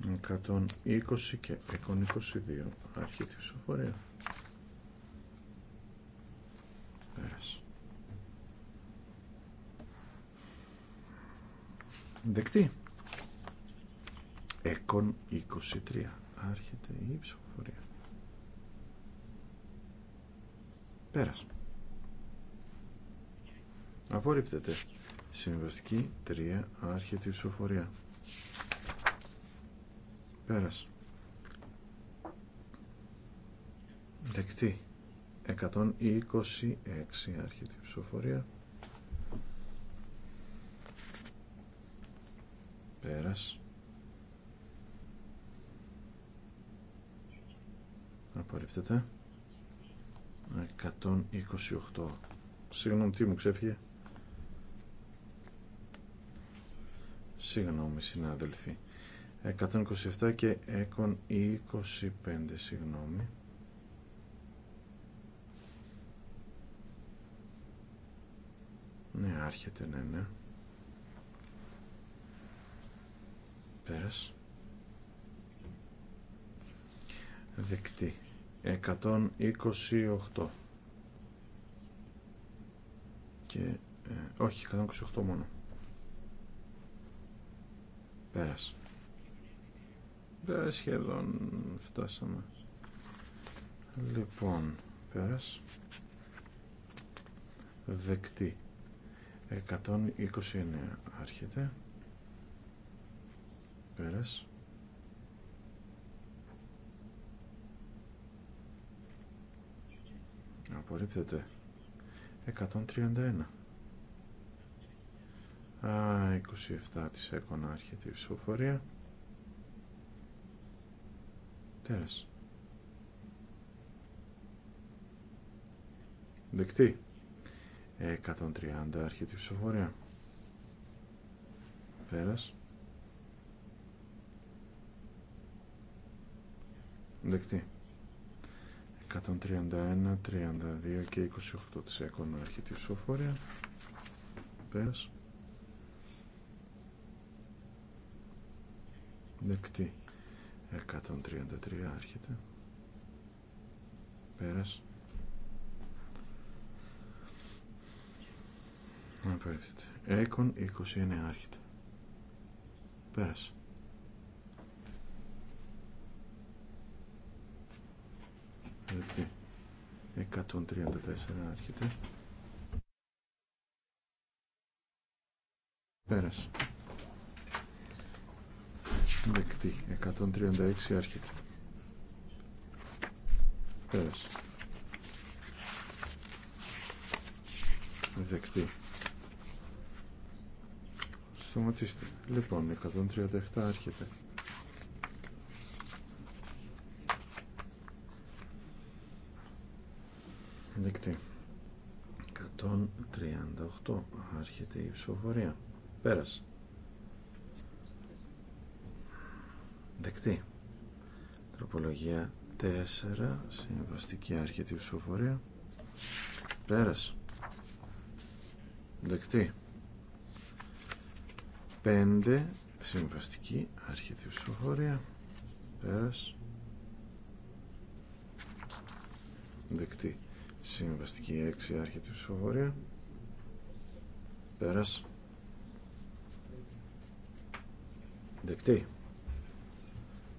120 και 122 αρχή της ψηφοφορία. Πέρασε. Δεκτή. Εκον 23. Άρχεται η ψηφοφορία. Πέρασε. Απορρίπτεται. Συμβαστική 3. Άρχεται η ψηφοφορία. Πέρας. Δεκτή. 126 άρχεται ψηφοφορία. Πέρας. Απορρίπτεται. 128. Συγγνώμη, τι μου ξέφυγε. Συγγνώμη, συνάδελφοι. 127 και έκον 25 συγγνώμη ναι άρχεται ναι ναι πέρας δεκτή 128 και ε, όχι 128 μόνο Πέρασε. Ε, σχεδόν φτάσαμε. Λοιπόν, πέρας. Δεκτή. 129 άρχεται. Πέρας. Απορρίπτεται. 131. Α, 27 της έκονα άρχεται η ψηφοφορία. Πέρας. Δεκτή. 130 αρχιτή ψηφοφορία. Πέρας. Δεκτή. 131, 32 και 28 της έκονα αρχιτή ψηφοφορία. Πέρας. Δεκτή. 133 άρχεται πέρας απέριφθητε έκον 29 άρχεται πέρας δηλαδή 134 άρχεται πέρας δεκτή 136 άρχεται πέρασε δεκτή σταματήστε λοιπόν 137 άρχεται δεκτή 138 άρχεται η ψηφοφορία πέρασε Δεκτή. Τροπολογία 4. Συμβαστική άρχεται ψηφοφορία. Πέρας. Δεκτή. 5. Συμβαστική άρχεται ψηφοφορία. Πέρας. Δεκτή. Συμβαστική 6. Άρχεται ψηφοφορία. Πέρας. Δεκτή.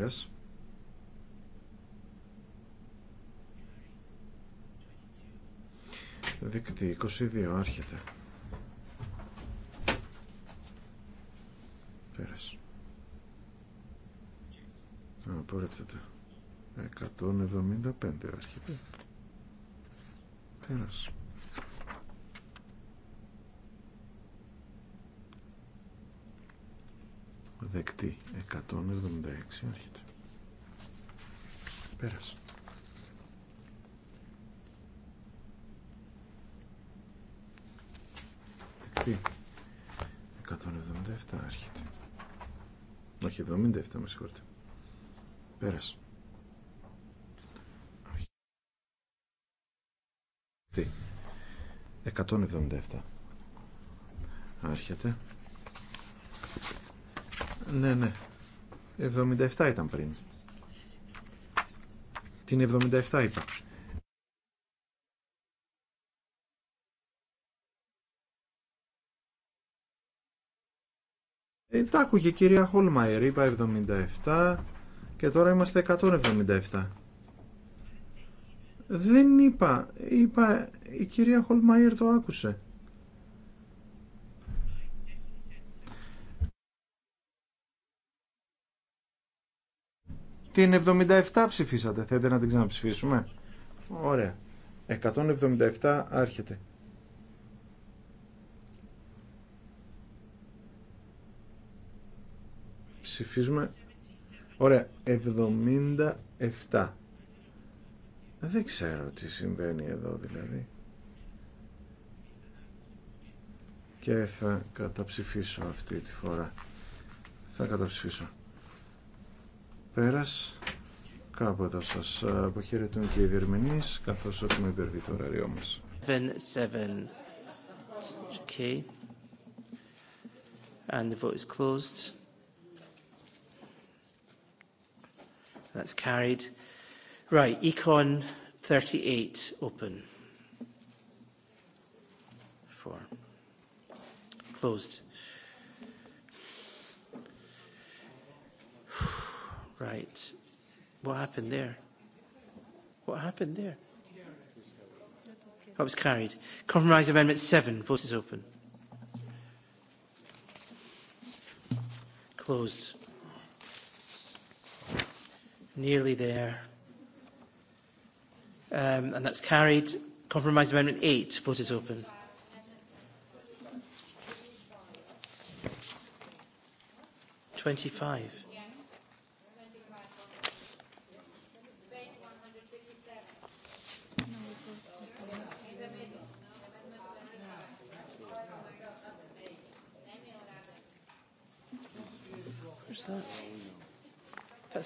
Πέρας. Δίκτυ 22 άρχεται. Πέρας. Απορρίπτεται. 175 άρχεται. Πέρας. δεκτή 176 έρχεται πέρασε δεκτή 177 έρχεται όχι 77 με συγχωρείτε πέρασε δεκτή 177 έρχεται ναι, ναι. 77 ήταν πριν. Την 77 είπα. Ε, τα άκουγε κυρία Χολμαϊρ, είπα 77 και τώρα είμαστε 177. Δεν είπα, είπα η κυρία Χολμαϊρ το άκουσε. Την 77 ψηφίσατε. Θέλετε να την ξαναψηφίσουμε. Ωραία. 177 άρχεται. Ψηφίζουμε. Ωραία. 77. Δεν ξέρω τι συμβαίνει εδώ δηλαδή. Και θα καταψηφίσω αυτή τη φορά. Θα καταψηφίσω. Πέρας, κάπου εδώ σας ε, αποχαιρετούν και οι διερμηνείς, καθώς έχουμε υπερβεί το ωραριό μας. 7 Okay. And the vote is closed. That's carried. Right, Econ 38, open. Four. Closed. Right. What happened there? What happened there? That was carried. Compromise Amendment 7. Vote is open. Closed. Nearly there. Um, and that's carried. Compromise Amendment 8. Vote is open. Twenty-five.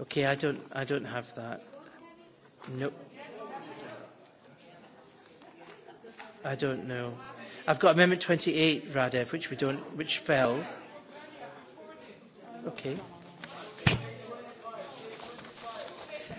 Okay, I don't, I don't have that. No. I don't know. I've got Amendment 28, Radev, which we don't, which fell. Okay.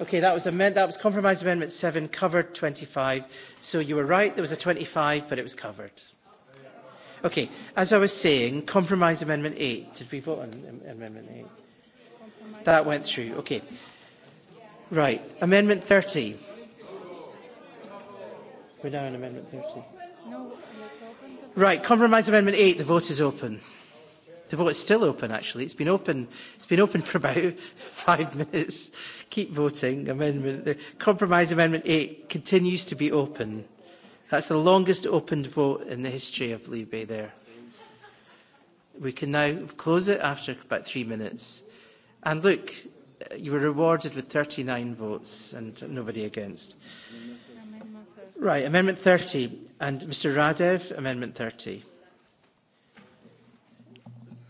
Okay, that was amend that was compromise amendment seven covered 25. So you were right, there was a 25, but it was covered. Okay, as I was saying, compromise amendment eight. Did we vote on amendment eight? That went through. Okay. Right. Amendment 30. We're now on amendment 30. Right, compromise amendment eight, the vote is open. The vote is still open, actually. It's been open. It's been open for about five minutes. Keep voting. Amendment. the Compromise Amendment eight continues to be open. That's the longest opened vote in the history of Libby there. We can now close it after about three minutes. And look, you were rewarded with 39 votes and nobody against. Right, Amendment 30. And Mr. Radev, Amendment 30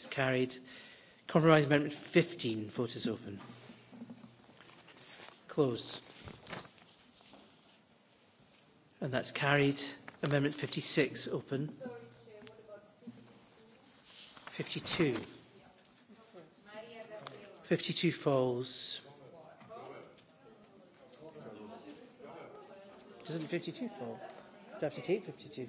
is carried. Compromise Amendment 15. Vote is open. Close. And that's carried. Amendment 56. Open. 52. 52 falls. Doesn't 52 fall? Do I have to take 52?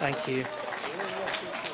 Thank you.